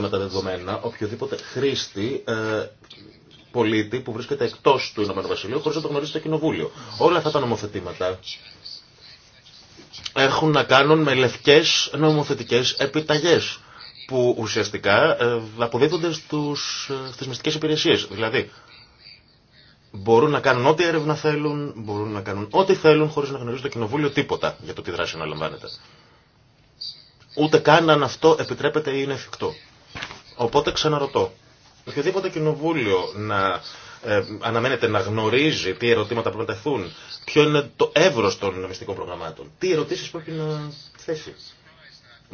με τα δεδομένα, οποιοδήποτε χρήστη ε, πολίτη που βρίσκεται εκτό του Ηνωμένου Βασιλείου χωρί να το γνωρίζει το Κοινοβούλιο. Όλα αυτά τα νομοθετήματα έχουν να κάνουν με λευκέ νομοθετικέ επιταγέ που ουσιαστικά ε, αποδίδονται ε, στι μυστικέ υπηρεσίε. υπηρεσίες. Δηλαδή, μπορούν να κάνουν ό,τι έρευνα θέλουν, μπορούν να κάνουν ό,τι θέλουν χωρίς να γνωρίζει το κοινοβούλιο τίποτα για το τι δράση αναλαμβάνεται. Ούτε καν αν αυτό επιτρέπεται ή είναι εφικτό. Οπότε ξαναρωτώ, οποιοδήποτε κοινοβούλιο να ε, αναμένεται να γνωρίζει τι ερωτήματα πρέπει ποιο είναι το εύρο των μυστικών προγραμμάτων, τι ερωτήσει πρέπει να θέσει.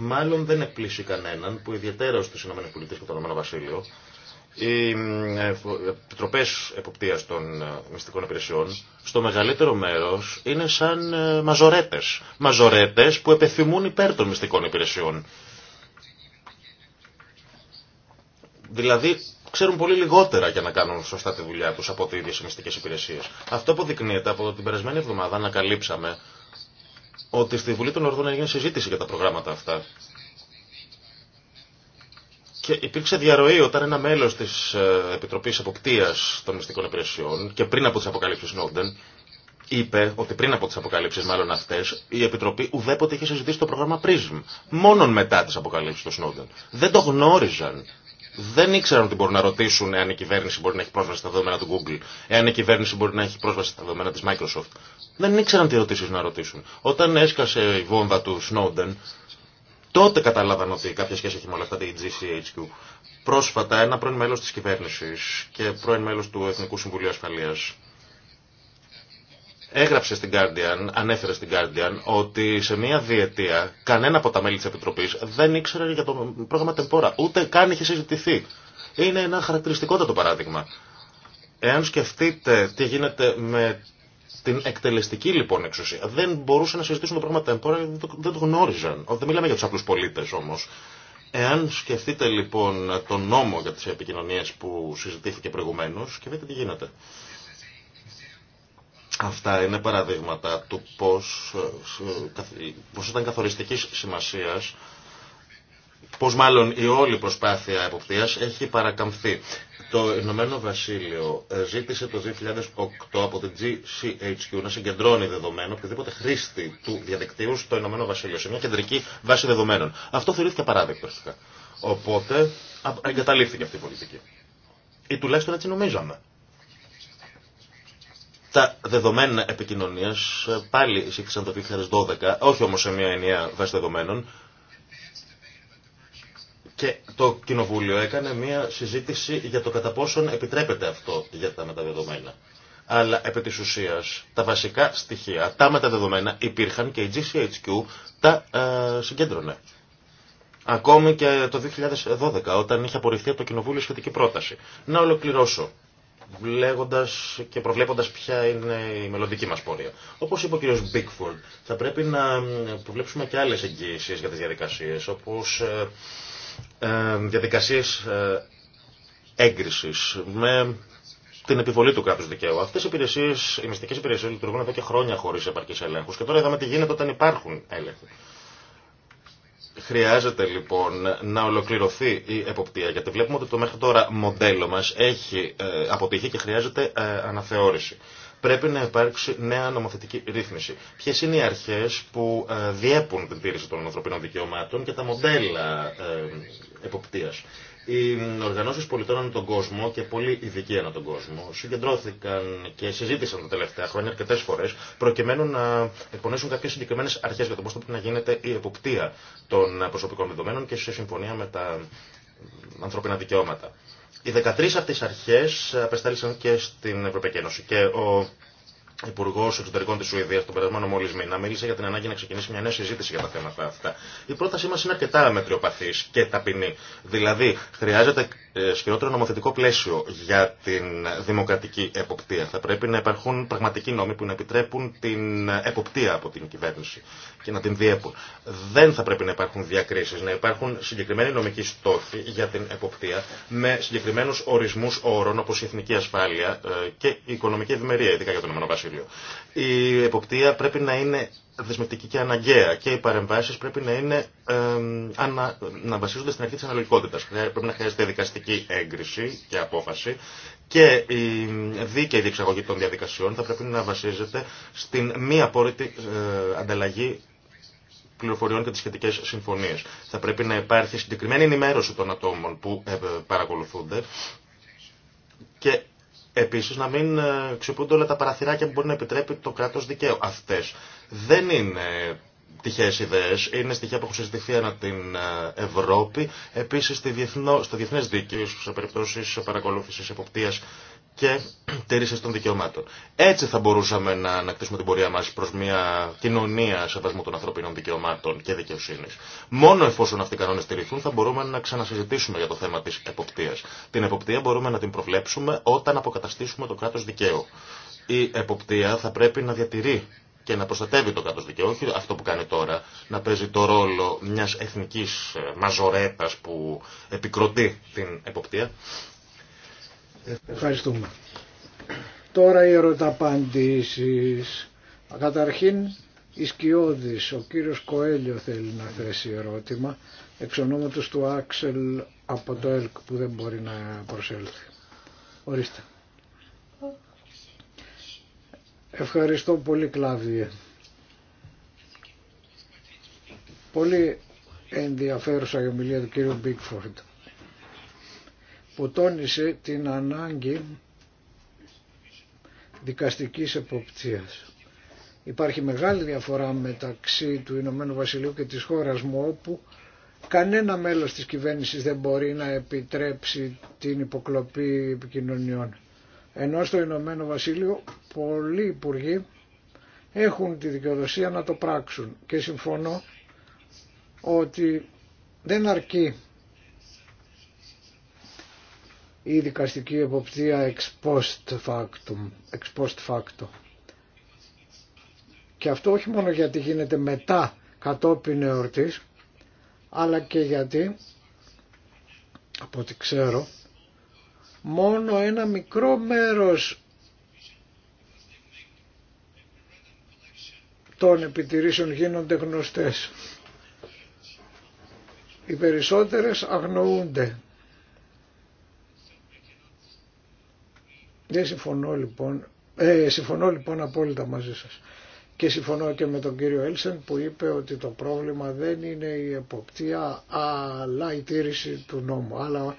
Μάλλον δεν εκπλήσει κανέναν που ιδιαίτερα στι ΗΠΑ και το ΗΠΑ οι ε, ε, επιτροπέ εποπτεία των ε, μυστικών υπηρεσιών στο μεγαλύτερο μέρο είναι σαν μαζορέτε. Μαζορέτε που επιθυμούν υπέρ των μυστικών υπηρεσιών. Δηλαδή ξέρουν πολύ λιγότερα για να κάνουν σωστά τη δουλειά τους από τις ίδιες οι μυστικές υπηρεσίες. Αυτό αποδεικνύεται από την περασμένη εβδομάδα ανακαλύψαμε ότι στη Βουλή των Ορδών έγινε συζήτηση για τα προγράμματα αυτά. Και υπήρξε διαρροή όταν ένα μέλο τη ε, Επιτροπή Αποκτίας των Μυστικών Υπηρεσιών και πριν από τι αποκαλύψει Νόντεν είπε ότι πριν από τι αποκαλύψει μάλλον αυτέ η Επιτροπή ουδέποτε είχε συζητήσει το πρόγραμμα PRISM. Μόνον μετά τι αποκαλύψει του Σνόντεν. Δεν το γνώριζαν δεν ήξεραν τι μπορούν να ρωτήσουν εάν η κυβέρνηση μπορεί να έχει πρόσβαση στα δεδομένα του Google, εάν η κυβέρνηση μπορεί να έχει πρόσβαση στα δεδομένα τη Microsoft. Δεν ήξεραν τι ερωτήσει να ρωτήσουν. Όταν έσκασε η βόμβα του Snowden, τότε καταλάβαν ότι κάποια σχέση έχει με όλα αυτά τη GCHQ. Πρόσφατα ένα πρώην μέλο τη κυβέρνηση και πρώην μέλο του Εθνικού Συμβουλίου Ασφαλεία έγραψε στην Guardian, ανέφερε στην Guardian, ότι σε μία διετία κανένα από τα μέλη της Επιτροπής δεν ήξερε για το πρόγραμμα Τεμπόρα, ούτε καν είχε συζητηθεί. Είναι ένα χαρακτηριστικότατο παράδειγμα. Εάν σκεφτείτε τι γίνεται με την εκτελεστική λοιπόν εξουσία, δεν μπορούσε να συζητήσουν το πρόγραμμα Τεμπόρα, δεν το γνώριζαν. Δεν μιλάμε για τους απλούς πολίτες όμως. Εάν σκεφτείτε λοιπόν τον νόμο για τις επικοινωνίες που συζητήθηκε προηγουμένως, και δείτε τι γίνεται. Αυτά είναι παραδείγματα του πώς, πώς ήταν καθοριστικής σημασίας, πώς μάλλον η όλη προσπάθεια εποπτείας έχει παρακαμφθεί. Το Ηνωμένο Βασίλειο ε, ζήτησε το 2008 από την GCHQ να συγκεντρώνει δεδομένο οποιοδήποτε χρήστη του διαδικτύου στο Ηνωμένο Βασίλειο, σε μια κεντρική βάση δεδομένων. Αυτό θεωρήθηκε παράδειγμα, Οπότε εγκαταλείφθηκε αυτή η πολιτική. Ή τουλάχιστον έτσι νομίζαμε. Τα δεδομένα επικοινωνία ε, πάλι εισήχθησαν το 2012, όχι όμω σε μια ενιαία βάση δεδομένων. Και το Κοινοβούλιο έκανε μια συζήτηση για το κατά πόσον επιτρέπεται αυτό για τα μεταδεδομένα. Αλλά επί τη ουσία τα βασικά στοιχεία, τα μεταδεδομένα υπήρχαν και η GCHQ τα ε, συγκέντρωνε. Ακόμη και το 2012 όταν είχε απορριφθεί από το Κοινοβούλιο σχετική πρόταση. Να ολοκληρώσω λέγοντα και προβλέποντα ποια είναι η μελλοντική μα πορεία. Όπω είπε ο κ. Μπίκφορντ, θα πρέπει να προβλέψουμε και άλλε εγγύησει για τι διαδικασίε, όπω ε, ε, διαδικασίε ε, έγκριση με την επιβολή του κράτου δικαίου. Αυτέ οι υπηρεσίε, οι μυστικέ υπηρεσίε λειτουργούν εδώ και χρόνια χωρί επαρκή ελέγχου και τώρα είδαμε τι γίνεται όταν υπάρχουν έλεγχοι. Χρειάζεται λοιπόν να ολοκληρωθεί η εποπτεία γιατί βλέπουμε ότι το μέχρι τώρα μοντέλο μας έχει ε, αποτύχει και χρειάζεται ε, αναθεώρηση. Πρέπει να υπάρξει νέα νομοθετική ρύθμιση. Ποιε είναι οι αρχέ που ε, διέπουν την τήρηση των ανθρωπίνων δικαιωμάτων και τα μοντέλα εποπτείας. Οι οργανώσει πολιτών ανά τον κόσμο και πολλοί ειδικοί ανά τον κόσμο συγκεντρώθηκαν και συζήτησαν τα τελευταία χρόνια αρκετέ φορέ προκειμένου να εκπονήσουν κάποιε συγκεκριμένε αρχέ για το πώ πρέπει να γίνεται η εποπτεία των προσωπικών δεδομένων και σε συμφωνία με τα ανθρώπινα δικαιώματα. Οι 13 από τι αρχέ απεστάλησαν και στην Ευρωπαϊκή Ένωση και ο Υπουργό Εξωτερικών τη Σουηδία τον περασμένο μόλι μήνα μίλησε για την ανάγκη να ξεκινήσει μια νέα συζήτηση για τα θέματα αυτά. Η πρότασή μα είναι αρκετά μετριοπαθή και ταπεινή. Δηλαδή, χρειάζεται ισχυρότερο ε, νομοθετικό πλαίσιο για την δημοκρατική εποπτεία. Θα πρέπει να υπάρχουν πραγματικοί νόμοι που να επιτρέπουν την εποπτεία από την κυβέρνηση και να την διέπουν. Δεν θα πρέπει να υπάρχουν διακρίσεις, να υπάρχουν συγκεκριμένοι νομικοί στόχοι για την εποπτεία με συγκεκριμένους ορισμούς όρων όπως η εθνική ασφάλεια ε, και η οικονομική ευημερία, ειδικά για το Βασίλειο. Η εποπτεία πρέπει να είναι δεσμευτική και αναγκαία και οι παρεμβάσει πρέπει να, είναι, ε, να βασίζονται στην αρχή τη αναλογικότητα. Πρέπει να χρειάζεται δικαστική έγκριση και απόφαση και η δίκαιη διεξαγωγή των διαδικασιών θα πρέπει να βασίζεται στην μη απόρριτη ε, ανταλλαγή πληροφοριών και τι σχετικέ συμφωνίε. Θα πρέπει να υπάρχει συγκεκριμένη ενημέρωση των ατόμων που ε, παρακολουθούνται και Επίση, να μην ε, ξεπούνται όλα τα παραθυράκια που μπορεί να επιτρέπει το κράτο δικαίου. Αυτέ δεν είναι τυχαίες ιδέες, είναι στοιχεία που έχουν συζητηθεί ανά την ε, Ευρώπη, επίσης στη διεθνό, στο διεθνές δίκαιο, σε περιπτώσεις παρακολούθησης, εποπτείας και [CLEARS THROAT] τήρησης των δικαιωμάτων. Έτσι θα μπορούσαμε να ανακτήσουμε την πορεία μας προς μια κοινωνία σεβασμού των ανθρωπίνων δικαιωμάτων και δικαιοσύνης. Μόνο εφόσον αυτοί οι κανόνες τηρηθούν θα μπορούμε να ξανασυζητήσουμε για το θέμα της εποπτείας. Την εποπτεία μπορούμε να την προβλέψουμε όταν αποκαταστήσουμε το κράτος δικαίου. Η εποπτεία θα πρέπει να διατηρεί και να προστατεύει το κράτος δικαίου, όχι αυτό που κάνει τώρα, να παίζει το ρόλο μιας εθνικής ε, μαζορέτας που επικροτεί την εποπτεία. Ευχαριστούμε. Τώρα οι ερωταπαντήσει. Καταρχήν η Σκιώδη, ο κύριο Κοέλιο θέλει να θέσει ερώτημα, εξ του Άξελ από το ΕΛΚ που δεν μπορεί να προσέλθει. Ορίστε. Ευχαριστώ πολύ Κλάβιε. Πολύ ενδιαφέρουσα η ομιλία του κύριου Μπίκφορντ που τόνισε την ανάγκη δικαστικής εποπτείας. Υπάρχει μεγάλη διαφορά μεταξύ του Ηνωμένου Βασιλείου και της χώρας μου όπου κανένα μέλος της κυβέρνησης δεν μπορεί να επιτρέψει την υποκλοπή επικοινωνιών. Ενώ στο Ηνωμένο Βασίλειο πολλοί υπουργοί έχουν τη δικαιοδοσία να το πράξουν και συμφωνώ ότι δεν αρκεί η δικαστική εποπτεία ex post factum, facto. Και αυτό όχι μόνο γιατί γίνεται μετά κατόπιν εορτής, αλλά και γιατί, από ό,τι ξέρω, μόνο ένα μικρό μέρος των επιτηρήσεων γίνονται γνωστές. Οι περισσότερες αγνοούνται. Δεν συμφωνώ λοιπόν, ε, συμφωνώ λοιπόν απόλυτα μαζί σας. Και συμφωνώ και με τον κύριο Έλσεν που είπε ότι το πρόβλημα δεν είναι η εποπτεία αλλά η τήρηση του νόμου. Αλλά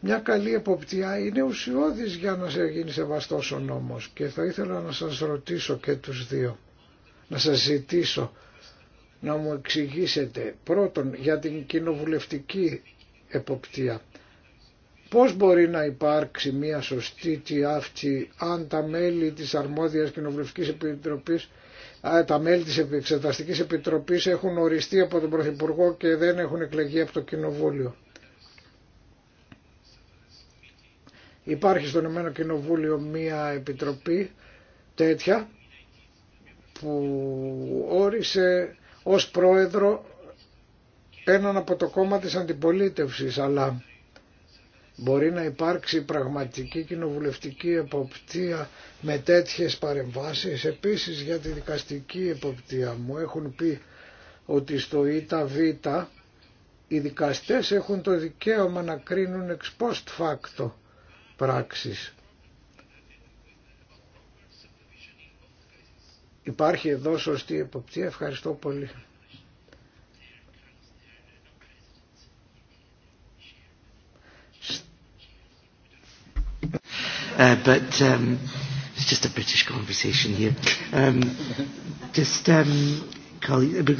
μια καλή εποπτεία είναι ουσιώδης για να σε γίνει σεβαστός ο νόμος και θα ήθελα να σας ρωτήσω και τους δύο, να σας ζητήσω να μου εξηγήσετε πρώτον για την κοινοβουλευτική εποπτεία. Πώς μπορεί να υπάρξει μια σωστή τι αυτή αν τα μέλη της αρμόδιας κοινοβουλευτικής επιτροπής τα μέλη της Εξεταστικής Επιτροπής έχουν οριστεί από τον Πρωθυπουργό και δεν έχουν εκλεγεί από το Κοινοβούλιο. Υπάρχει στον Ηνωμένο Κοινοβούλιο μία επιτροπή τέτοια που όρισε ως πρόεδρο έναν από το κόμμα της αντιπολίτευσης αλλά μπορεί να υπάρξει πραγματική κοινοβουλευτική εποπτεία με τέτοιες παρεμβάσεις επίσης για τη δικαστική εποπτεία μου έχουν πει ότι στο ΙΤΑΒ οι δικαστές έχουν το δικαίωμα να κρίνουν ex post facto πράξεις. Υπάρχει εδώ σωστή εποπτεία. Ευχαριστώ πολύ. Uh, but um, it's just a British conversation here. Um, just um, colleagues,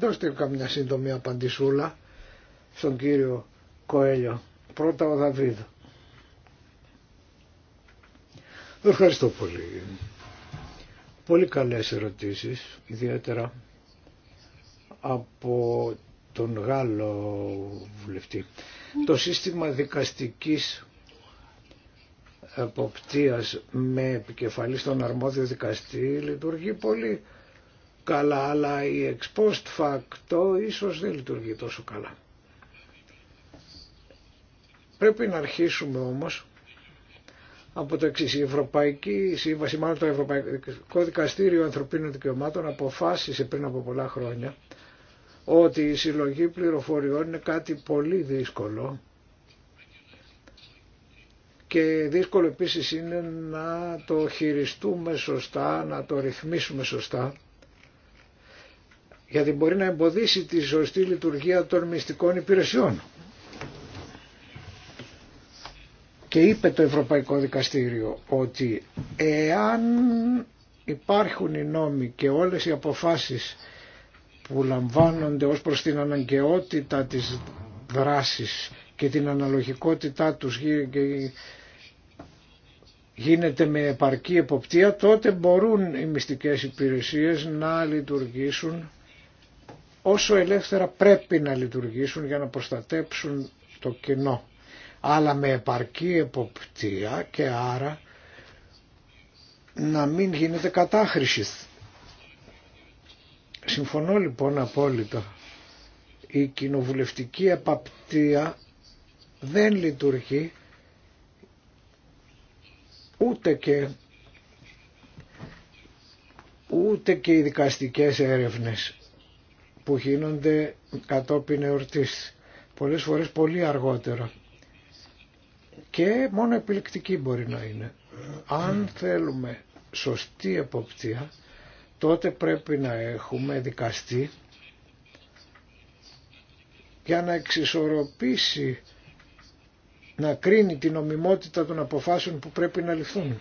there will καμιά σύντομη απαντησούλα στον κύριο Κοέλιο. Πρώτα ο Δαβίδ. Ευχαριστώ πολύ. Πολύ καλές ερωτήσεις, ιδιαίτερα από τον Γάλλο βουλευτή. Το σύστημα δικαστικής εποπτείας με επικεφαλή στον αρμόδιο δικαστή λειτουργεί πολύ καλά, αλλά η ex post facto ίσως δεν λειτουργεί τόσο καλά. Πρέπει να αρχίσουμε όμως από το εξή. Η Ευρωπαϊκή Σύμβαση, μάλλον το Ευρωπαϊκό Δικαστήριο Ανθρωπίνων Δικαιωμάτων αποφάσισε πριν από πολλά χρόνια ότι η συλλογή πληροφοριών είναι κάτι πολύ δύσκολο και δύσκολο επίσης είναι να το χειριστούμε σωστά, να το ρυθμίσουμε σωστά γιατί μπορεί να εμποδίσει τη σωστή λειτουργία των μυστικών υπηρεσιών. Και είπε το Ευρωπαϊκό Δικαστήριο ότι εάν υπάρχουν οι νόμοι και όλες οι αποφάσεις που λαμβάνονται ως προς την αναγκαιότητα της δράσης και την αναλογικότητά τους γίνεται με επαρκή εποπτεία, τότε μπορούν οι μυστικές υπηρεσίες να λειτουργήσουν όσο ελεύθερα πρέπει να λειτουργήσουν για να προστατέψουν το κοινό. Αλλά με επαρκή εποπτεία και άρα να μην γίνεται κατάχρηση. Συμφωνώ λοιπόν απόλυτα. Η κοινοβουλευτική επαπτεία δεν λειτουργεί ούτε και ούτε και οι δικαστικές έρευνες που γίνονται κατόπιν εορτής πολλές φορές πολύ αργότερα και μόνο επιλεκτική μπορεί να είναι αν θέλουμε σωστή εποπτεία τότε πρέπει να έχουμε δικαστή για να εξισορροπήσει να κρίνει την ομιμότητα των αποφάσεων που πρέπει να ληφθούν.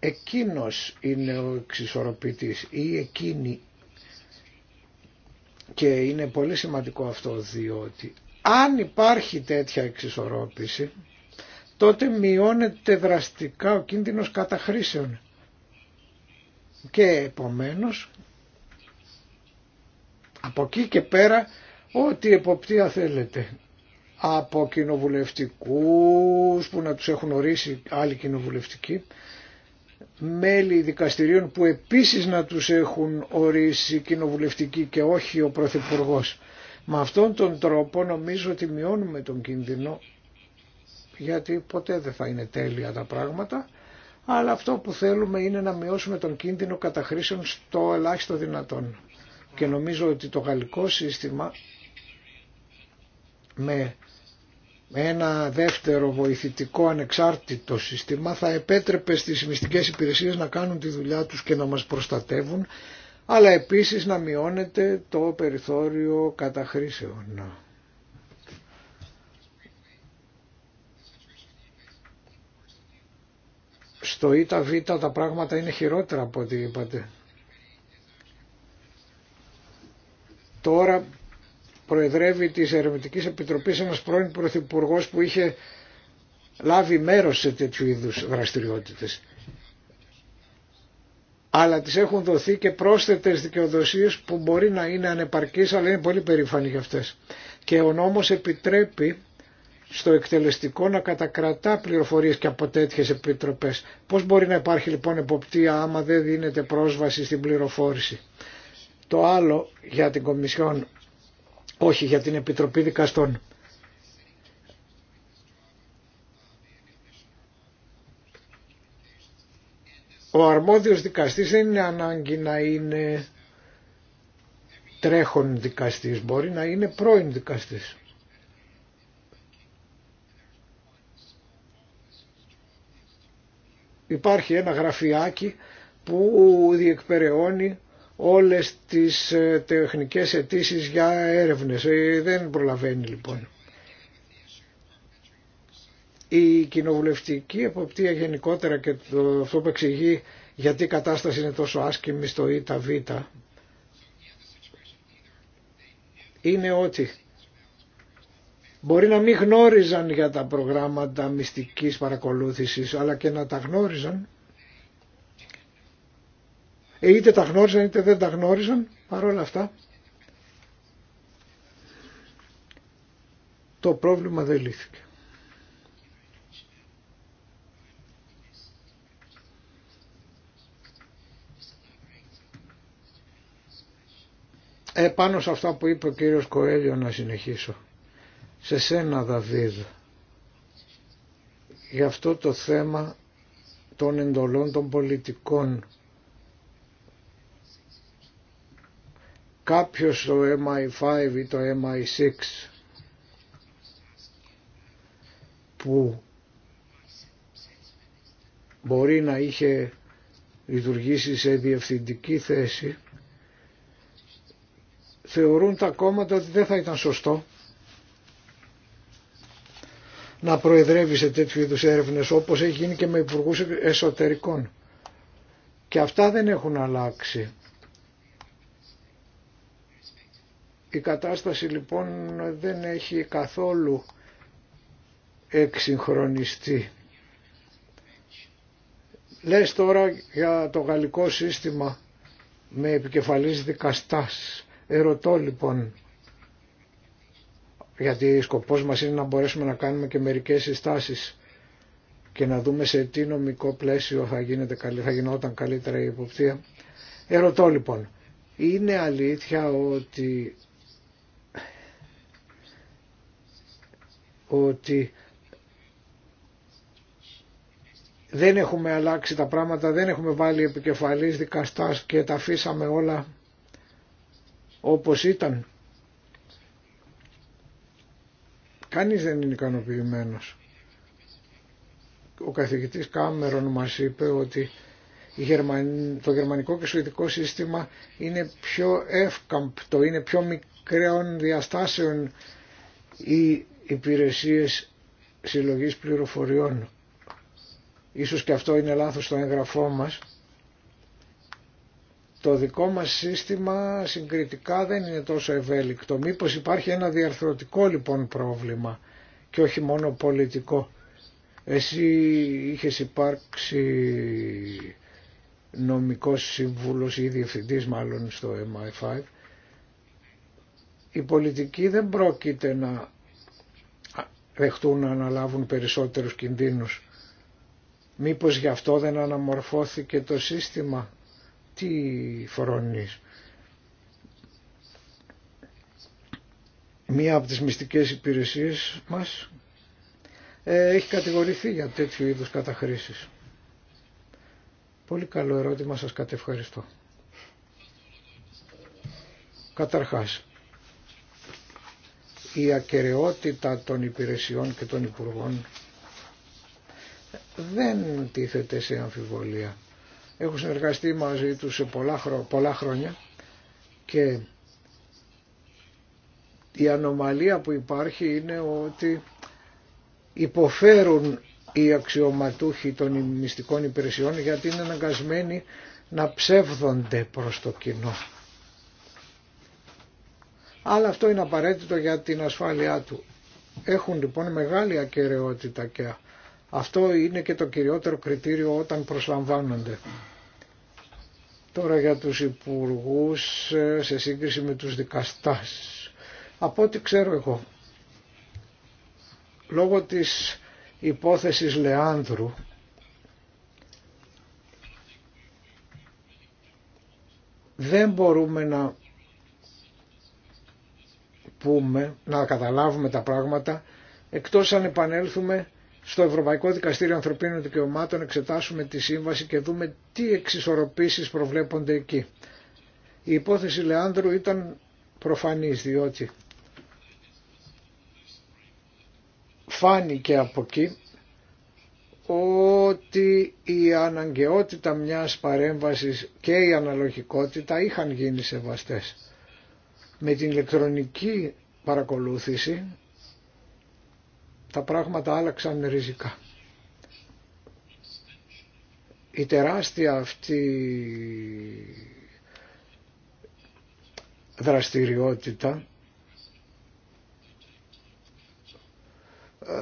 Εκείνος είναι ο εξισορροπητής ή εκείνη και είναι πολύ σημαντικό αυτό διότι αν υπάρχει τέτοια εξισορρόπηση τότε μειώνεται δραστικά ο κίνδυνος καταχρήσεων και επομένως από εκεί και πέρα ό,τι εποπτεία θέλετε από κοινοβουλευτικούς που να τους έχουν ορίσει άλλοι κοινοβουλευτικοί, μέλη δικαστηρίων που επίσης να τους έχουν ορίσει κοινοβουλευτικοί και όχι ο Πρωθυπουργό. Με αυτόν τον τρόπο νομίζω ότι μειώνουμε τον κίνδυνο γιατί ποτέ δεν θα είναι τέλεια τα πράγματα αλλά αυτό που θέλουμε είναι να μειώσουμε τον κίνδυνο καταχρήσεων στο ελάχιστο δυνατόν. Και νομίζω ότι το γαλλικό σύστημα με με ένα δεύτερο βοηθητικό ανεξάρτητο σύστημα θα επέτρεπε στις μυστικές υπηρεσίες να κάνουν τη δουλειά τους και να μας προστατεύουν αλλά επίσης να μειώνεται το περιθώριο καταχρήσεων. Στο ΙΤΑΒ τα πράγματα είναι χειρότερα από ό,τι είπατε. Τώρα προεδρεύει της Ερευνητικής Επιτροπής ένας πρώην Πρωθυπουργός που είχε λάβει μέρος σε τέτοιου είδους δραστηριότητες. Αλλά τις έχουν δοθεί και πρόσθετες δικαιοδοσίες που μπορεί να είναι ανεπαρκείς αλλά είναι πολύ περήφανοι για αυτές. Και ο νόμος επιτρέπει στο εκτελεστικό να κατακρατά πληροφορίες και από τέτοιε επιτροπές. Πώς μπορεί να υπάρχει λοιπόν εποπτεία άμα δεν δίνεται πρόσβαση στην πληροφόρηση. Το άλλο για την Κομισιόν όχι για την Επιτροπή Δικαστών. Ο αρμόδιος δικαστής δεν είναι ανάγκη να είναι τρέχον δικαστής, μπορεί να είναι πρώην δικαστής. Υπάρχει ένα γραφιάκι που διεκπεραιώνει όλες τις ε, τεχνικές αιτήσει για έρευνες. Ε, δεν προλαβαίνει λοιπόν. Η κοινοβουλευτική εποπτεία γενικότερα και το, αυτό που εξηγεί γιατί η κατάσταση είναι τόσο άσκημη στο ΙΤΑΒ είναι ότι μπορεί να μην γνώριζαν για τα προγράμματα μυστικής παρακολούθησης αλλά και να τα γνώριζαν ε, είτε τα γνώριζαν είτε δεν τα γνώριζαν παρόλα αυτά το πρόβλημα δεν λύθηκε. Επάνω σε αυτά που είπε ο κύριος Κοέλιο να συνεχίσω. Σε σένα Δαβίδ. Για αυτό το θέμα των εντολών των πολιτικών κάποιος το MI5 ή το MI6 που μπορεί να είχε λειτουργήσει σε διευθυντική θέση θεωρούν τα κόμματα ότι δεν θα ήταν σωστό να προεδρεύει σε τέτοιου είδους έρευνες όπως έχει γίνει και με υπουργού εσωτερικών. Και αυτά δεν έχουν αλλάξει. Η κατάσταση λοιπόν δεν έχει καθόλου εξυγχρονιστεί. Λες τώρα για το γαλλικό σύστημα με επικεφαλής δικαστάς. Ερωτώ λοιπόν, γιατί σκοπός μας είναι να μπορέσουμε να κάνουμε και μερικές συστάσεις και να δούμε σε τι νομικό πλαίσιο θα, γίνεται, θα γινόταν καλύτερα η υποπτία. Ερωτώ λοιπόν, είναι αλήθεια ότι ότι δεν έχουμε αλλάξει τα πράγματα, δεν έχουμε βάλει επικεφαλής δικαστάς και τα αφήσαμε όλα όπως ήταν. Κανείς δεν είναι ικανοποιημένο. Ο καθηγητής Κάμερον μας είπε ότι το γερμανικό και σουηδικό σύστημα είναι πιο εύκαμπτο, είναι πιο μικρέων διαστάσεων η υπηρεσίες συλλογής πληροφοριών. Ίσως και αυτό είναι λάθος στο έγγραφό μας. Το δικό μας σύστημα συγκριτικά δεν είναι τόσο ευέλικτο. Μήπως υπάρχει ένα διαρθρωτικό λοιπόν πρόβλημα και όχι μόνο πολιτικό. Εσύ είχες υπάρξει νομικός σύμβουλος ή διευθυντής μάλλον στο MI5. Η πολιτική δεν πρόκειται να δεχτούν να αναλάβουν περισσότερους κινδύνους. Μήπως γι' αυτό δεν αναμορφώθηκε το σύστημα. Τι φρονείς. Μία από τις μυστικές υπηρεσίες μας ε, έχει κατηγορηθεί για τέτοιου είδους καταχρήσεις. Πολύ καλό ερώτημα, σας κατευχαριστώ. Καταρχάς, η ακαιρεότητα των υπηρεσιών και των υπουργών δεν τίθεται σε αμφιβολία. Έχω συνεργαστεί μαζί τους σε πολλά, πολλά χρόνια και η ανομαλία που υπάρχει είναι ότι υποφέρουν οι αξιωματούχοι των μυστικών υπηρεσιών γιατί είναι αναγκασμένοι να ψεύδονται προς το κοινό αλλά αυτό είναι απαραίτητο για την ασφάλειά του. Έχουν λοιπόν μεγάλη ακαιρεότητα και αυτό είναι και το κυριότερο κριτήριο όταν προσλαμβάνονται. Τώρα για τους υπουργούς σε σύγκριση με τους δικαστάς. Από ό,τι ξέρω εγώ, λόγω της υπόθεσης Λεάνδρου, δεν μπορούμε να πούμε, να καταλάβουμε τα πράγματα, εκτός αν επανέλθουμε στο Ευρωπαϊκό Δικαστήριο Ανθρωπίνων Δικαιωμάτων, εξετάσουμε τη σύμβαση και δούμε τι εξισορροπήσεις προβλέπονται εκεί. Η υπόθεση Λεάνδρου ήταν προφανής, διότι φάνηκε από εκεί ότι η αναγκαιότητα μιας παρέμβασης και η αναλογικότητα είχαν γίνει σεβαστές με την ηλεκτρονική παρακολούθηση τα πράγματα άλλαξαν ριζικά. Η τεράστια αυτή δραστηριότητα ε,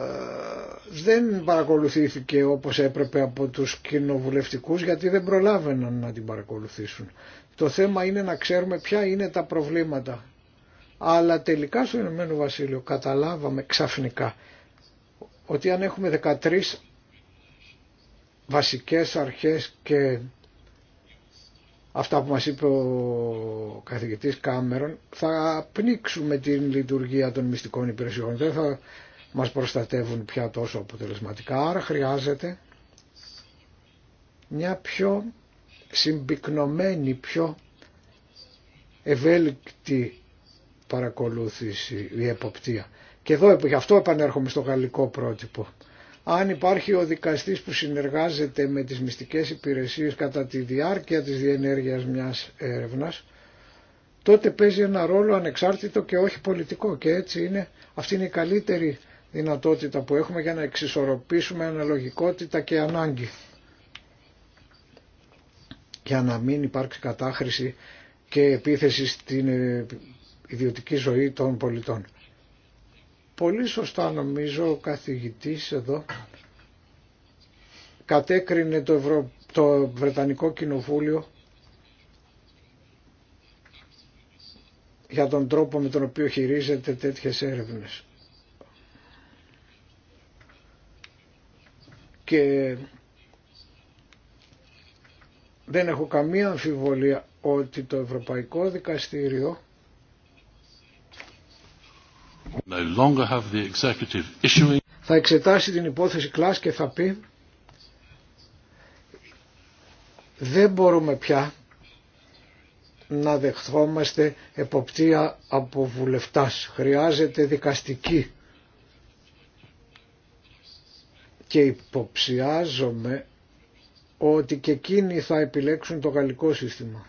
δεν παρακολουθήθηκε όπως έπρεπε από τους κοινοβουλευτικούς γιατί δεν προλάβαιναν να την παρακολουθήσουν. Το θέμα είναι να ξέρουμε ποια είναι τα προβλήματα. Αλλά τελικά στο Ηνωμένο Βασίλειο καταλάβαμε ξαφνικά ότι αν έχουμε 13 βασικές αρχές και αυτά που μας είπε ο καθηγητής Κάμερον θα πνίξουμε την λειτουργία των μυστικών υπηρεσιών. Δεν θα μας προστατεύουν πια τόσο αποτελεσματικά. Άρα χρειάζεται μια πιο συμπυκνωμένη, πιο ευέλικτη παρακολούθηση, η εποπτεία. Και εδώ γι' αυτό επανέρχομαι στο γαλλικό πρότυπο. Αν υπάρχει ο δικαστής που συνεργάζεται με τις μυστικές υπηρεσίες κατά τη διάρκεια της διενέργειας μιας έρευνας, τότε παίζει ένα ρόλο ανεξάρτητο και όχι πολιτικό. Και έτσι είναι, αυτή είναι η καλύτερη δυνατότητα που έχουμε για να εξισορροπήσουμε αναλογικότητα και ανάγκη για να μην υπάρξει κατάχρηση και επίθεση στην ε, ιδιωτική ζωή των πολιτών. Πολύ σωστά νομίζω ο καθηγητής εδώ κατέκρινε το, το Βρετανικό Κοινοβούλιο για τον τρόπο με τον οποίο χειρίζεται τέτοιες έρευνες δεν έχω καμία αμφιβολία ότι το Ευρωπαϊκό Δικαστήριο θα εξετάσει την υπόθεση κλάς και θα πει δεν μπορούμε πια να δεχθόμαστε εποπτεία από βουλευτάς. Χρειάζεται δικαστική. Και υποψιάζομαι ότι και εκείνοι θα επιλέξουν το γαλλικό σύστημα.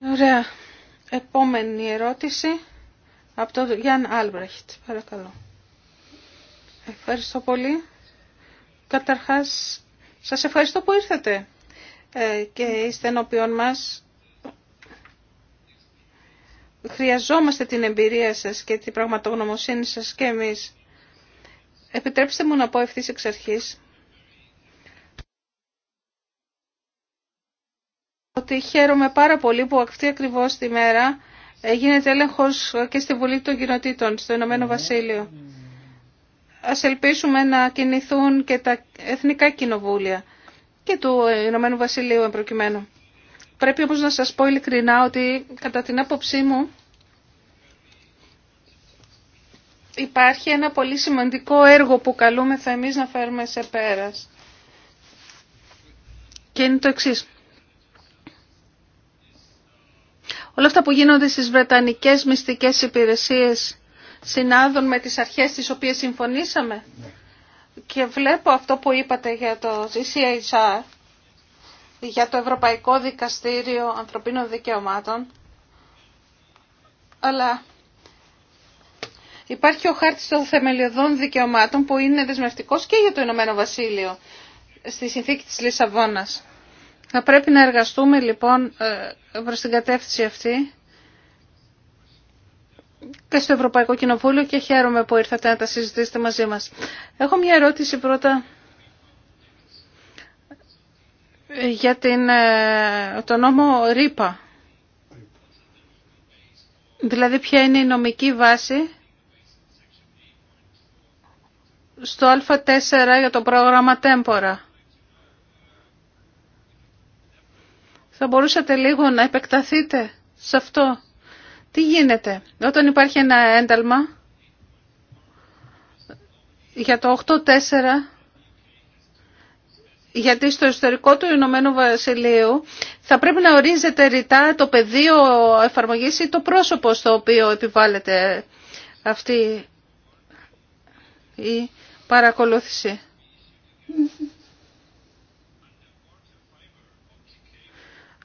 Ωραία. Επόμενη ερώτηση από τον Γιάνν Αλμπραχτ. Παρακαλώ. Ευχαριστώ πολύ. Καταρχάς, σας ευχαριστώ που ήρθατε ε, και είστε ενώπιον μας. Χρειαζόμαστε την εμπειρία σας και την πραγματογνωμοσύνη σας και εμείς Επιτρέψτε μου να πω ευθύ εξ αρχή. ότι χαίρομαι πάρα πολύ που αυτή ακριβώς τη μέρα γίνεται έλεγχο και στη Βουλή των Κοινοτήτων, στο Ηνωμένο ναι. Βασίλειο. Ας ελπίσουμε να κινηθούν και τα εθνικά κοινοβούλια και του Ηνωμένου Βασιλείου εμπροκειμένου. Πρέπει όμως να σας πω ειλικρινά ότι κατά την άποψή μου υπάρχει ένα πολύ σημαντικό έργο που καλούμεθα εμείς να φέρουμε σε πέρας. Και είναι το εξής. Όλα αυτά που γίνονται στις Βρετανικές μυστικές υπηρεσίες συνάδουν με τις αρχές τις οποίες συμφωνήσαμε. Και βλέπω αυτό που είπατε για το CCHR, για το Ευρωπαϊκό Δικαστήριο Ανθρωπίνων Δικαιωμάτων, αλλά Υπάρχει ο χάρτης των θεμελιωδών δικαιωμάτων που είναι δεσμευτικός και για το Ηνωμένο Βασίλειο στη συνθήκη της Λισαβόνα. Θα πρέπει να εργαστούμε λοιπόν ε, προς την κατεύθυνση αυτή και στο Ευρωπαϊκό Κοινοβούλιο και χαίρομαι που ήρθατε να τα συζητήσετε μαζί μας. Έχω μια ερώτηση πρώτα για την, ε, το νόμο ΡΥΠΑ. Δηλαδή ποια είναι η νομική βάση στο α4 για το πρόγραμμα Τέμπορα. Θα μπορούσατε λίγο να επεκταθείτε σε αυτό. Τι γίνεται όταν υπάρχει ένα ένταλμα για το 8-4 γιατί στο ιστορικό του Ηνωμένου Βασιλείου θα πρέπει να ορίζεται ρητά το πεδίο εφαρμογής ή το πρόσωπο στο οποίο επιβάλλεται αυτή η παρακολούθηση.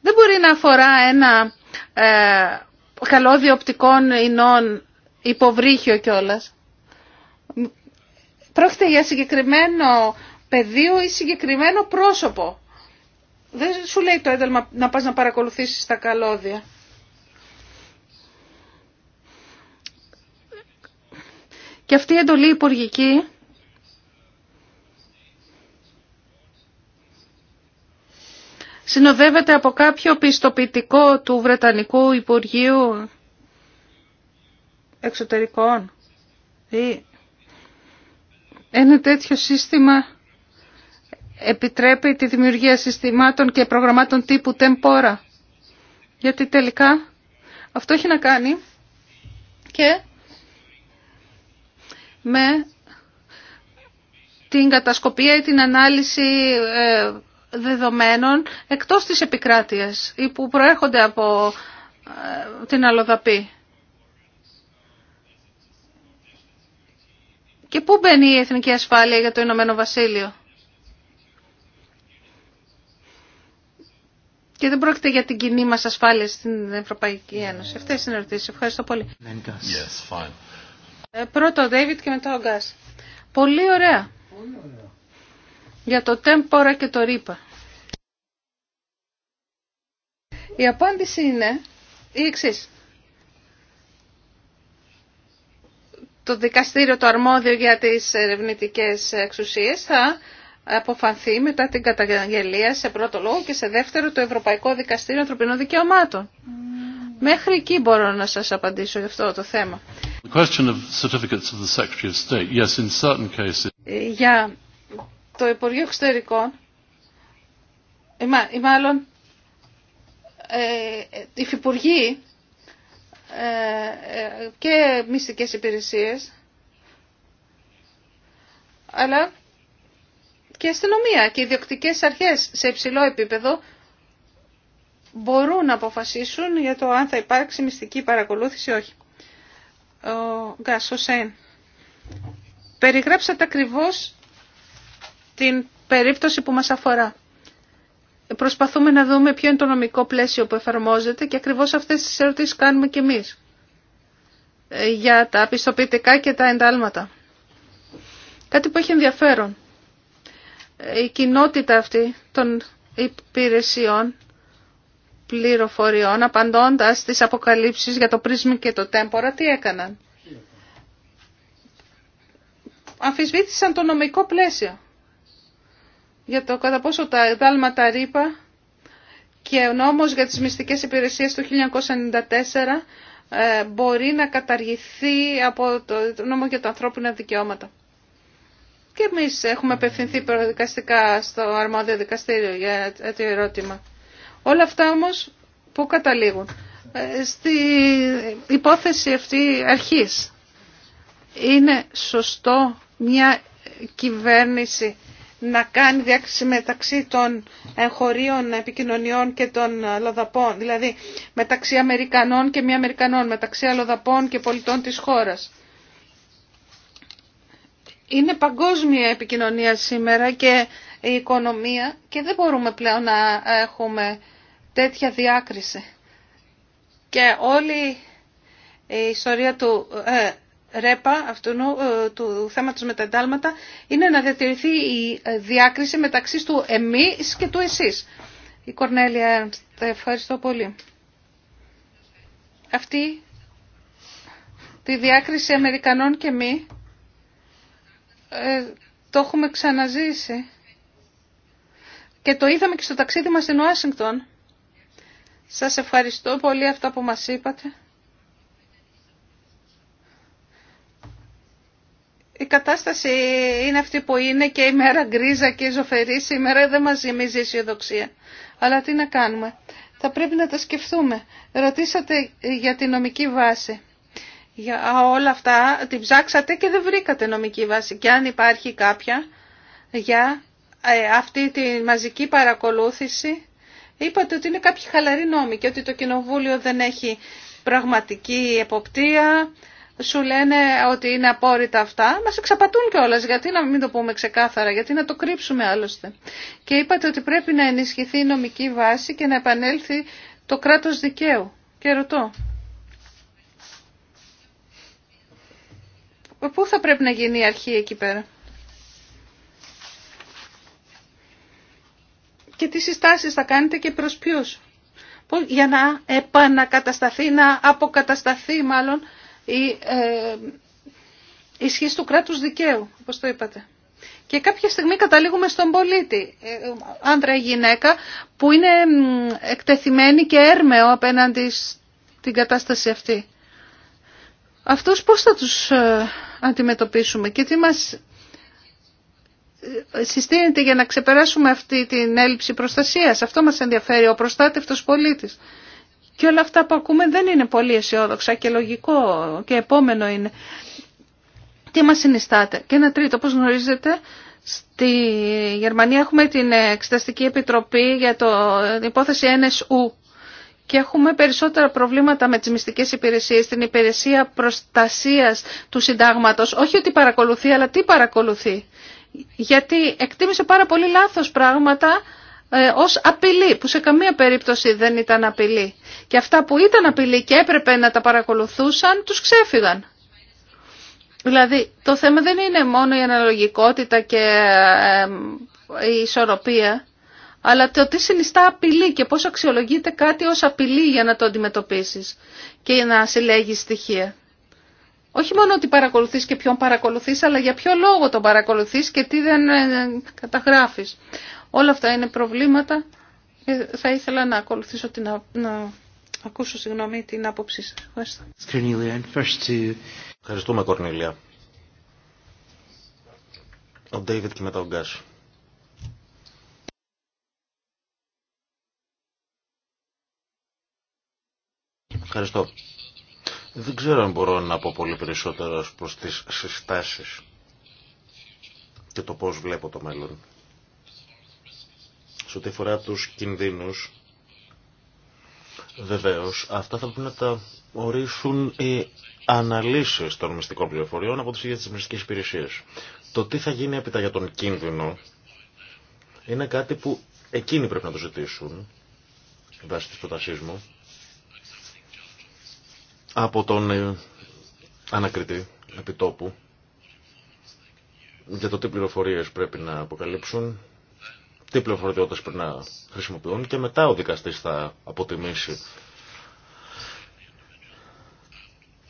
Δεν μπορεί να αφορά ένα ε, καλώδιο οπτικών ινών υποβρύχιο κιόλα. Πρόκειται για συγκεκριμένο πεδίο ή συγκεκριμένο πρόσωπο. Δεν σου λέει το έντολμα να πας να παρακολουθήσεις τα καλώδια. Και αυτή η εντολή υπουργική συνοδεύεται από κάποιο πιστοποιητικό του Βρετανικού Υπουργείου Εξωτερικών ή ένα τέτοιο σύστημα επιτρέπει τη δημιουργία συστημάτων και προγραμμάτων τύπου τεμπόρα. Γιατί τελικά αυτό έχει να κάνει και με την κατασκοπία ή την ανάλυση ε, δεδομένων εκτός της επικράτειας ή που προέρχονται από ε, την αλλοδαπή. Και πού μπαίνει η εθνική ασφάλεια για το Ηνωμένο Βασίλειο. Και δεν πρόκειται για την κοινή μας ασφάλεια στην Ευρωπαϊκή Ένωση. Αυτές είναι οι ερωτήσεις. Ευχαριστώ πολύ. Ε, πρώτο ο Ντέιβιτ και μετά ο Γκάς. Πολύ ωραία. Πολύ ωραία για το τέμπορα και το ρήπα. Η απάντηση είναι η εξή. Το δικαστήριο το αρμόδιο για τις ερευνητικές εξουσίες θα αποφανθεί μετά την καταγγελία σε πρώτο λόγο και σε δεύτερο το Ευρωπαϊκό Δικαστήριο Ανθρωπινών Δικαιωμάτων. Mm. Μέχρι εκεί μπορώ να σας απαντήσω για αυτό το θέμα. Για το Υπουργείο Εξωτερικών ή μάλλον ε, υφυπουργοί ε, και μυστικές υπηρεσίες αλλά και αστυνομία και ιδιοκτικές αρχές σε υψηλό επίπεδο μπορούν να αποφασίσουν για το αν θα υπάρξει μυστική παρακολούθηση ή όχι. Ο Γκάς, Περιγράψατε ακριβώς την περίπτωση που μας αφορά. Προσπαθούμε να δούμε ποιο είναι το νομικό πλαίσιο που εφαρμόζεται και ακριβώς αυτές τις ερωτήσεις κάνουμε και εμείς ε, για τα πιστοποιητικά και τα εντάλματα. Κάτι που έχει ενδιαφέρον. Ε, η κοινότητα αυτή των υπηρεσιών πληροφοριών απαντώντας τις αποκαλύψεις για το πρίσμα και το τέμπορα τι έκαναν. Αμφισβήτησαν το νομικό πλαίσιο για το κατά πόσο τα δάλματα ρήπα και ο νόμος για τις μυστικές υπηρεσίες του 1994 ε, μπορεί να καταργηθεί από το νόμο για τα ανθρώπινα δικαιώματα. Και εμείς έχουμε απευθυνθεί προδικαστικά στο αρμόδιο δικαστήριο για το ερώτημα. Όλα αυτά όμως που καταλήγουν. Ε, στη υπόθεση αυτή αρχής είναι σωστό μια κυβέρνηση να κάνει διάκριση μεταξύ των εγχωρίων επικοινωνιών και των λοδαπών. δηλαδή μεταξύ Αμερικανών και μη Αμερικανών, μεταξύ αλλοδαπών και πολιτών της χώρας. Είναι παγκόσμια επικοινωνία σήμερα και η οικονομία και δεν μπορούμε πλέον να έχουμε τέτοια διάκριση. Και όλη η ιστορία του ε, ρέπα αυτού ε, του θέματος με τα εντάλματα είναι να διατηρηθεί η ε, διάκριση μεταξύ του εμείς και του εσείς. Η Κορνέλια, ευχαριστώ πολύ. Αυτή τη διάκριση Αμερικανών και μη ε, το έχουμε ξαναζήσει και το είδαμε και στο ταξίδι μας στην Ουάσιγκτον. Σας ευχαριστώ πολύ αυτά που μας είπατε. η κατάσταση είναι αυτή που είναι και η μέρα γκρίζα και η ζωφερή σήμερα δεν μας γεμίζει αισιοδοξία. Αλλά τι να κάνουμε. Θα πρέπει να τα σκεφτούμε. Ρωτήσατε για τη νομική βάση. Για όλα αυτά την ψάξατε και δεν βρήκατε νομική βάση. Και αν υπάρχει κάποια για ε, αυτή τη μαζική παρακολούθηση, είπατε ότι είναι κάποιοι χαλαροί νόμοι και ότι το Κοινοβούλιο δεν έχει πραγματική εποπτεία, σου λένε ότι είναι απόρριτα αυτά, μας εξαπατούν κιόλα. γιατί να μην το πούμε ξεκάθαρα, γιατί να το κρύψουμε άλλωστε. Και είπατε ότι πρέπει να ενισχυθεί η νομική βάση και να επανέλθει το κράτο δικαίου. Και ρωτώ, πού θα πρέπει να γίνει η αρχή εκεί πέρα. Και τι συστάσεις θα κάνετε και προς ποιους. Για να επανακατασταθεί, να αποκατασταθεί μάλλον η ε, ισχύ του κράτους δικαίου, όπως το είπατε. Και κάποια στιγμή καταλήγουμε στον πολίτη, ε, άντρα ή γυναίκα, που είναι εκτεθειμένη και έρμεο απέναντι στην κατάσταση αυτή. Αυτούς πώς θα τους ε, αντιμετωπίσουμε και τι μας συστήνεται για να ξεπεράσουμε αυτή την έλλειψη προστασίας. Αυτό μας ενδιαφέρει, ο προστάτευτος πολίτης. Και όλα αυτά που ακούμε δεν είναι πολύ αισιόδοξα και λογικό και επόμενο είναι. Τι μας συνιστάτε. Και ένα τρίτο, όπως γνωρίζετε, στη Γερμανία έχουμε την Εξεταστική Επιτροπή για το, την υπόθεση NSU και έχουμε περισσότερα προβλήματα με τις μυστικές υπηρεσίες, την υπηρεσία προστασίας του συντάγματος. Όχι ότι παρακολουθεί, αλλά τι παρακολουθεί. Γιατί εκτίμησε πάρα πολύ λάθος πράγματα ε, ως απειλή, που σε καμία περίπτωση δεν ήταν απειλή. Και αυτά που ήταν απειλή και έπρεπε να τα παρακολουθούσαν, τους ξέφυγαν. Δηλαδή, το θέμα δεν είναι μόνο η αναλογικότητα και ε, η ισορροπία, αλλά το τι συνιστά απειλή και πώς αξιολογείται κάτι ως απειλή για να το αντιμετωπίσεις και να συλλέγεις στοιχεία. Όχι μόνο ότι παρακολουθείς και ποιον παρακολουθείς, αλλά για ποιο λόγο τον παρακολουθείς και τι δεν ε, καταγράφεις. Όλα αυτά είναι προβλήματα. και ε, Θα ήθελα να ακολουθήσω την, να ακούσω συγγνώμη, την άποψή σας. Ευχαριστώ. Ευχαριστούμε Κορνίλια. Ο Ντέιβιτ και μετά ο Γκάς. Ευχαριστώ. Δεν ξέρω αν μπορώ να πω πολύ περισσότερο προς τις συστάσεις και το πώς βλέπω το μέλλον σε ό,τι αφορά τους κινδύνους, βεβαίως, αυτά θα πρέπει να τα ορίσουν οι αναλύσεις των μυστικών πληροφοριών από τις ίδιες τις μυστικές υπηρεσίες. Το τι θα γίνει έπειτα για τον κίνδυνο είναι κάτι που εκείνοι πρέπει να το ζητήσουν, βάσει της προτασής μου, από τον ε, ανακριτή επιτόπου για το τι πληροφορίες πρέπει να αποκαλύψουν τι πληροφοριότητε πρέπει να χρησιμοποιούν και μετά ο δικαστή θα αποτιμήσει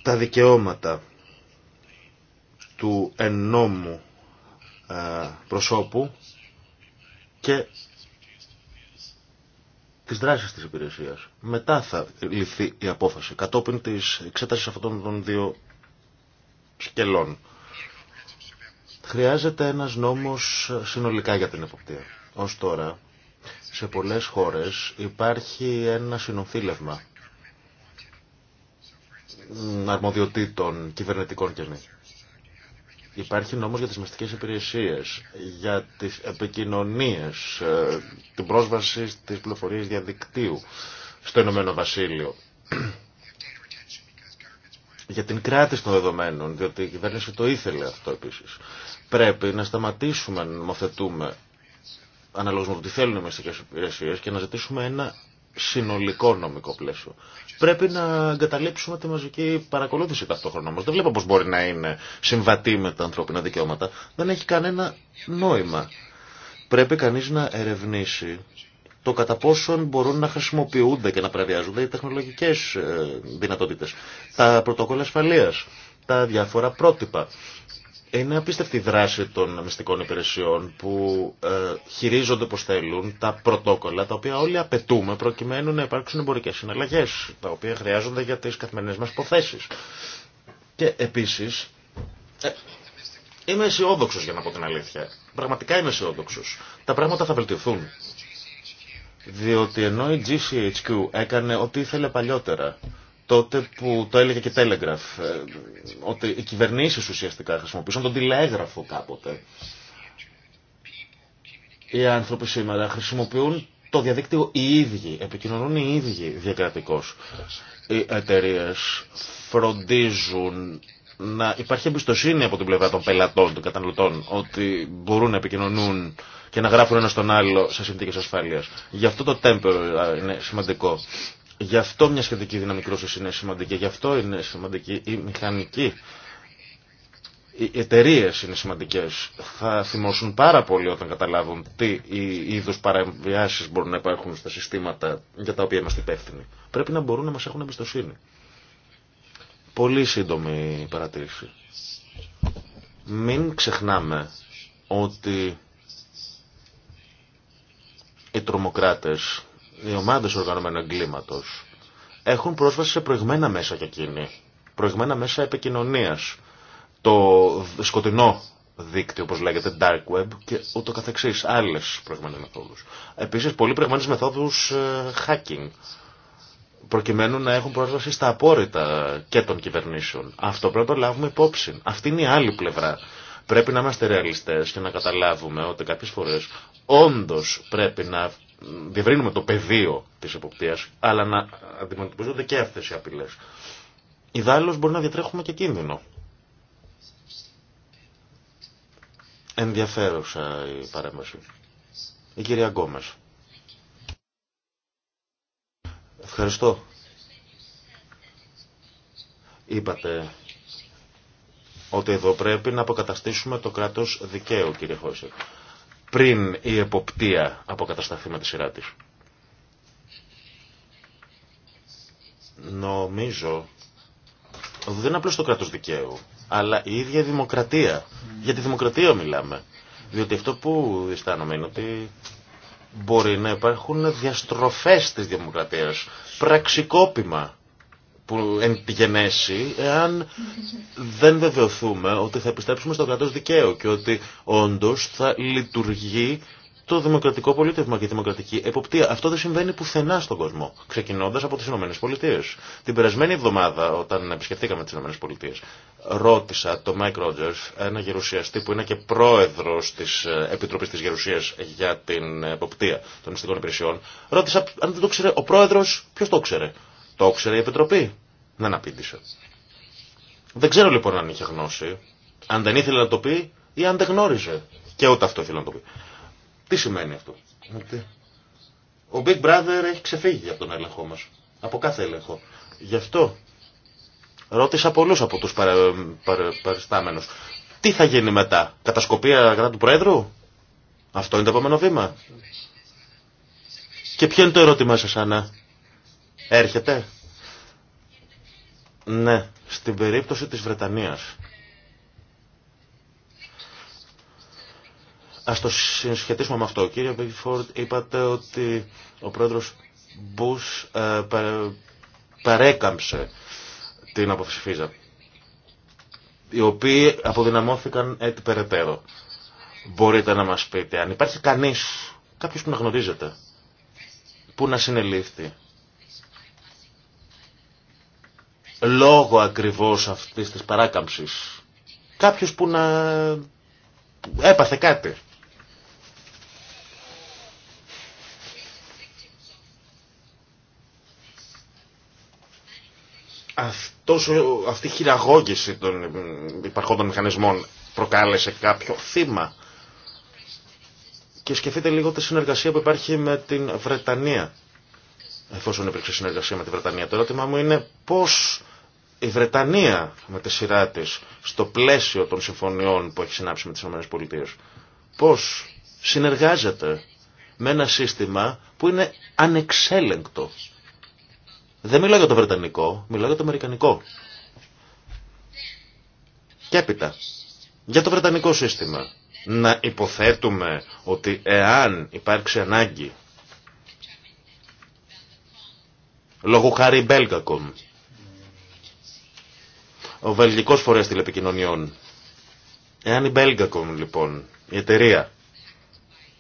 τα δικαιώματα του ενόμου ε, προσώπου και τις δράσεις της υπηρεσίας. Μετά θα λυθεί η απόφαση, κατόπιν της εξέτασης αυτών των δύο σκελών. Χρειάζεται ένας νόμος συνολικά για την εποπτεία. Ως τώρα, σε πολλές χώρες υπάρχει ένα συνοφίλευμα αρμοδιοτήτων κυβερνητικών και Υπάρχει νόμος για τις μυστικές υπηρεσίες, για τις επικοινωνίες, ε, την πρόσβαση στις πληροφορίες διαδικτύου στο Ηνωμένο Βασίλειο. Για την κράτηση των δεδομένων, διότι η κυβέρνηση το ήθελε αυτό επίσης. Πρέπει να σταματήσουμε να νομοθετούμε αναλόγω με το τι θέλουν οι μεστικέ υπηρεσίε και να ζητήσουμε ένα συνολικό νομικό πλαίσιο. Πρέπει να εγκαταλείψουμε τη μαζική παρακολούθηση ταυτόχρονα όμω. Δεν βλέπω πώς μπορεί να είναι συμβατή με τα ανθρώπινα δικαιώματα. Δεν έχει κανένα νόημα. Πρέπει κανείς να ερευνήσει το κατά πόσον μπορούν να χρησιμοποιούνται και να πραδιάζονται οι τεχνολογικέ ε, δυνατότητε, Τα πρωτόκολλα ασφαλεία, τα διάφορα πρότυπα. Είναι απίστευτη η δράση των μυστικών υπηρεσιών που ε, χειρίζονται όπω θέλουν τα πρωτόκολλα τα οποία όλοι απαιτούμε προκειμένου να υπάρξουν εμπορικέ συναλλαγές τα οποία χρειάζονται για τι καθημερινές μα υποθέσει. Και επίσης ε, είμαι αισιόδοξο για να πω την αλήθεια. Πραγματικά είμαι αισιόδοξο. Τα πράγματα θα βελτιωθούν. Διότι ενώ η GCHQ έκανε ό,τι ήθελε παλιότερα τότε που το έλεγε και Telegraph, ε, ότι οι κυβερνήσεις ουσιαστικά χρησιμοποιούσαν τον τηλέγραφο κάποτε. Οι άνθρωποι σήμερα χρησιμοποιούν το διαδίκτυο οι ίδιοι, επικοινωνούν οι ίδιοι διακρατικώς. Οι εταιρείε φροντίζουν να υπάρχει εμπιστοσύνη από την πλευρά των πελατών, των καταναλωτών, ότι μπορούν να επικοινωνούν και να γράφουν ένα στον άλλο σε συνθήκες ασφάλειας. Γι' αυτό το τέμπερο είναι σημαντικό. Γι' αυτό μια σχετική δύναμη κρούσης είναι σημαντική. Γι' αυτό είναι σημαντική η μηχανική. Οι εταιρείε είναι σημαντικέ. Θα θυμώσουν πάρα πολύ όταν καταλάβουν τι είδου παραβιάσει μπορούν να υπάρχουν στα συστήματα για τα οποία είμαστε υπεύθυνοι. Πρέπει να μπορούν να μα έχουν εμπιστοσύνη. Πολύ σύντομη παρατήρηση. Μην ξεχνάμε ότι οι τρομοκράτες οι ομάδε οργανωμένου εγκλήματο έχουν πρόσβαση σε προηγμένα μέσα και εκείνοι, προηγμένα μέσα επικοινωνίας, το σκοτεινό δίκτυο, όπως λέγεται, dark web και ούτω καθεξής, άλλες προηγμένες μεθόδους. Επίσης, πολλοί προηγμένες μεθόδους ε, hacking, προκειμένου να έχουν πρόσβαση στα απόρριτα και των κυβερνήσεων. Αυτό πρέπει να το λάβουμε υπόψη. Αυτή είναι η άλλη πλευρά. Πρέπει να είμαστε ρεαλιστέ και να καταλάβουμε ότι κάποιε φορέ όντω πρέπει να διευρύνουμε το πεδίο τη εποπτεία, αλλά να αντιμετωπίζονται και αυτέ οι απειλέ. Ιδάλλως μπορεί να διατρέχουμε και κίνδυνο. Ενδιαφέρουσα η παρέμβαση. Η κυρία Γκόμε. Ευχαριστώ. Είπατε ότι εδώ πρέπει να αποκαταστήσουμε το κράτος δικαίου, κύριε Χώσεκ πριν η εποπτεία αποκατασταθεί με τη σειρά της. Νομίζω ότι δεν είναι απλώς το κράτος δικαίου, αλλά η ίδια η δημοκρατία. Για τη δημοκρατία μιλάμε. Διότι αυτό που αισθάνομαι είναι ότι μπορεί να υπάρχουν διαστροφές της δημοκρατίας, πραξικόπημα που εν εάν δεν βεβαιωθούμε ότι θα επιστρέψουμε στο κρατό δικαίου και ότι όντω θα λειτουργεί το δημοκρατικό πολίτευμα και η δημοκρατική εποπτεία. Αυτό δεν συμβαίνει πουθενά στον κόσμο. Ξεκινώντα από τι ΗΠΑ. Την περασμένη εβδομάδα, όταν επισκεφτήκαμε τι ΗΠΑ, ρώτησα τον Μάικ Ρότζερ, ένα γερουσιαστή που είναι και πρόεδρο τη ε, Επιτροπή τη Γερουσία για την εποπτεία των μυστικών υπηρεσιών, ρώτησα αν δεν το ξέρε ο πρόεδρο, ποιο το ξέρε. Το ξέρει η Επιτροπή. Δεν απήντησε. Δεν ξέρω λοιπόν αν είχε γνώση, αν δεν ήθελε να το πει ή αν δεν γνώριζε. Και ούτε αυτό ήθελε να το πει. Τι σημαίνει αυτό. ο Big Brother έχει ξεφύγει από τον έλεγχό μας. Από κάθε έλεγχο. Γι' αυτό ρώτησα πολλού από τους παρε, Τι θα γίνει μετά. Κατασκοπία κατά του Πρόεδρου. Αυτό είναι το επόμενο βήμα. Και ποιο είναι το ερώτημά σας, Άννα. Έρχεται. Ναι, στην περίπτωση της Βρετανίας. Ας το συσχετίσουμε με αυτό. Κύριε Μπίγκφορντ, είπατε ότι ο πρόεδρος Μπούς ε, παρέκαμψε την αποψηφίζα. Οι οποίοι αποδυναμώθηκαν έτσι περαιτέρω. Μπορείτε να μας πείτε, αν υπάρχει κανείς, κάποιος που να γνωρίζετε, που να συνελήφθη, λόγω ακριβώς αυτής της παράκαμψης. Κάποιος που να έπαθε κάτι. Αυτός, αυτή η χειραγώγηση των υπαρχόντων μηχανισμών προκάλεσε κάποιο θύμα. Και σκεφτείτε λίγο τη συνεργασία που υπάρχει με την Βρετανία. Εφόσον υπήρξε συνεργασία με τη Βρετανία. Το ερώτημα μου είναι πώς η Βρετανία με τη σειρά τη στο πλαίσιο των συμφωνιών που έχει συνάψει με τις ΗΠΑ πώς συνεργάζεται με ένα σύστημα που είναι ανεξέλεγκτο. Δεν μιλάω για το Βρετανικό, μιλάω για το Αμερικανικό. Και έπειτα, για το Βρετανικό σύστημα. Να υποθέτουμε ότι εάν υπάρξει ανάγκη λόγω χάρη ο Βελγικός Φορέας Τηλεπικοινωνιών. Εάν η Belgacom λοιπόν, η εταιρεία,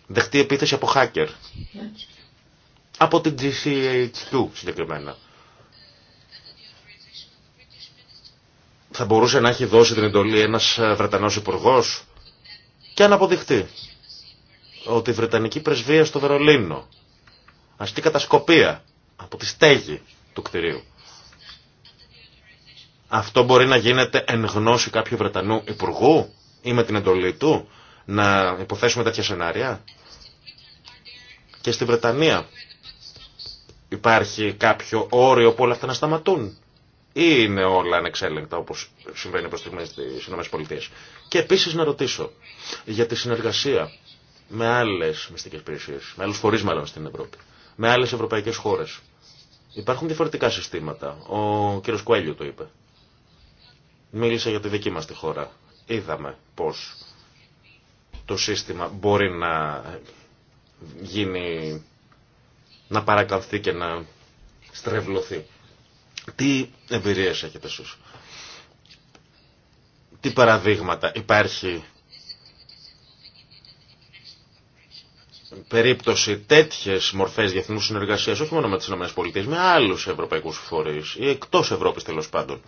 δεχτεί επίθεση από hacker, από την GCHQ συγκεκριμένα, θα μπορούσε να έχει δώσει την εντολή ένας ε, Βρετανός Υπουργός και αν αποδειχτεί ότι η Βρετανική Πρεσβεία στο Βερολίνο αστεί κατασκοπία από τη στέγη του κτηρίου αυτό μπορεί να γίνεται εν γνώση κάποιου Βρετανού Υπουργού ή με την εντολή του να υποθέσουμε τέτοια σενάρια. Και στη Βρετανία υπάρχει κάποιο όριο που όλα αυτά να σταματούν. Ή είναι όλα ανεξέλεγκτα όπως συμβαίνει προς στιγμή στις ΗΠΑ. Και επίσης να ρωτήσω για τη συνεργασία με άλλες μυστικές υπηρεσίες, με άλλους φορείς μάλλον στην Ευρώπη, με άλλες ευρωπαϊκές χώρες. Υπάρχουν διαφορετικά συστήματα. Ο κύριος Κουέλιο το είπε. Μίλησα για τη δική μας τη χώρα. Είδαμε πώς το σύστημα μπορεί να γίνει, να παρακαλθεί και να στρεβλωθεί. Τι εμπειρίες έχετε εσείς. Τι παραδείγματα υπάρχει περίπτωση τέτοιες μορφές διεθνούς συνεργασία, όχι μόνο με τι ΗΠΑ, με άλλους ευρωπαϊκούς φορείς ή εκτός Ευρώπης τέλος πάντων.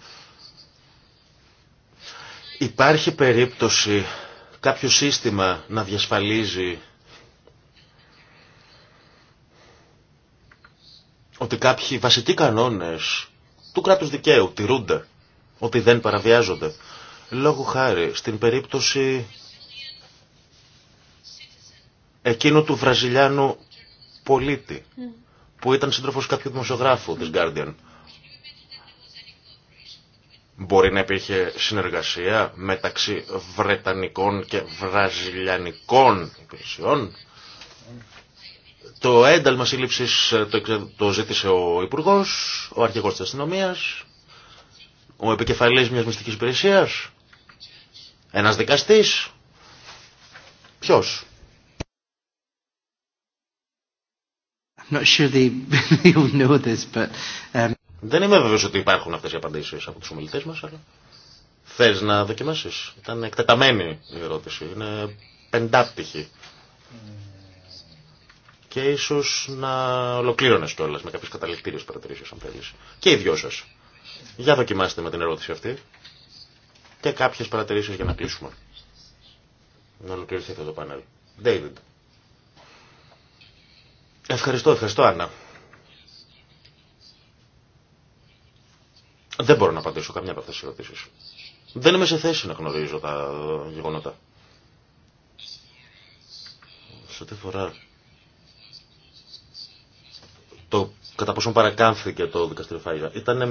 Υπάρχει περίπτωση κάποιο σύστημα να διασφαλίζει ότι κάποιοι βασικοί κανόνες του κράτους δικαίου τηρούνται, ότι δεν παραβιάζονται. Λόγω χάρη στην περίπτωση εκείνου του Βραζιλιάνου πολίτη που ήταν σύντροφος κάποιου δημοσιογράφου της Guardian Μπορεί να υπήρχε συνεργασία μεταξύ Βρετανικών και Βραζιλιανικών υπηρεσιών. Το ένταλμα σύλληψης το, ζήτησε ο Υπουργός, ο Αρχηγός της Αστυνομίας, ο επικεφαλής μιας μυστικής υπηρεσίας, ένας δικαστής. Ποιος? sure δεν είμαι βέβαιο ότι υπάρχουν αυτέ οι απαντήσει από του ομιλητές μα. αλλά θες να δοκιμάσει. Ήταν εκτεταμένη η ερώτηση, είναι πεντάπτυχη. Και ίσω να ολοκλήρωνε κιόλα με κάποιε καταληκτήριες παρατηρήσει αν θέλει. Και οι δυο σα. Για δοκιμάστε με την ερώτηση αυτή και κάποιε παρατηρήσει για να κλείσουμε. Να ολοκληρωθεί αυτό το πάνελ. David. Ευχαριστώ, ευχαριστώ Άννα. Δεν μπορώ να απαντήσω καμιά από αυτές τις ερωτήσεις. Δεν είμαι σε θέση να γνωρίζω τα γεγονότα. Σε ό,τι φορά το κατά πόσο παρακάμφθηκε το δικαστήριο Φάιζα. Ήταν ε,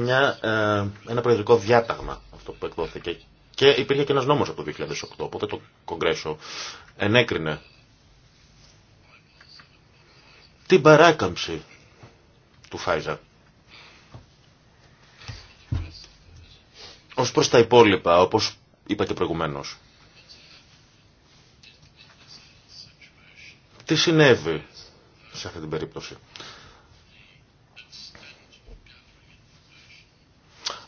ένα προεδρικό διάταγμα αυτό που εκδόθηκε. Και υπήρχε και ένας νόμος από το 2008, οπότε το Κογκρέσο ενέκρινε την παράκαμψη του Φάιζα. Ως προς τα υπόλοιπα, όπως είπα και προηγουμένως. Τι συνέβη σε αυτή την περίπτωση.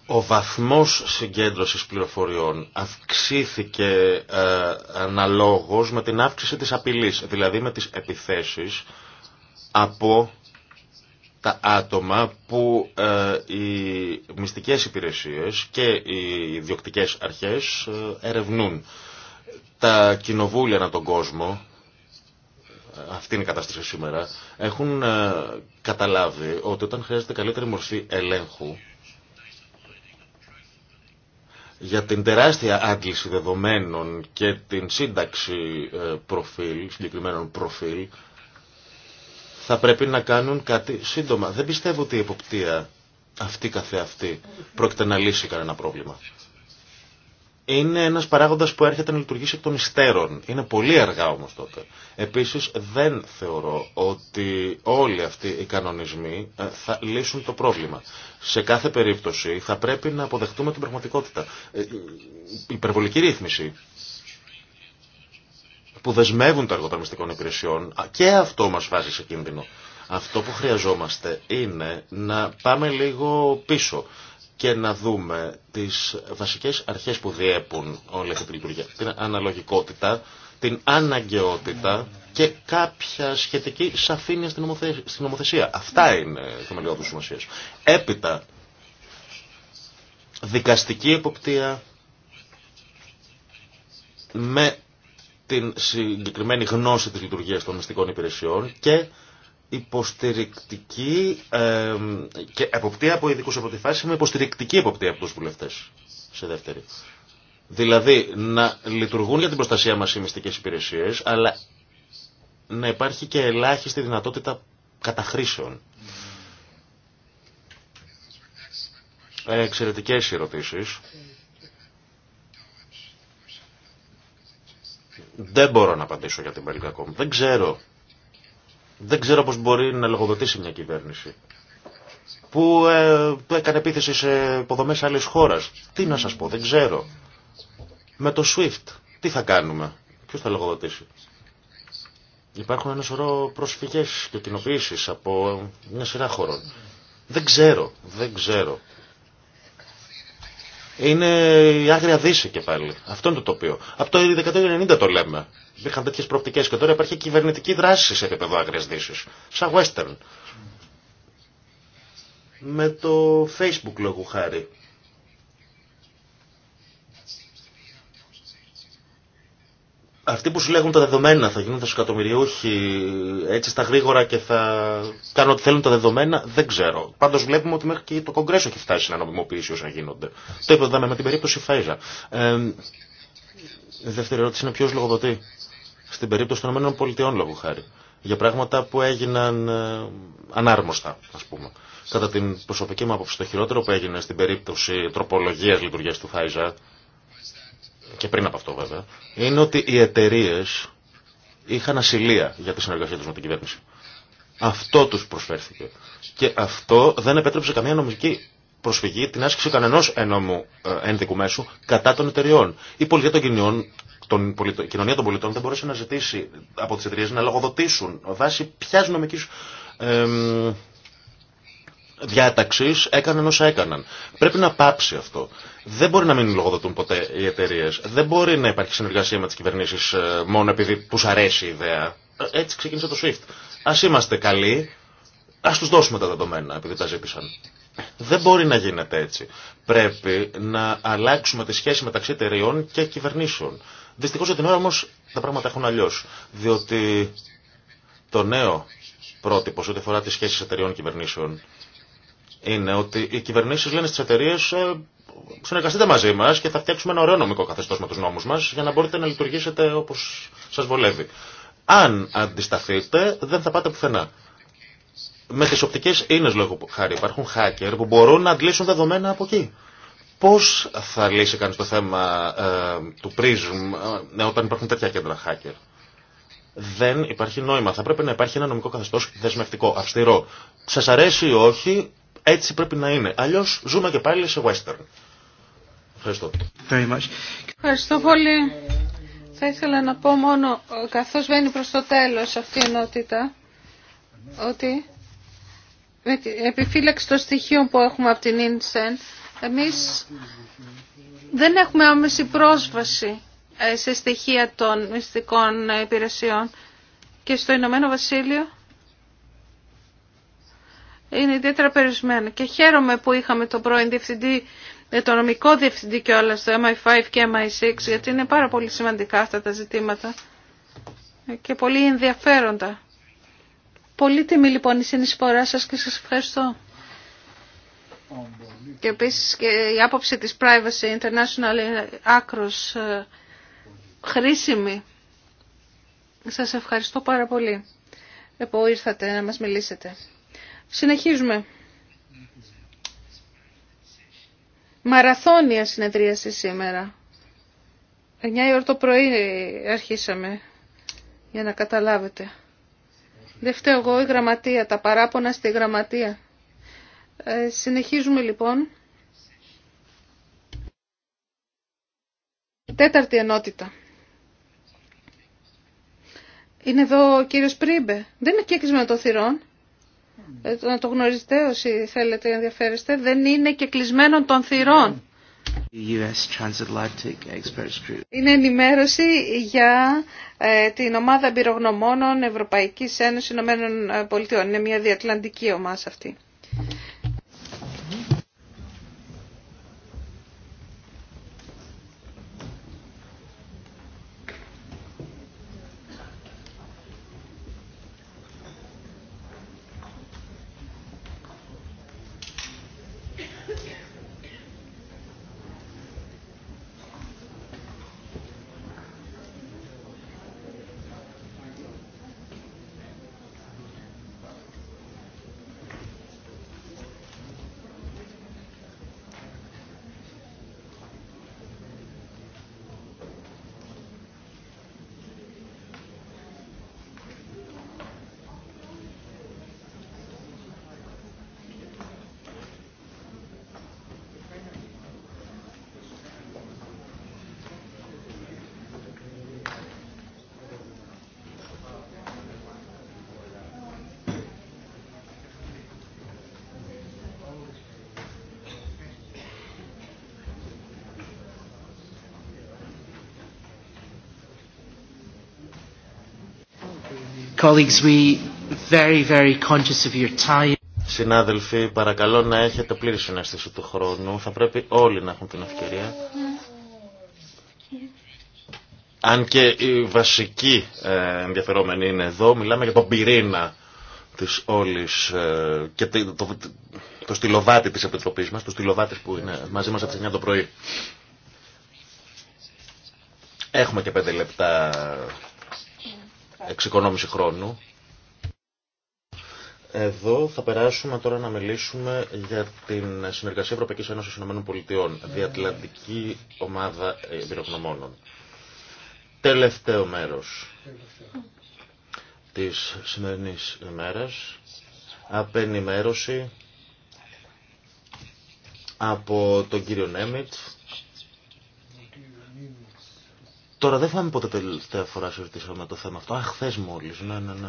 Ο βαθμός συγκέντρωσης πληροφοριών αυξήθηκε ε, αναλόγως με την αύξηση της απειλής, δηλαδή με τις επιθέσεις από τα άτομα που ε, οι μυστικές υπηρεσίες και οι διοκτικές αρχές ε, ερευνούν. Τα κοινοβούλια να τον κόσμο, αυτή είναι η κατάσταση σήμερα, έχουν ε, καταλάβει ότι όταν χρειάζεται καλύτερη μορφή ελέγχου για την τεράστια άντληση δεδομένων και την σύνταξη προφίλ, συγκεκριμένων προφίλ, θα πρέπει να κάνουν κάτι σύντομα. Δεν πιστεύω ότι η εποπτεία αυτή καθεαυτή πρόκειται να λύσει κανένα πρόβλημα. Είναι ένα παράγοντα που έρχεται να λειτουργήσει εκ των υστέρων. Είναι πολύ αργά όμω τότε. Επίση δεν θεωρώ ότι όλοι αυτοί οι κανονισμοί ε, θα λύσουν το πρόβλημα. Σε κάθε περίπτωση θα πρέπει να αποδεχτούμε την πραγματικότητα. Ε, υπερβολική ρύθμιση που δεσμεύουν τα εργοτα μυστικών υπηρεσιών και αυτό μας βάζει σε κίνδυνο. Αυτό που χρειαζόμαστε είναι να πάμε λίγο πίσω και να δούμε τις βασικές αρχές που διέπουν όλη αυτή τη λειτουργία. Την αναλογικότητα, την αναγκαιότητα και κάποια σχετική σαφήνεια στην νομοθεσία. Αυτά είναι του σημασία. Έπειτα, δικαστική εποπτεία με την συγκεκριμένη γνώση της λειτουργίας των μυστικών υπηρεσιών και υποστηρικτική και εποπτεία από ειδικούς από με υποστηρικτική εποπτεία από τους βουλευτές σε δεύτερη. Δηλαδή να λειτουργούν για την προστασία μας οι μυστικές υπηρεσίες αλλά να υπάρχει και ελάχιστη δυνατότητα καταχρήσεων. Ε, εξαιρετικές ερωτήσεις. Δεν μπορώ να απαντήσω για την Κομ. Δεν ξέρω. Δεν ξέρω πώς μπορεί να λογοδοτήσει μια κυβέρνηση ε, που έκανε επίθεση σε υποδομές άλλης χώρας. Τι να σας πω, δεν ξέρω. Με το SWIFT, τι θα κάνουμε, ποιος θα λογοδοτήσει. Υπάρχουν ένα σωρό προσφυγές και κοινοποιήσεις από μια σειρά χωρών. Δεν ξέρω, δεν ξέρω είναι η άγρια δύση και πάλι. Αυτό είναι το τοπίο. Από το 1990 το λέμε. Υπήρχαν τέτοιε προοπτικέ και τώρα υπάρχει κυβερνητική δράση σε επίπεδο άγρια δύση. Σαν western. Με το facebook λόγου χάρη. αυτοί που συλλέγουν τα δεδομένα θα γίνουν δισεκατομμυριούχοι έτσι στα γρήγορα και θα κάνουν ό,τι θέλουν τα δεδομένα, δεν ξέρω. Πάντω βλέπουμε ότι μέχρι και το Κογκρέσο έχει φτάσει να νομιμοποιήσει όσα γίνονται. Το είπαμε με την περίπτωση ΦΑΙΖΑ. Ε, η δεύτερη ερώτηση είναι ποιο λογοδοτεί. Στην περίπτωση των ΗΠΑ λόγω χάρη. Για πράγματα που έγιναν ε, ανάρμοστα, α πούμε. Κατά την προσωπική μου άποψη, το χειρότερο που έγινε στην περίπτωση τροπολογία λειτουργία του Φάιζα, και πριν από αυτό βέβαια, είναι ότι οι εταιρείε είχαν ασυλία για τη συνεργασία του με την κυβέρνηση. Αυτό τους προσφέρθηκε. Και αυτό δεν επέτρεψε καμία νομική προσφυγή την άσκηση κανένα ένομου ε, ένδικου μέσου κατά των εταιριών. Η πολιτεία των κοινωνιών, των κοινωνία των πολιτών δεν μπορούσε να ζητήσει από τι εταιρείε να λογοδοτήσουν βάσει ποια νομική ε, διάταξη έκαναν όσα έκαναν. Πρέπει να πάψει αυτό. Δεν μπορεί να μην λογοδοτούν ποτέ οι εταιρείε. Δεν μπορεί να υπάρχει συνεργασία με τι κυβερνήσει ε, μόνο επειδή του αρέσει η ιδέα. Ε, έτσι ξεκίνησε το SWIFT. Α είμαστε καλοί, α του δώσουμε τα δεδομένα επειδή τα ζήτησαν. Δεν μπορεί να γίνεται έτσι. Πρέπει να αλλάξουμε τη σχέση μεταξύ εταιρεών και κυβερνήσεων. Δυστυχώ για την ώρα όμω τα πράγματα έχουν αλλιώ. Διότι το νέο πρότυπο ό,τι αφορά τι σχέσει εταιρεών κυβερνήσεων είναι ότι οι κυβερνήσει λένε στις εταιρείε «Ε, συνεργαστείτε μαζί μα και θα φτιάξουμε ένα ωραίο νομικό καθεστώς με του νόμου μα για να μπορείτε να λειτουργήσετε όπω σας βολεύει. Αν αντισταθείτε δεν θα πάτε πουθενά. Με τι οπτικέ ίνες λόγω χάρη υπάρχουν hacker που μπορούν να αντλήσουν δεδομένα από εκεί. Πώ θα λύσει κανεί το θέμα ε, του PRISM ε, όταν υπάρχουν τέτοια κέντρα hacker. Δεν υπάρχει νόημα. Θα πρέπει να υπάρχει ένα νομικό καθεστώ δεσμευτικό, αυστηρό. Σα αρέσει ή όχι, έτσι πρέπει να είναι. Αλλιώ ζούμε και πάλι σε western. Ευχαριστώ. Ευχαριστώ πολύ. Θα ήθελα να πω μόνο, καθώς βαίνει προς το τέλος αυτή η ενότητα, ότι με την επιφύλαξη των στοιχείων που έχουμε από την Ίνσεν, εμείς δεν έχουμε άμεση πρόσβαση ε, σε στοιχεία των μυστικών υπηρεσιών και στο Ηνωμένο Βασίλειο είναι ιδιαίτερα περιορισμένα. Και χαίρομαι που είχαμε τον πρώην διευθυντή, ε, τον νομικό διευθυντή και όλα στο MI5 και MI6, γιατί είναι πάρα πολύ σημαντικά αυτά τα ζητήματα ε, και πολύ ενδιαφέροντα. Πολύ τιμή, λοιπόν η συνεισφορά σας και σας ευχαριστώ. Και επίσης και η άποψη της Privacy International είναι άκρος ε, χρήσιμη. Σας ευχαριστώ πάρα πολύ που ήρθατε να μας μιλήσετε. Συνεχίζουμε. Μαραθώνια συνεδρίαση σήμερα. 9 η ώρα το πρωί αρχίσαμε, για να καταλάβετε. Δεν φταίω εγώ η γραμματεία, τα παράπονα στη γραμματεία. Ε, συνεχίζουμε λοιπόν. Τέταρτη ενότητα. Είναι εδώ ο κύριος Πρίμπε. Δεν είναι κύκλισμα των θυρών. Ε, να το γνωρίζετε όσοι θέλετε να ενδιαφέρεστε, δεν είναι και κλεισμένο των θυρών. Είναι ενημέρωση για ε, την ομάδα εμπειρογνωμόνων Ευρωπαϊκής Ένωσης Ηνωμένων ε, Πολιτειών. Είναι μια διατλαντική ομάδα αυτή. Συνάδελφοι, παρακαλώ να έχετε πλήρη συνέστηση του χρόνου. Θα πρέπει όλοι να έχουν την ευκαιρία. Αν και οι βασικοί ε, ενδιαφερόμενοι είναι εδώ, μιλάμε για τον πυρήνα της όλης ε, και το, το, το στυλοβάτι της Επιτροπής μας, το στυλοβάτι που είναι μαζί μας από τις 9 το πρωί. Έχουμε και πέντε λεπτά εξοικονόμηση χρόνου. Εδώ θα περάσουμε τώρα να μιλήσουμε για την συνεργασία Ευρωπαϊκής Ένωσης πολιτείων διατλαντική ομάδα εμπειρογνωμόνων. Τελευταίο μέρος της σημερινής ημέρας, απενημέρωση από τον κύριο Νέμιτ, Τώρα δεν θυμάμαι πότε τελευταία φορά συζητήσαμε το θέμα αυτό. Α, χθε μόλι. Ναι, ναι, ναι.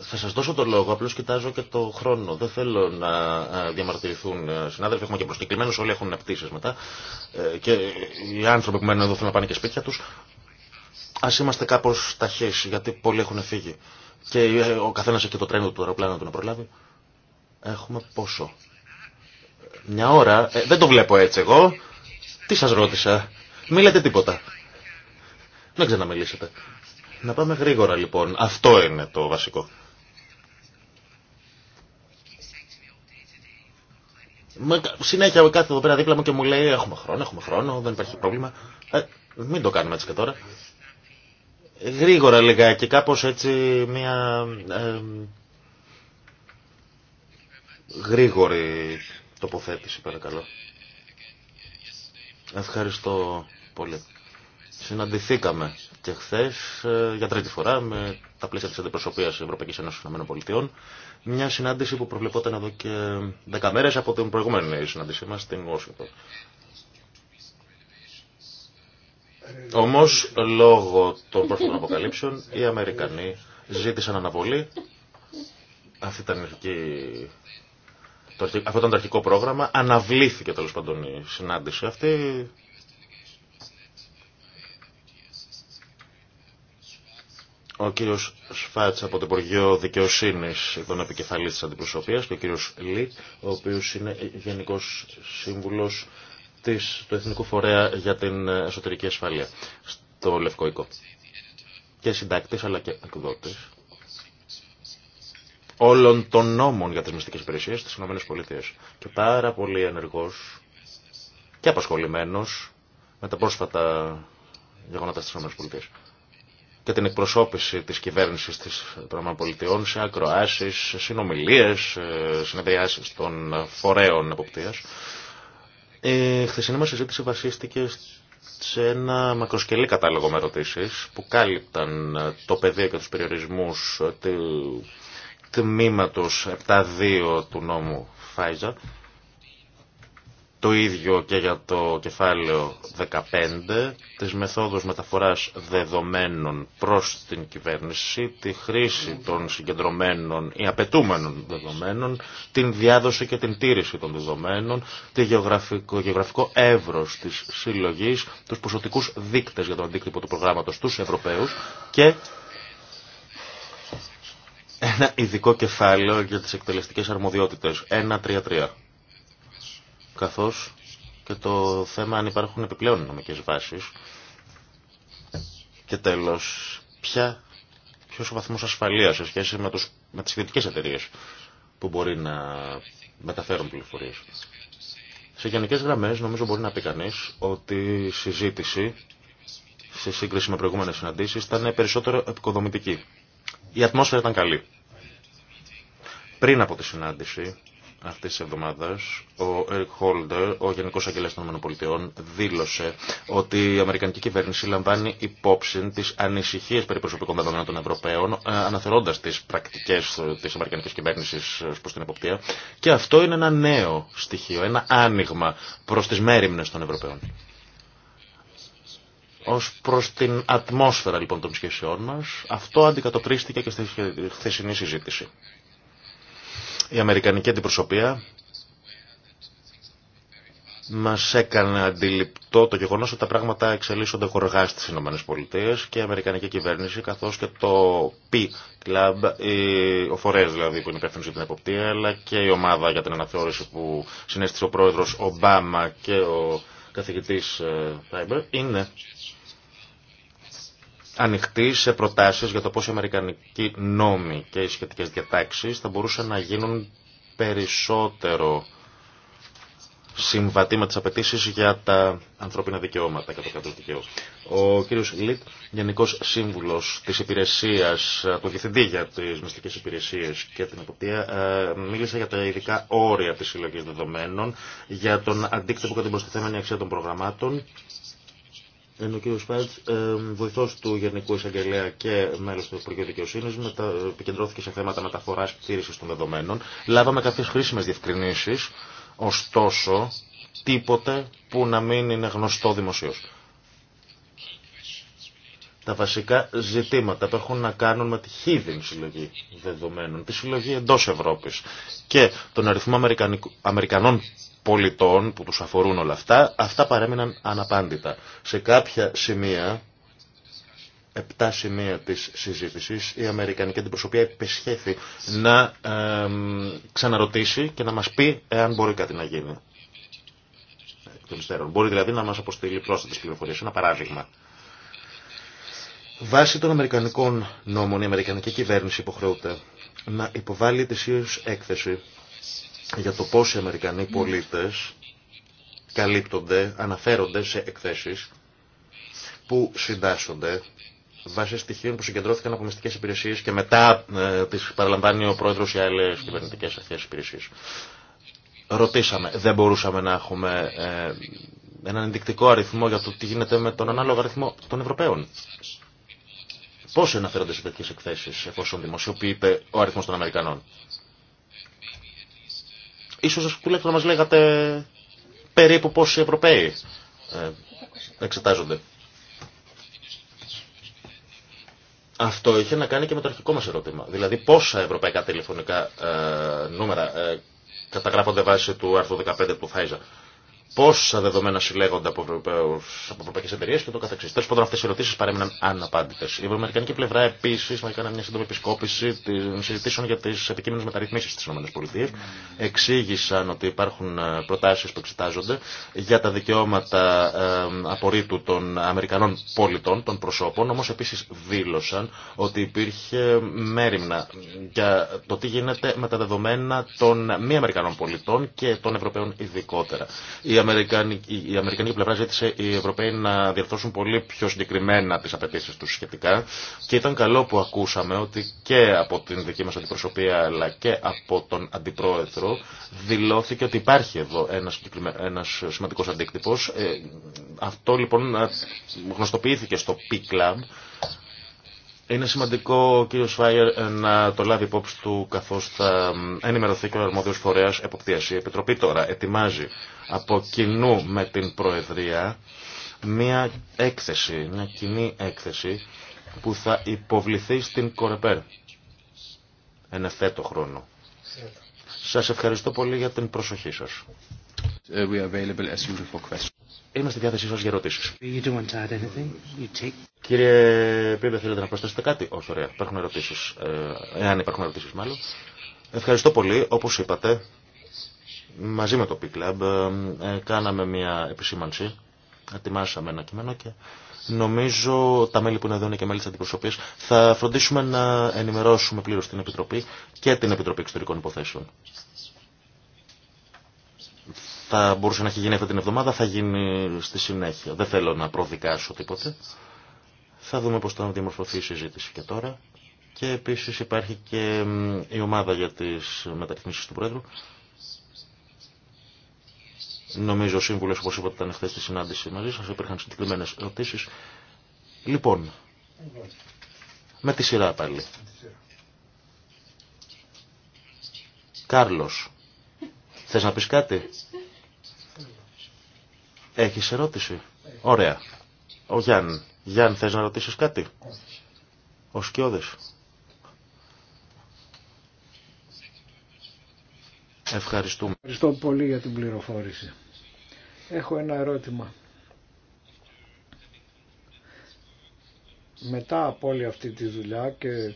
Θα σα δώσω το λόγο, απλώ κοιτάζω και το χρόνο. Δεν θέλω να διαμαρτυρηθούν ε, συνάδελφοι. Έχουμε και προσκεκλημένου, όλοι έχουν πτήσει μετά. Ε, και οι άνθρωποι που μένουν εδώ θέλουν να πάνε και σπίτια του. Α είμαστε κάπω ταχεί, γιατί πολλοί έχουν φύγει. Και ε, ο καθένα έχει το τρένο του, αεροπλάνου του να προλάβει. Έχουμε πόσο. Μια ώρα. Ε, δεν το βλέπω έτσι εγώ. Τι σα ρώτησα. Μη λέτε τίποτα. Να ξαναμιλήσετε. Να πάμε γρήγορα λοιπόν. Αυτό είναι το βασικό. Συνέχεια κάθε εδώ πέρα δίπλα μου και μου λέει έχουμε χρόνο, έχουμε χρόνο, δεν υπάρχει πρόβλημα. Ε, μην το κάνουμε έτσι και τώρα. Γρήγορα λίγα και κάπως έτσι μια γρήγορη τοποθέτηση παρακαλώ. Ευχαριστώ πολύ. Συναντηθήκαμε και χθε ε, για τρίτη φορά με τα πλαίσια τη αντιπροσωπεία Ευρωπαϊκή Ένωση ΗΠΑ. Μια συνάντηση που προβλεπόταν εδώ και δέκα μέρε από την προηγούμενη συνάντησή μα στην Ουάσιγκτον. Όμω, λόγω των πρόσφατων αποκαλύψεων, οι Αμερικανοί ζήτησαν αναβολή. Αυτή ήταν η το, αυτό ήταν το αρχικό πρόγραμμα, αναβλήθηκε τέλο πάντων η συνάντηση αυτή. Ο κύριος Σφάτς από το Υπουργείο Δικαιοσύνης, τον επικεφαλής της αντιπροσωπείας, και ο κύριος Λί, ο οποίος είναι Γενικός Σύμβουλος της, του Εθνικού Φορέα για την Εσωτερική Ασφαλεία, στο Λευκό Οίκο. Και συντάκτης αλλά και εκδότης όλων των νόμων για τις μυστικές υπηρεσίες στις ΗΠΑ. Και πάρα πολύ ενεργός και απασχολημένος με τα πρόσφατα γεγονότα στις ΗΠΑ. Και την εκπροσώπηση της κυβέρνησης της ΗΠΑ σε ακροάσεις, συνομιλίε, συνεδριάσεις των φορέων εποπτείας. Η χθεσινή μας συζήτηση βασίστηκε σε ένα μακροσκελή κατάλογο με ερωτήσει που κάλυπταν το πεδίο και τους περιορισμούς του τμήματος 7.2 του νόμου Φάιζα. Το ίδιο και για το κεφάλαιο 15, της μεθόδους μεταφοράς δεδομένων προς την κυβέρνηση, τη χρήση των συγκεντρωμένων ή απαιτούμενων δεδομένων, την διάδοση και την τήρηση των δεδομένων, το γεωγραφικό, γεωγραφικό εύρος της συλλογής, τους ποσοτικούς δείκτες για τον αντίκτυπο του προγράμματος τους Ευρωπαίους και ένα ειδικό κεφάλαιο για τις εκτελεστικές αρμοδιότητες, 1-3-3. Καθώς και το θέμα αν υπάρχουν επιπλέον νομικές βάσεις. Και τέλος, ποια, ποιος ο βαθμός ασφαλείας σε σχέση με, τους, με τις ιδιωτικές εταιρείε που μπορεί να μεταφέρουν πληροφορίες. Σε γενικές γραμμές νομίζω μπορεί να πει κανείς ότι η συζήτηση σε σύγκριση με προηγούμενες συναντήσεις ήταν περισσότερο επικοδομητική. Η ατμόσφαιρα ήταν καλή. Πριν από τη συνάντηση αυτή τη εβδομάδα, ο Eric Holder, ο Γενικό Αγγελέα των ΗΠΑ, δήλωσε ότι η Αμερικανική κυβέρνηση λαμβάνει υπόψη τι ανησυχίε περί προσωπικών δεδομένων των Ευρωπαίων, ε, αναθερώντα τι πρακτικέ ε, τη Αμερικανική κυβέρνηση ε, προ την εποπτεία. Και αυτό είναι ένα νέο στοιχείο, ένα άνοιγμα προ τι μέρημνε των Ευρωπαίων. Ω προ την ατμόσφαιρα λοιπόν των σχέσεών μα, αυτό αντικατοπτρίστηκε και στη χθεσινή συζήτηση. Η Αμερικανική αντιπροσωπεία μας έκανε αντιληπτό το γεγονός ότι τα πράγματα εξελίσσονται χωργά στις ΗΠΑ και η Αμερικανική κυβέρνηση καθώς και το P-Club, ο φορέας δηλαδή που είναι υπεύθυνος για την εποπτεία αλλά και η ομάδα για την αναθεώρηση που συνέστησε ο πρόεδρος Ομπάμα και ο καθηγητής ε, Φάιμπερ είναι ανοιχτή σε προτάσει για το πώς οι αμερικανικοί νόμοι και οι σχετικέ διατάξει θα μπορούσαν να γίνουν περισσότερο συμβατή με τι απαιτήσει για τα ανθρώπινα δικαιώματα και το δικαίωμα. Ο κύριο Λίτ, γενικό Σύμβουλο τη Υπηρεσία, του Διευθυντή για τι μυστικέ υπηρεσίε και την Εποπτεία, ε, μίλησε για τα ειδικά όρια τη συλλογή δεδομένων, για τον αντίκτυπο και την προστιθέμενη αξία των προγραμμάτων είναι ο κ. Σπέτ, βοηθό του Γενικού Εισαγγελέα και μέλο του Υπουργείου Δικαιοσύνη, επικεντρώθηκε σε θέματα μεταφορά και τήρηση των δεδομένων. Λάβαμε κάποιε χρήσιμε διευκρινήσει, ωστόσο τίποτε που να μην είναι γνωστό δημοσίω τα βασικά ζητήματα που έχουν να κάνουν με τη χίδιν συλλογή δεδομένων, τη συλλογή εντός Ευρώπης και τον αριθμό Αμερικανών πολιτών που τους αφορούν όλα αυτά, αυτά παρέμειναν αναπάντητα. Σε κάποια σημεία, επτά σημεία της συζήτησης, η Αμερικανική αντιπροσωπεία επισχέθη να ξαναρωτήσει και να μας πει εάν μπορεί κάτι να γίνει. Μπορεί δηλαδή να μας αποστείλει πρόσθετες πληροφορίες. Ένα παράδειγμα. Βάσει των Αμερικανικών νόμων η Αμερικανική κυβέρνηση υποχρεούται να υποβάλει ετησίως έκθεση για το πώς οι Αμερικανοί πολίτες καλύπτονται, αναφέρονται σε εκθέσεις που συντάσσονται βάσει στοιχείων που συγκεντρώθηκαν από μυστικές υπηρεσίες και μετά ε, τις παραλαμβάνει ο πρόεδρος ή άλλες κυβερνητικές αρχές υπηρεσίες. Ρωτήσαμε, δεν μπορούσαμε να έχουμε ε, έναν ενδεικτικό αριθμό για το τι γίνεται με τον ανάλογο αριθμό των Ευρωπαίων. Πόσοι αναφέρονται σε τέτοιε εκθέσει εφόσον δημοσιοποιείται ο αριθμό των Αμερικανών. Ίσως τουλάχιστον να μα λέγατε περίπου πόσοι Ευρωπαίοι ε, εξετάζονται. Αυτό είχε να κάνει και με το αρχικό μας ερώτημα. Δηλαδή πόσα ευρωπαϊκά τηλεφωνικά ε, νούμερα ε, καταγράφονται βάσει του άρθρου 15 του Φάιζα πόσα δεδομένα συλλέγονται από, από ευρωπαϊκέ εταιρείε και το καθεξή. Τέλο πάντων, αυτέ οι ερωτήσει παρέμειναν αναπάντητε. Η Ευρωαμερικανική πλευρά επίση μα έκανε μια σύντομη επισκόπηση των συζητήσεων για τι επικείμενε μεταρρυθμίσει στι ΗΠΑ. Εξήγησαν ότι υπάρχουν ε, προτάσει που εξετάζονται για τα δικαιώματα ε, απορρίτου των Αμερικανών πολιτών, των προσώπων. Όμω επίση δήλωσαν ότι υπήρχε μέρημνα για το τι γίνεται με τα δεδομένα των μη Αμερικανών πολιτών και των Ευρωπαίων ειδικότερα η Αμερικανική πλευρά ζήτησε οι Ευρωπαίοι να διορθώσουν πολύ πιο συγκεκριμένα τι απαιτήσει του σχετικά και ήταν καλό που ακούσαμε ότι και από την δική μα αντιπροσωπεία αλλά και από τον Αντιπρόεδρο δηλώθηκε ότι υπάρχει εδώ ένα ένας σημαντικό αντίκτυπο. Ε, αυτό λοιπόν ε, γνωστοποιήθηκε στο P-Club είναι σημαντικό ο κύριο Σφάιερ να το λάβει υπόψη του καθώ θα ενημερωθεί και ο αρμόδιο φορέα εποπτεία. Η Επιτροπή τώρα ετοιμάζει από κοινού με την Προεδρία μια έκθεση, μια κοινή έκθεση που θα υποβληθεί στην Κορεπέρ. Εν ευθέτω χρόνο. Σας ευχαριστώ πολύ για την προσοχή σας. Uh, Είμαστε στη διάθεσή σας για ερωτήσει. Κύριε Πίπε, θέλετε να προσθέσετε κάτι. Όχι, ωραία. Υπάρχουν ερωτήσει, ε, εάν υπάρχουν ερωτήσει μάλλον. Ευχαριστώ πολύ. όπω είπατε, μαζί με το P-Club ε, ε, κάναμε μια επισήμανση. Ετοιμάσαμε ένα κείμενο και νομίζω τα μέλη που είναι εδώ είναι και μέλη τη αντιπροσωπή. Θα φροντίσουμε να ενημερώσουμε πλήρω την Επιτροπή και την Επιτροπή Εξωτερικών Υποθέσεων θα μπορούσε να έχει γίνει αυτή την εβδομάδα, θα γίνει στη συνέχεια. Δεν θέλω να προδικάσω τίποτε. Θα δούμε πώς θα διαμορφωθεί η συζήτηση και τώρα. Και επίσης υπάρχει και η ομάδα για τις μεταρρυθμίσεις του Πρόεδρου. Νομίζω ο σύμβουλος, όπως είπατε, ήταν χθε στη συνάντηση μαζί σας. Υπήρχαν συγκεκριμένε ερωτήσει. Λοιπόν, με τη σειρά πάλι. Κάρλος, θες να πεις κάτι? Έχεις ερώτηση. Ωραία. Ο Γιάνν. Γιάνν, θες να ρωτήσεις κάτι. Ο Σκιώδης. Ευχαριστούμε. Ευχαριστώ πολύ για την πληροφόρηση. Έχω ένα ερώτημα. Μετά από όλη αυτή τη δουλειά και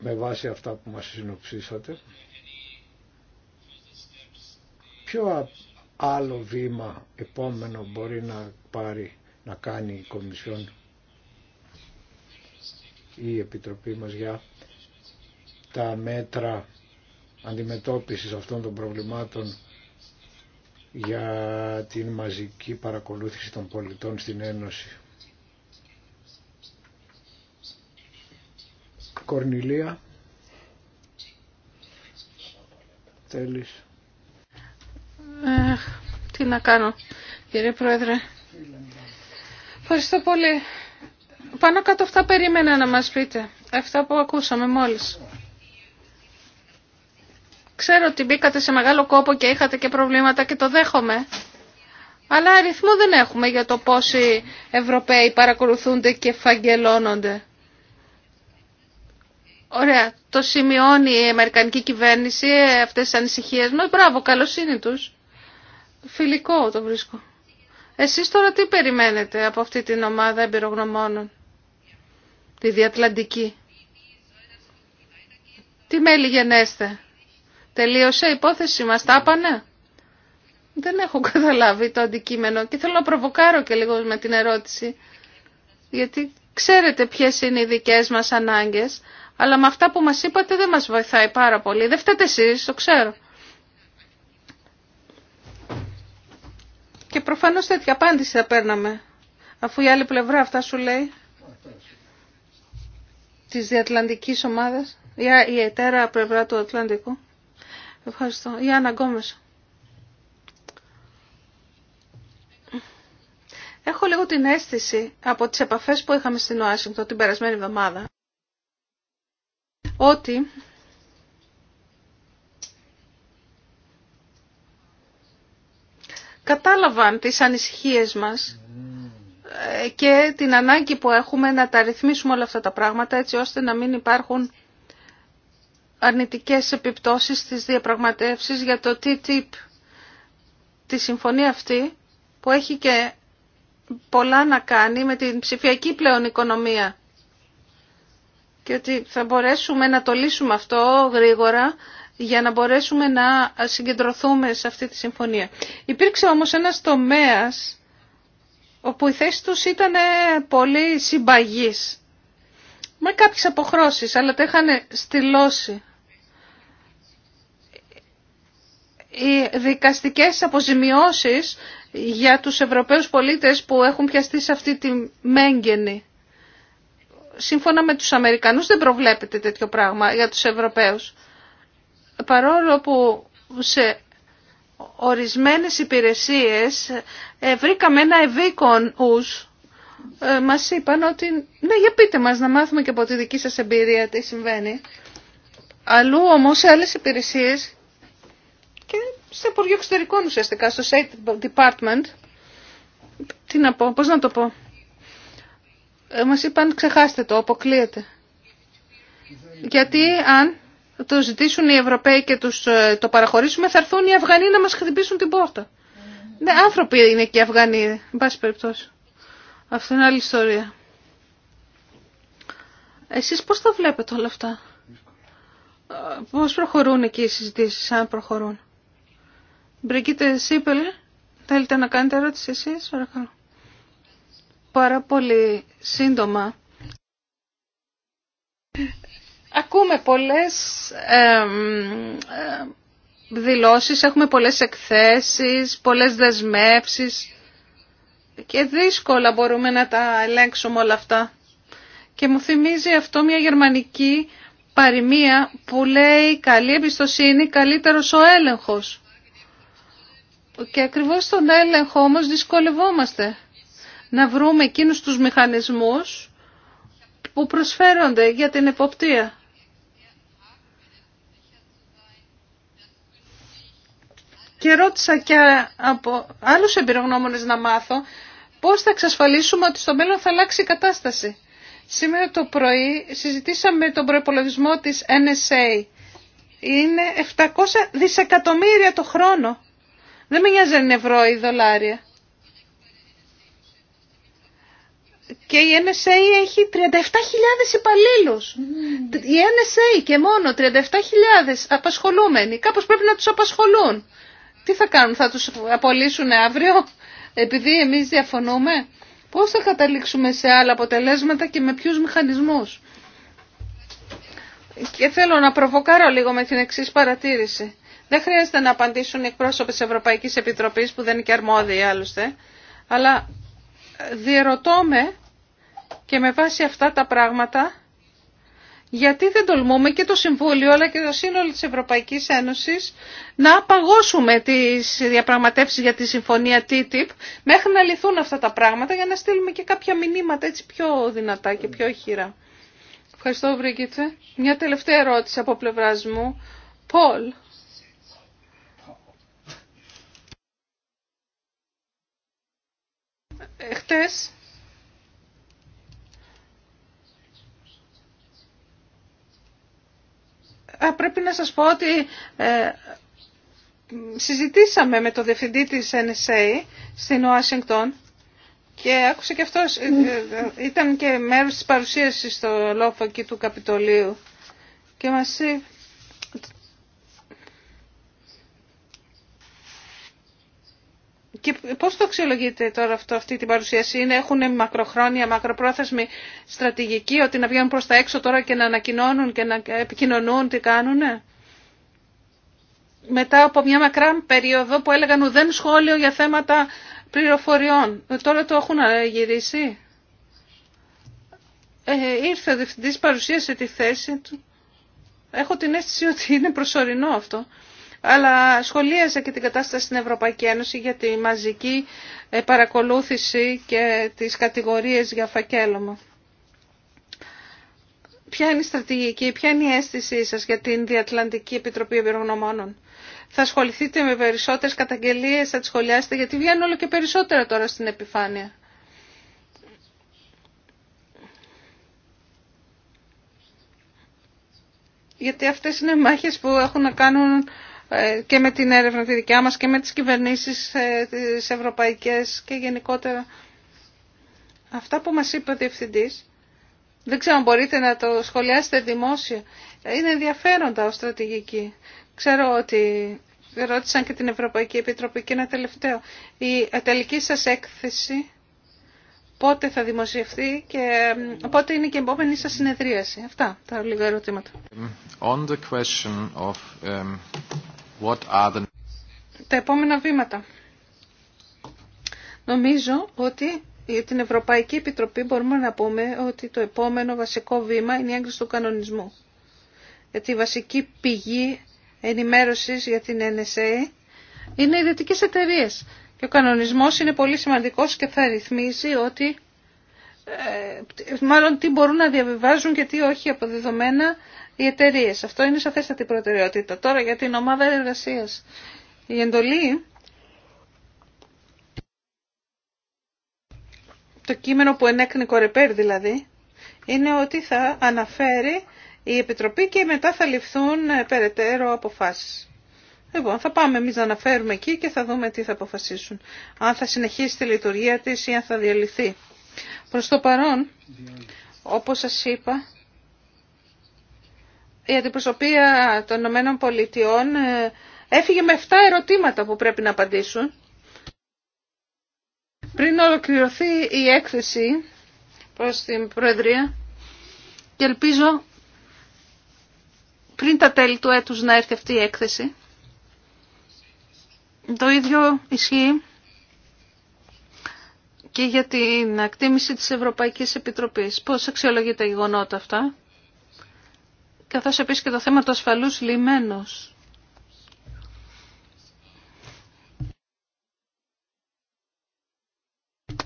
με βάση αυτά που μας συνοψίσατε, ποιο άλλο βήμα επόμενο μπορεί να πάρει να κάνει η Κομισιόν η η Επιτροπή μας για τα μέτρα αντιμετώπισης αυτών των προβλημάτων για την μαζική παρακολούθηση των πολιτών στην Ένωση. Κορνιλία, θέλεις τι να κάνω, κύριε Πρόεδρε. Ευχαριστώ πολύ. Πάνω κάτω αυτά περίμενα να μας πείτε. Αυτά που ακούσαμε μόλις. Ξέρω ότι μπήκατε σε μεγάλο κόπο και είχατε και προβλήματα και το δέχομαι. Αλλά αριθμό δεν έχουμε για το πόσοι Ευρωπαίοι παρακολουθούνται και φαγγελώνονται. Ωραία, το σημειώνει η Αμερικανική κυβέρνηση ε, αυτές τις ανησυχίες μας. Μπράβο, καλοσύνη τους. Φιλικό το βρίσκω. Εσείς τώρα τι περιμένετε από αυτή την ομάδα εμπειρογνωμόνων, τη διατλαντική. Τι μέλη γενέστε. Τελείωσε η υπόθεση μας, τα πάνε. Δεν έχω [LAUGHS] καταλάβει το αντικείμενο και θέλω να προβοκάρω και λίγο με την ερώτηση. Γιατί ξέρετε ποιες είναι οι δικές μας ανάγκες, αλλά με αυτά που μας είπατε δεν μας βοηθάει πάρα πολύ. Δεν φταίτε εσείς, το ξέρω. Και προφανώς τέτοια απάντηση θα παίρναμε. Αφού η άλλη πλευρά αυτά σου λέει Τη διατλαντικής ομάδα η εταίρα πλευρά του Ατλαντικού. Ευχαριστώ. Η Άννα Γκόμες. Έχω λίγο την αίσθηση από τις επαφές που είχαμε στην Ουάσιγκτον την περασμένη εβδομάδα ότι κατάλαβαν τις ανησυχίες μας ε, και την ανάγκη που έχουμε να τα ρυθμίσουμε όλα αυτά τα πράγματα έτσι ώστε να μην υπάρχουν αρνητικές επιπτώσεις στις διαπραγματεύσεις για το TTIP, τη συμφωνία αυτή που έχει και πολλά να κάνει με την ψηφιακή πλέον οικονομία και ότι θα μπορέσουμε να το λύσουμε αυτό γρήγορα για να μπορέσουμε να συγκεντρωθούμε σε αυτή τη συμφωνία. Υπήρξε όμως ένας τομέας όπου η θέση τους ήταν πολύ συμπαγής. Με κάποιες αποχρώσεις, αλλά τα είχαν στυλώσει. Οι δικαστικές αποζημιώσεις για τους Ευρωπαίους πολίτες που έχουν πιαστεί σε αυτή τη μέγενη. Σύμφωνα με τους Αμερικανούς δεν προβλέπεται τέτοιο πράγμα για τους Ευρωπαίους παρόλο που σε ορισμένες υπηρεσίες ε, βρήκαμε ένα ευήκον ους, ε, μας είπαν ότι ναι για πείτε μας να μάθουμε και από τη δική σας εμπειρία τι συμβαίνει. Αλλού όμως σε άλλες υπηρεσίες και σε Υπουργείο Εξωτερικών ουσιαστικά, στο State Department, τι να πω, πώς να το πω. Ε, μας είπαν ξεχάστε το, αποκλείεται. Γιατί αν το ζητήσουν οι Ευρωπαίοι και τους, ε, το παραχωρήσουμε, θα έρθουν οι Αφγανοί να μας χτυπήσουν την πόρτα. Ναι, άνθρωποι είναι και οι Αφγανοί, εν πάση περιπτώσει. Αυτή είναι άλλη ιστορία. Εσείς πώς τα βλέπετε όλα αυτά. Ε, πώς προχωρούν εκεί οι συζητήσεις, αν προχωρούν. Μπρικίτε Σίπελ, θέλετε να κάνετε ερώτηση εσείς, παρακαλώ. Πάρα πολύ σύντομα. Ακούμε πολλές ε, δηλώσεις, έχουμε πολλές εκθέσεις, πολλές δεσμεύσεις και δύσκολα μπορούμε να τα ελέγξουμε όλα αυτά. Και μου θυμίζει αυτό μια γερμανική παροιμία που λέει «Καλή εμπιστοσύνη, καλύτερος ο έλεγχος». Και ακριβώς στον έλεγχο όμως δυσκολευόμαστε να βρούμε εκείνους τους μηχανισμούς που προσφέρονται για την εποπτεία. και ρώτησα και από άλλους εμπειρογνώμονες να μάθω πώς θα εξασφαλίσουμε ότι στο μέλλον θα αλλάξει η κατάσταση. Σήμερα το πρωί συζητήσαμε τον προπολογισμό της NSA. Είναι 700 δισεκατομμύρια το χρόνο. Δεν με νοιάζει αν είναι ευρώ ή δολάρια. Και η NSA έχει 37.000 υπαλλήλους. Mm. Η NSA και μόνο 37.000 απασχολούμενοι. Κάπως πρέπει να τους απασχολούν. Τι θα κάνουν, θα τους απολύσουν αύριο επειδή εμείς διαφωνούμε. Πώς θα καταλήξουμε σε άλλα αποτελέσματα και με ποιους μηχανισμούς. Και θέλω να προβοκάρω λίγο με την εξή παρατήρηση. Δεν χρειάζεται να απαντήσουν οι εκπρόσωποι της Ευρωπαϊκής Επιτροπής που δεν είναι και αρμόδιοι άλλωστε, αλλά διερωτώ με και με βάση αυτά τα πράγματα γιατί δεν τολμούμε και το Συμβούλιο αλλά και το σύνολο της Ευρωπαϊκής Ένωσης να απαγώσουμε τις διαπραγματεύσεις για τη συμφωνία TTIP μέχρι να λυθούν αυτά τα πράγματα για να στείλουμε και κάποια μηνύματα έτσι πιο δυνατά και πιο χειρά. Ευχαριστώ Βρήκητσε. Μια τελευταία ερώτηση από πλευρά μου. Πολ. Ε, χτες πρέπει να σας πω ότι ε, συζητήσαμε με το διευθυντή της NSA στην Ουάσιγκτον και άκουσε και αυτός, ε, ε, ήταν και μέρος της παρουσίασης στο λόφο εκεί του Καπιτολίου και μας είπε Και πώς το αξιολογείτε τώρα αυτό, αυτή την παρουσίαση, είναι, έχουν μακροχρόνια, μακροπρόθεσμη στρατηγική, ότι να βγαίνουν προς τα έξω τώρα και να ανακοινώνουν και να επικοινωνούν τι κάνουνε. Μετά από μια μακρά περίοδο που έλεγαν ουδέν σχόλιο για θέματα πληροφοριών. Τώρα το έχουν γυρίσει. Ε, ήρθε ο διευθυντής, παρουσίασε τη θέση του. Έχω την αίσθηση ότι είναι προσωρινό αυτό αλλά σχολίαζα και την κατάσταση στην Ευρωπαϊκή Ένωση για τη μαζική ε, παρακολούθηση και τις κατηγορίες για φακέλωμα. Ποια είναι η στρατηγική, ποια είναι η αίσθησή σας για την Διατλαντική Επιτροπή Εμπειρογνωμόνων. Θα ασχοληθείτε με περισσότερες καταγγελίες, θα τις σχολιάσετε, γιατί βγαίνουν όλο και περισσότερα τώρα στην επιφάνεια. Γιατί αυτές είναι μάχες που έχουν να κάνουν ε, και με την έρευνα τη δικιά μας και με τις κυβερνήσεις ε, τις ευρωπαϊκές και γενικότερα. Αυτά που μας είπε ο Διευθυντής, δεν ξέρω αν μπορείτε να το σχολιάσετε δημόσια, είναι ενδιαφέροντα ως στρατηγική. Ξέρω ότι ρώτησαν και την Ευρωπαϊκή Επιτροπή και ένα τελευταίο. Η τελική σας έκθεση πότε θα δημοσιευτεί και πότε είναι και η επόμενη σας συνεδρίαση. Αυτά τα λίγα ερωτήματα. On the question of, um, τα επόμενα βήματα. Νομίζω ότι για την Ευρωπαϊκή Επιτροπή μπορούμε να πούμε ότι το επόμενο βασικό βήμα είναι η έγκριση του κανονισμού. Γιατί η βασική πηγή ενημέρωσης για την NSA είναι οι δυτικές εταιρείε. Και ο κανονισμός είναι πολύ σημαντικός και θα ρυθμίζει ότι ε, μάλλον τι μπορούν να διαβιβάζουν και τι όχι αποδεδομένα οι εταιρείε. Αυτό είναι σαφέστατη προτεραιότητα. Τώρα για την ομάδα εργασία. Η εντολή, το κείμενο που ενέκρινε κορεπέρ δηλαδή, είναι ότι θα αναφέρει η Επιτροπή και μετά θα ληφθούν ε, περαιτέρω αποφάσεις. Λοιπόν, θα πάμε εμεί να αναφέρουμε εκεί και θα δούμε τι θα αποφασίσουν. Αν θα συνεχίσει τη λειτουργία της ή αν θα διαλυθεί. Προς το παρόν, όπως σας είπα, η αντιπροσωπεία των Ηνωμένων Πολιτειών ε, έφυγε με 7 ερωτήματα που πρέπει να απαντήσουν. Πριν ολοκληρωθεί η έκθεση προς την Προεδρία και ελπίζω πριν τα τέλη του έτους να έρθει αυτή η έκθεση. Το ίδιο ισχύει και για την εκτίμηση της Ευρωπαϊκής Επιτροπής. Πώς αξιολογεί τα γεγονότα αυτά καθώς επίσης και το θέμα του ασφαλούς λιμένος.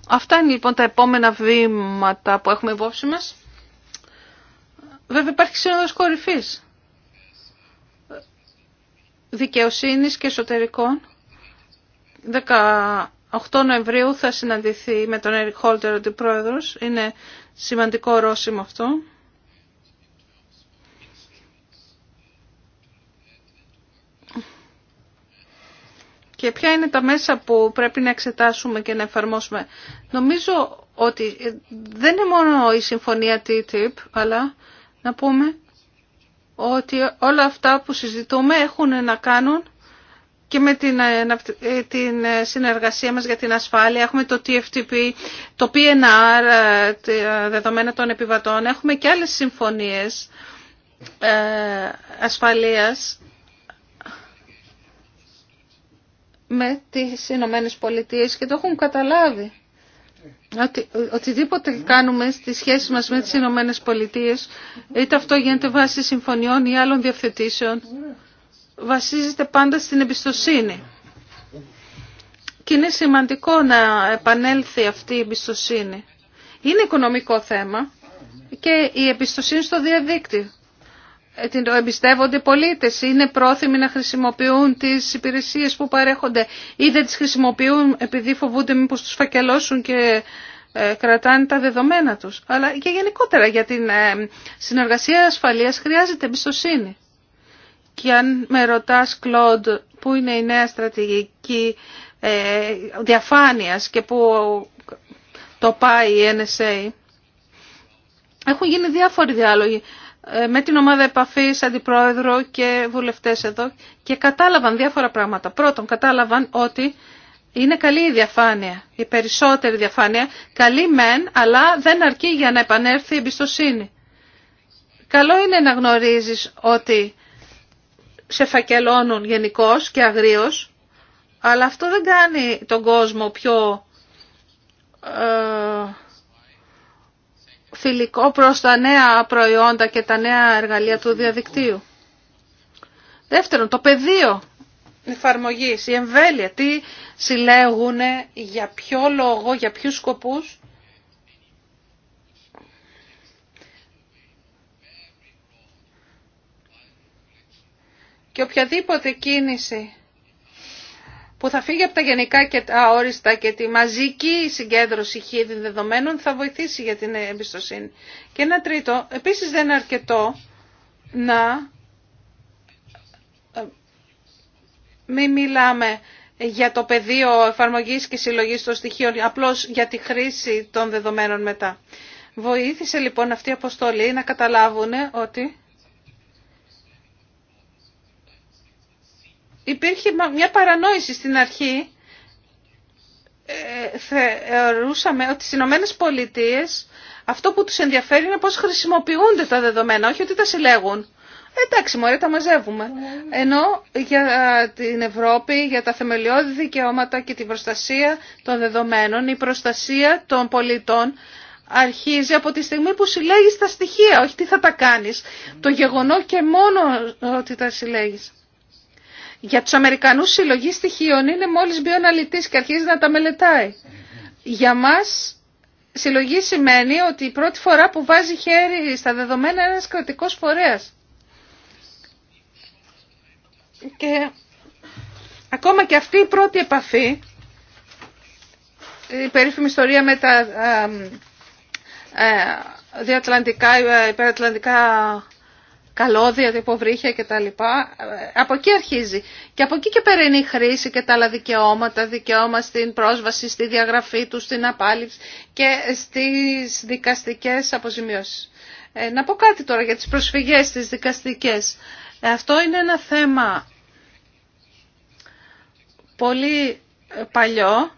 Αυτά είναι λοιπόν τα επόμενα βήματα που έχουμε υπόψη μας. Βέβαια υπάρχει σύνοδος κορυφής δικαιοσύνης και εσωτερικών. 18 Νοεμβρίου θα συναντηθεί με τον Έρικ Χόλτερ, αντιπρόεδρος. Είναι σημαντικό ρώσιμο αυτό. και ποια είναι τα μέσα που πρέπει να εξετάσουμε και να εφαρμόσουμε. Νομίζω ότι δεν είναι μόνο η συμφωνία TTIP, αλλά να πούμε ότι όλα αυτά που συζητούμε έχουν να κάνουν και με την, ε, ε, την ε, συνεργασία μας για την ασφάλεια. Έχουμε το TFTP, το PNR, δεδομένα των επιβατών. Έχουμε και άλλες συμφωνίες ασφαλείας με τις Ηνωμένε Πολιτείες και το έχουν καταλάβει. Ότι, οτιδήποτε κάνουμε στη σχέση μας με τις Ηνωμένε Πολιτείες, είτε αυτό γίνεται βάσει συμφωνιών ή άλλων διευθετήσεων, βασίζεται πάντα στην εμπιστοσύνη. Και είναι σημαντικό να επανέλθει αυτή η αλλων διαφθετησεων βασιζεται παντα στην Είναι οικονομικό θέμα και η εμπιστοσύνη στο διαδίκτυο την εμπιστεύονται οι πολίτες, είναι πρόθυμοι να χρησιμοποιούν τις υπηρεσίες που παρέχονται ή δεν τις χρησιμοποιούν επειδή φοβούνται μήπως τους φακελώσουν και ε, κρατάνε τα δεδομένα τους. Αλλά και γενικότερα για την ε, συνεργασία ασφαλείας χρειάζεται εμπιστοσύνη. Και αν με ρωτάς, Κλοντ, που είναι η νέα στρατηγική ε, διαφάνειας και που το πάει η NSA, έχουν γίνει διάφοροι διάλογοι ε, με την ομάδα επαφής, αντιπρόεδρο και βουλευτές εδώ και κατάλαβαν διάφορα πράγματα. Πρώτον, κατάλαβαν ότι είναι καλή η διαφάνεια, η περισσότερη διαφάνεια, καλή μεν, αλλά δεν αρκεί για να επανέλθει η εμπιστοσύνη. Καλό είναι να γνωρίζεις ότι σε φακελώνουν γενικώ και αγρίως, αλλά αυτό δεν κάνει τον κόσμο πιο ε, φιλικό προς τα νέα προϊόντα και τα νέα εργαλεία του διαδικτύου. Δεύτερον, το πεδίο εφαρμογή. η εμβέλεια, τι συλλέγουν, για ποιο λόγο, για ποιους σκοπούς. Και οποιαδήποτε κίνηση που θα φύγει από τα γενικά και τα όριστα και τη μαζική συγκέντρωση χίδιν δεδομένων θα βοηθήσει για την εμπιστοσύνη. Και ένα τρίτο, επίσης δεν είναι αρκετό να ε, μην μιλάμε για το πεδίο εφαρμογής και συλλογής των στοιχείων, απλώς για τη χρήση των δεδομένων μετά. Βοήθησε λοιπόν αυτή η αποστολή να καταλάβουν ότι υπήρχε μια παρανόηση στην αρχή. Ε, θεωρούσαμε ότι στι Ηνωμένε Πολιτείε αυτό που τους ενδιαφέρει είναι πώς χρησιμοποιούνται τα δεδομένα, όχι ότι τα συλλέγουν. Εντάξει, μωρέ, τα μαζεύουμε. Ενώ για την Ευρώπη, για τα θεμελιώδη δικαιώματα και την προστασία των δεδομένων, η προστασία των πολιτών αρχίζει από τη στιγμή που συλλέγεις τα στοιχεία, όχι τι θα τα κάνεις. Το γεγονό και μόνο ότι τα συλλέγεις. Για τους Αμερικανούς συλλογή στοιχείων είναι μόλις μπει ο αναλυτής και αρχίζει να τα μελετάει. Για μας συλλογή σημαίνει ότι η πρώτη φορά που βάζει χέρι στα δεδομένα είναι ένας κρατικός φορέας. Και ακόμα και αυτή η πρώτη επαφή, η περίφημη ιστορία με τα ε, ε, διατλαντικά, ε, υπερατλαντικά καλώδια, υποβρύχια κτλ. Από εκεί αρχίζει. Και από εκεί και πέρα είναι η χρήση και τα άλλα δικαιώματα, δικαιώμα στην πρόσβαση, στη διαγραφή του, στην απάλληψη και στις δικαστικές αποζημιώσεις. Ε, να πω κάτι τώρα για τις προσφυγές, στις δικαστικές. Ε, αυτό είναι ένα θέμα πολύ παλιό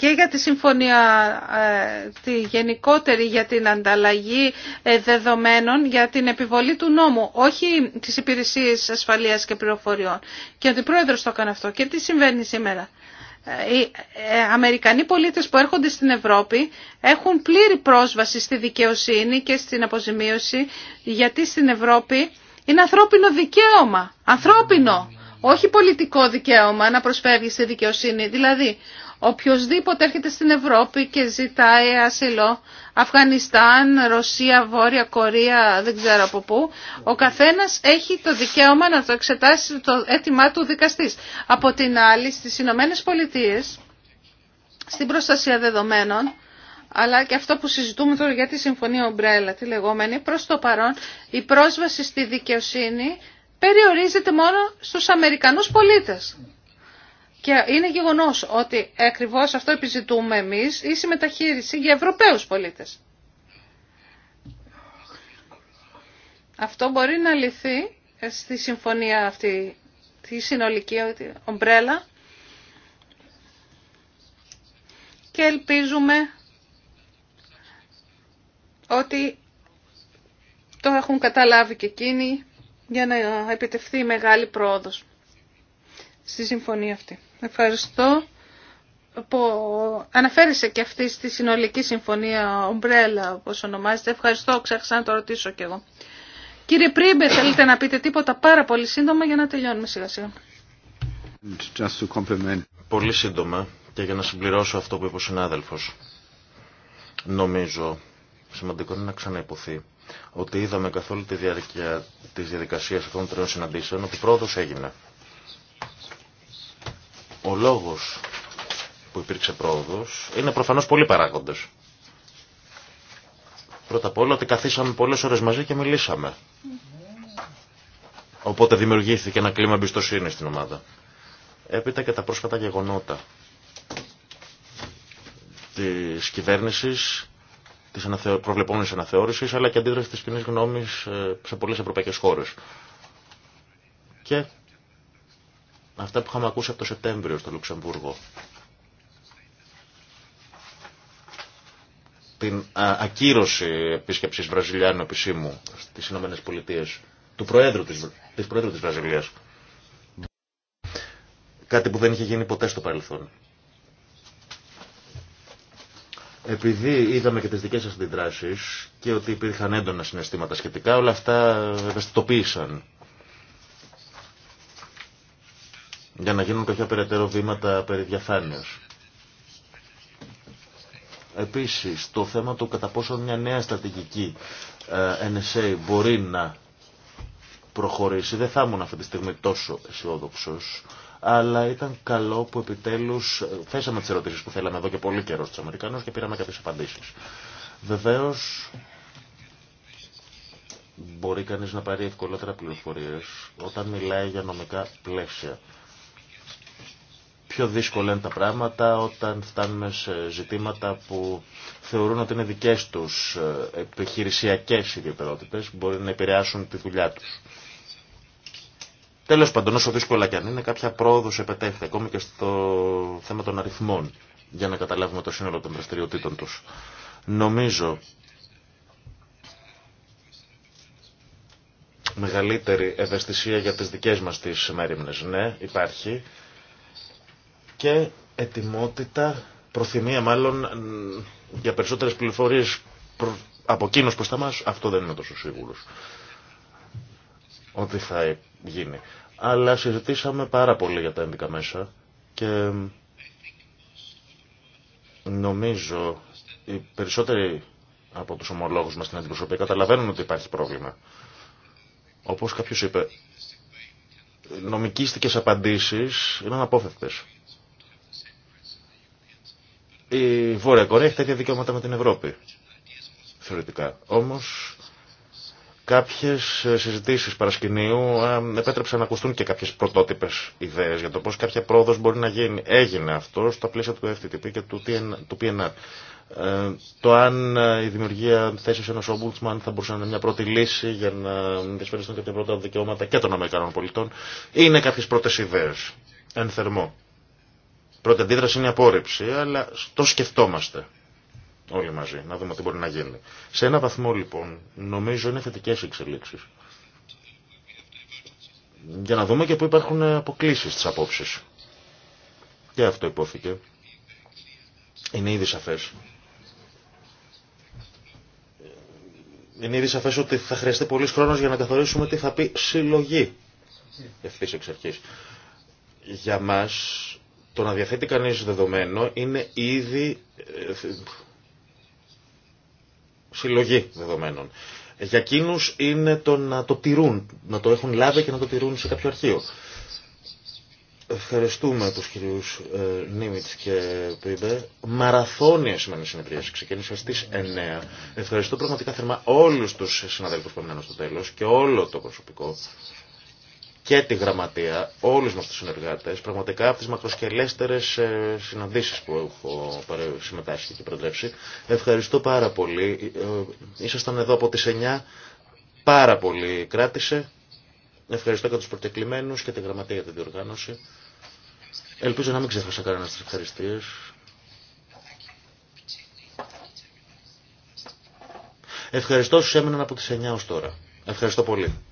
και για τη συμφωνία ε, τη γενικότερη για την ανταλλαγή ε, δεδομένων για την επιβολή του νόμου, όχι τις υπηρεσίες ασφαλείας και πληροφοριών. Και ο πρόεδρος το έκανε αυτό. Και τι συμβαίνει σήμερα. Ε, οι Αμερικανοί πολίτες που έρχονται στην Ευρώπη έχουν πλήρη πρόσβαση στη δικαιοσύνη και στην αποζημίωση γιατί στην Ευρώπη είναι ανθρώπινο δικαίωμα. Ανθρώπινο! Όχι πολιτικό δικαίωμα να προσφεύγει στη δικαιοσύνη. Δηλαδή, Οποιοςδήποτε έρχεται στην Ευρώπη και ζητάει ασυλό, Αφγανιστάν, Ρωσία, Βόρεια Κορία, δεν ξέρω από πού, ο καθένας έχει το δικαίωμα να το εξετάσει το αίτημά του δικαστής. Από την άλλη, στις Ηνωμένε Πολιτείε, στην προστασία δεδομένων, αλλά και αυτό που συζητούμε τώρα για τη Συμφωνία Ομπρέλα, τη λεγόμενη, προς το παρόν, η πρόσβαση στη δικαιοσύνη περιορίζεται μόνο στους Αμερικανούς πολίτες. Και είναι γεγονός ότι ακριβώ αυτό επιζητούμε εμείς, η μεταχείριση για Ευρωπαίους πολίτες. Αυτό μπορεί να λυθεί στη συμφωνία αυτή, τη συνολική ομπρέλα και ελπίζουμε ότι το έχουν καταλάβει και εκείνοι για να επιτευχθεί μεγάλη πρόοδος στη συμφωνία αυτή. Ευχαριστώ που αναφέρεσε και αυτή στη συνολική συμφωνία ομπρέλα όπως ονομάζεται. Ευχαριστώ, ξέχασα να το ρωτήσω κι εγώ. Κύριε Πρίμπε, θέλετε να πείτε τίποτα πάρα πολύ σύντομα για να τελειώνουμε σιγά σιγά. πολύ σύντομα και για να συμπληρώσω αυτό που είπε ο συνάδελφος. Νομίζω σημαντικό είναι να ξαναϋποθεί ότι είδαμε καθ' όλη τη διάρκεια της διαδικασίας αυτών των τριών συναντήσεων ότι πρόοδο έγινε. Ο λόγος που υπήρξε πρόοδος είναι προφανώς πολλοί παράγοντες. Πρώτα απ' όλα ότι καθίσαμε πολλές ώρες μαζί και μιλήσαμε. Οπότε δημιουργήθηκε ένα κλίμα εμπιστοσύνη στην ομάδα. Έπειτα και τα πρόσφατα γεγονότα της κυβέρνησης, της προβλεπόμενης αναθεώρησης, αλλά και αντίδραση της κοινή γνώμης ε, σε πολλές ευρωπαϊκές χώρες. Και αυτά που είχαμε ακούσει από το Σεπτέμβριο στο Λουξεμβούργο. Την ακύρωση επίσκεψης Βραζιλιάνου επισήμου στις Ηνωμένες Πολιτείες του Προέδρου της, της Προέδρου της Βραζιλίας. Κάτι που δεν είχε γίνει ποτέ στο παρελθόν. Επειδή είδαμε και τις δικές σας αντιδράσεις και ότι υπήρχαν έντονα συναισθήματα σχετικά, όλα αυτά ευαισθητοποίησαν για να γίνουν κάποια περαιτέρω βήματα περί διαφάνειας. Επίσης, το θέμα του κατά πόσο μια νέα στρατηγική ε, NSA μπορεί να προχωρήσει, δεν θα ήμουν αυτή τη στιγμή τόσο αισιόδοξο, αλλά ήταν καλό που επιτέλους ε, θέσαμε τις ερωτήσεις που θέλαμε εδώ και πολύ καιρό στους Αμερικανούς και πήραμε κάποιες απαντήσεις. Βεβαίως, μπορεί κανείς να πάρει ευκολότερα πληροφορίες όταν μιλάει για νομικά πλαίσια πιο δύσκολα είναι τα πράγματα όταν φτάνουμε σε ζητήματα που θεωρούν ότι είναι δικές τους ε, επιχειρησιακές ιδιαιτερότητες που μπορεί να επηρεάσουν τη δουλειά τους. Τέλος πάντων, όσο δύσκολα και αν είναι, κάποια πρόοδος επετέχεται ακόμη και στο θέμα των αριθμών για να καταλάβουμε το σύνολο των δραστηριοτήτων τους. Νομίζω μεγαλύτερη ευαισθησία για τις δικές μας τις μέρημνες. Ναι, υπάρχει και ετοιμότητα, προθυμία μάλλον για περισσότερες πληροφορίες από εκείνους προς τα μας, αυτό δεν είμαι τόσο σίγουρο ότι θα γίνει. Αλλά συζητήσαμε πάρα πολύ για τα ένδικα μέσα και νομίζω οι περισσότεροι από τους ομολόγους μας στην αντιπροσωπή καταλαβαίνουν ότι υπάρχει πρόβλημα. Όπως κάποιος είπε, νομικίστικες απαντήσεις είναι αναπόφευκτες. Η Βόρεια Κορέα έχει τέτοια δικαιώματα με την Ευρώπη. Θεωρητικά. Όμω κάποιε συζητήσει παρασκηνίου ε, επέτρεψαν να ακουστούν και κάποιε πρωτότυπε ιδέε για το πώ κάποια πρόοδο μπορεί να γίνει. Έγινε αυτό στα πλαίσια του FTTP και του, TN, του PNR. Ε, το αν ε, η δημιουργία θέση ενό ομπούλτσμαν θα μπορούσε να είναι μια πρώτη λύση για να διασφαλιστούν κάποια πρώτα δικαιώματα και των Αμερικανών πολιτών είναι κάποιε πρώτε ιδέε. Εν θερμό. Πρώτη αντίδραση είναι η απόρριψη, αλλά το σκεφτόμαστε όλοι μαζί, να δούμε τι μπορεί να γίνει. Σε ένα βαθμό λοιπόν, νομίζω είναι θετικέ εξελίξει. Για να δούμε και πού υπάρχουν αποκλήσει στι απόψει. Και αυτό υπόθηκε. Είναι ήδη σαφέ. Είναι ήδη σαφές ότι θα χρειαστεί πολλή χρόνο για να καθορίσουμε τι θα πει συλλογή ευθύ εξ αρχή. Για μας το να διαθέτει κανείς δεδομένο είναι ήδη ε, συλλογή δεδομένων. Για εκείνου είναι το να το τηρούν, να το έχουν λάβει και να το τηρούν σε κάποιο αρχείο. Ευχαριστούμε τους κυρίους ε, Νίμιτς και Πίμπερ. Μαραθώνια σημαίνει συνεδρία. Ξεκίνησε στις 9. Ευχαριστώ πραγματικά θερμά όλους τους συναδέλφους που έμειναν στο τέλος και όλο το προσωπικό και τη γραμματεία, όλους μας τους συνεργάτες, πραγματικά από τις μακροσκελέστερες ε, συναντήσεις που έχω συμμετάσχει και προτρέψει. Ευχαριστώ πάρα πολύ. Ε, ήσασταν εδώ από τις 9, πάρα πολύ κράτησε. Ευχαριστώ και τους προτεκλημένου και τη γραμματεία για την διοργάνωση. Ελπίζω να μην ξέχασα κανένα τις ευχαριστίες. Ευχαριστώ όσους έμειναν από τις 9 ως τώρα. Ευχαριστώ πολύ.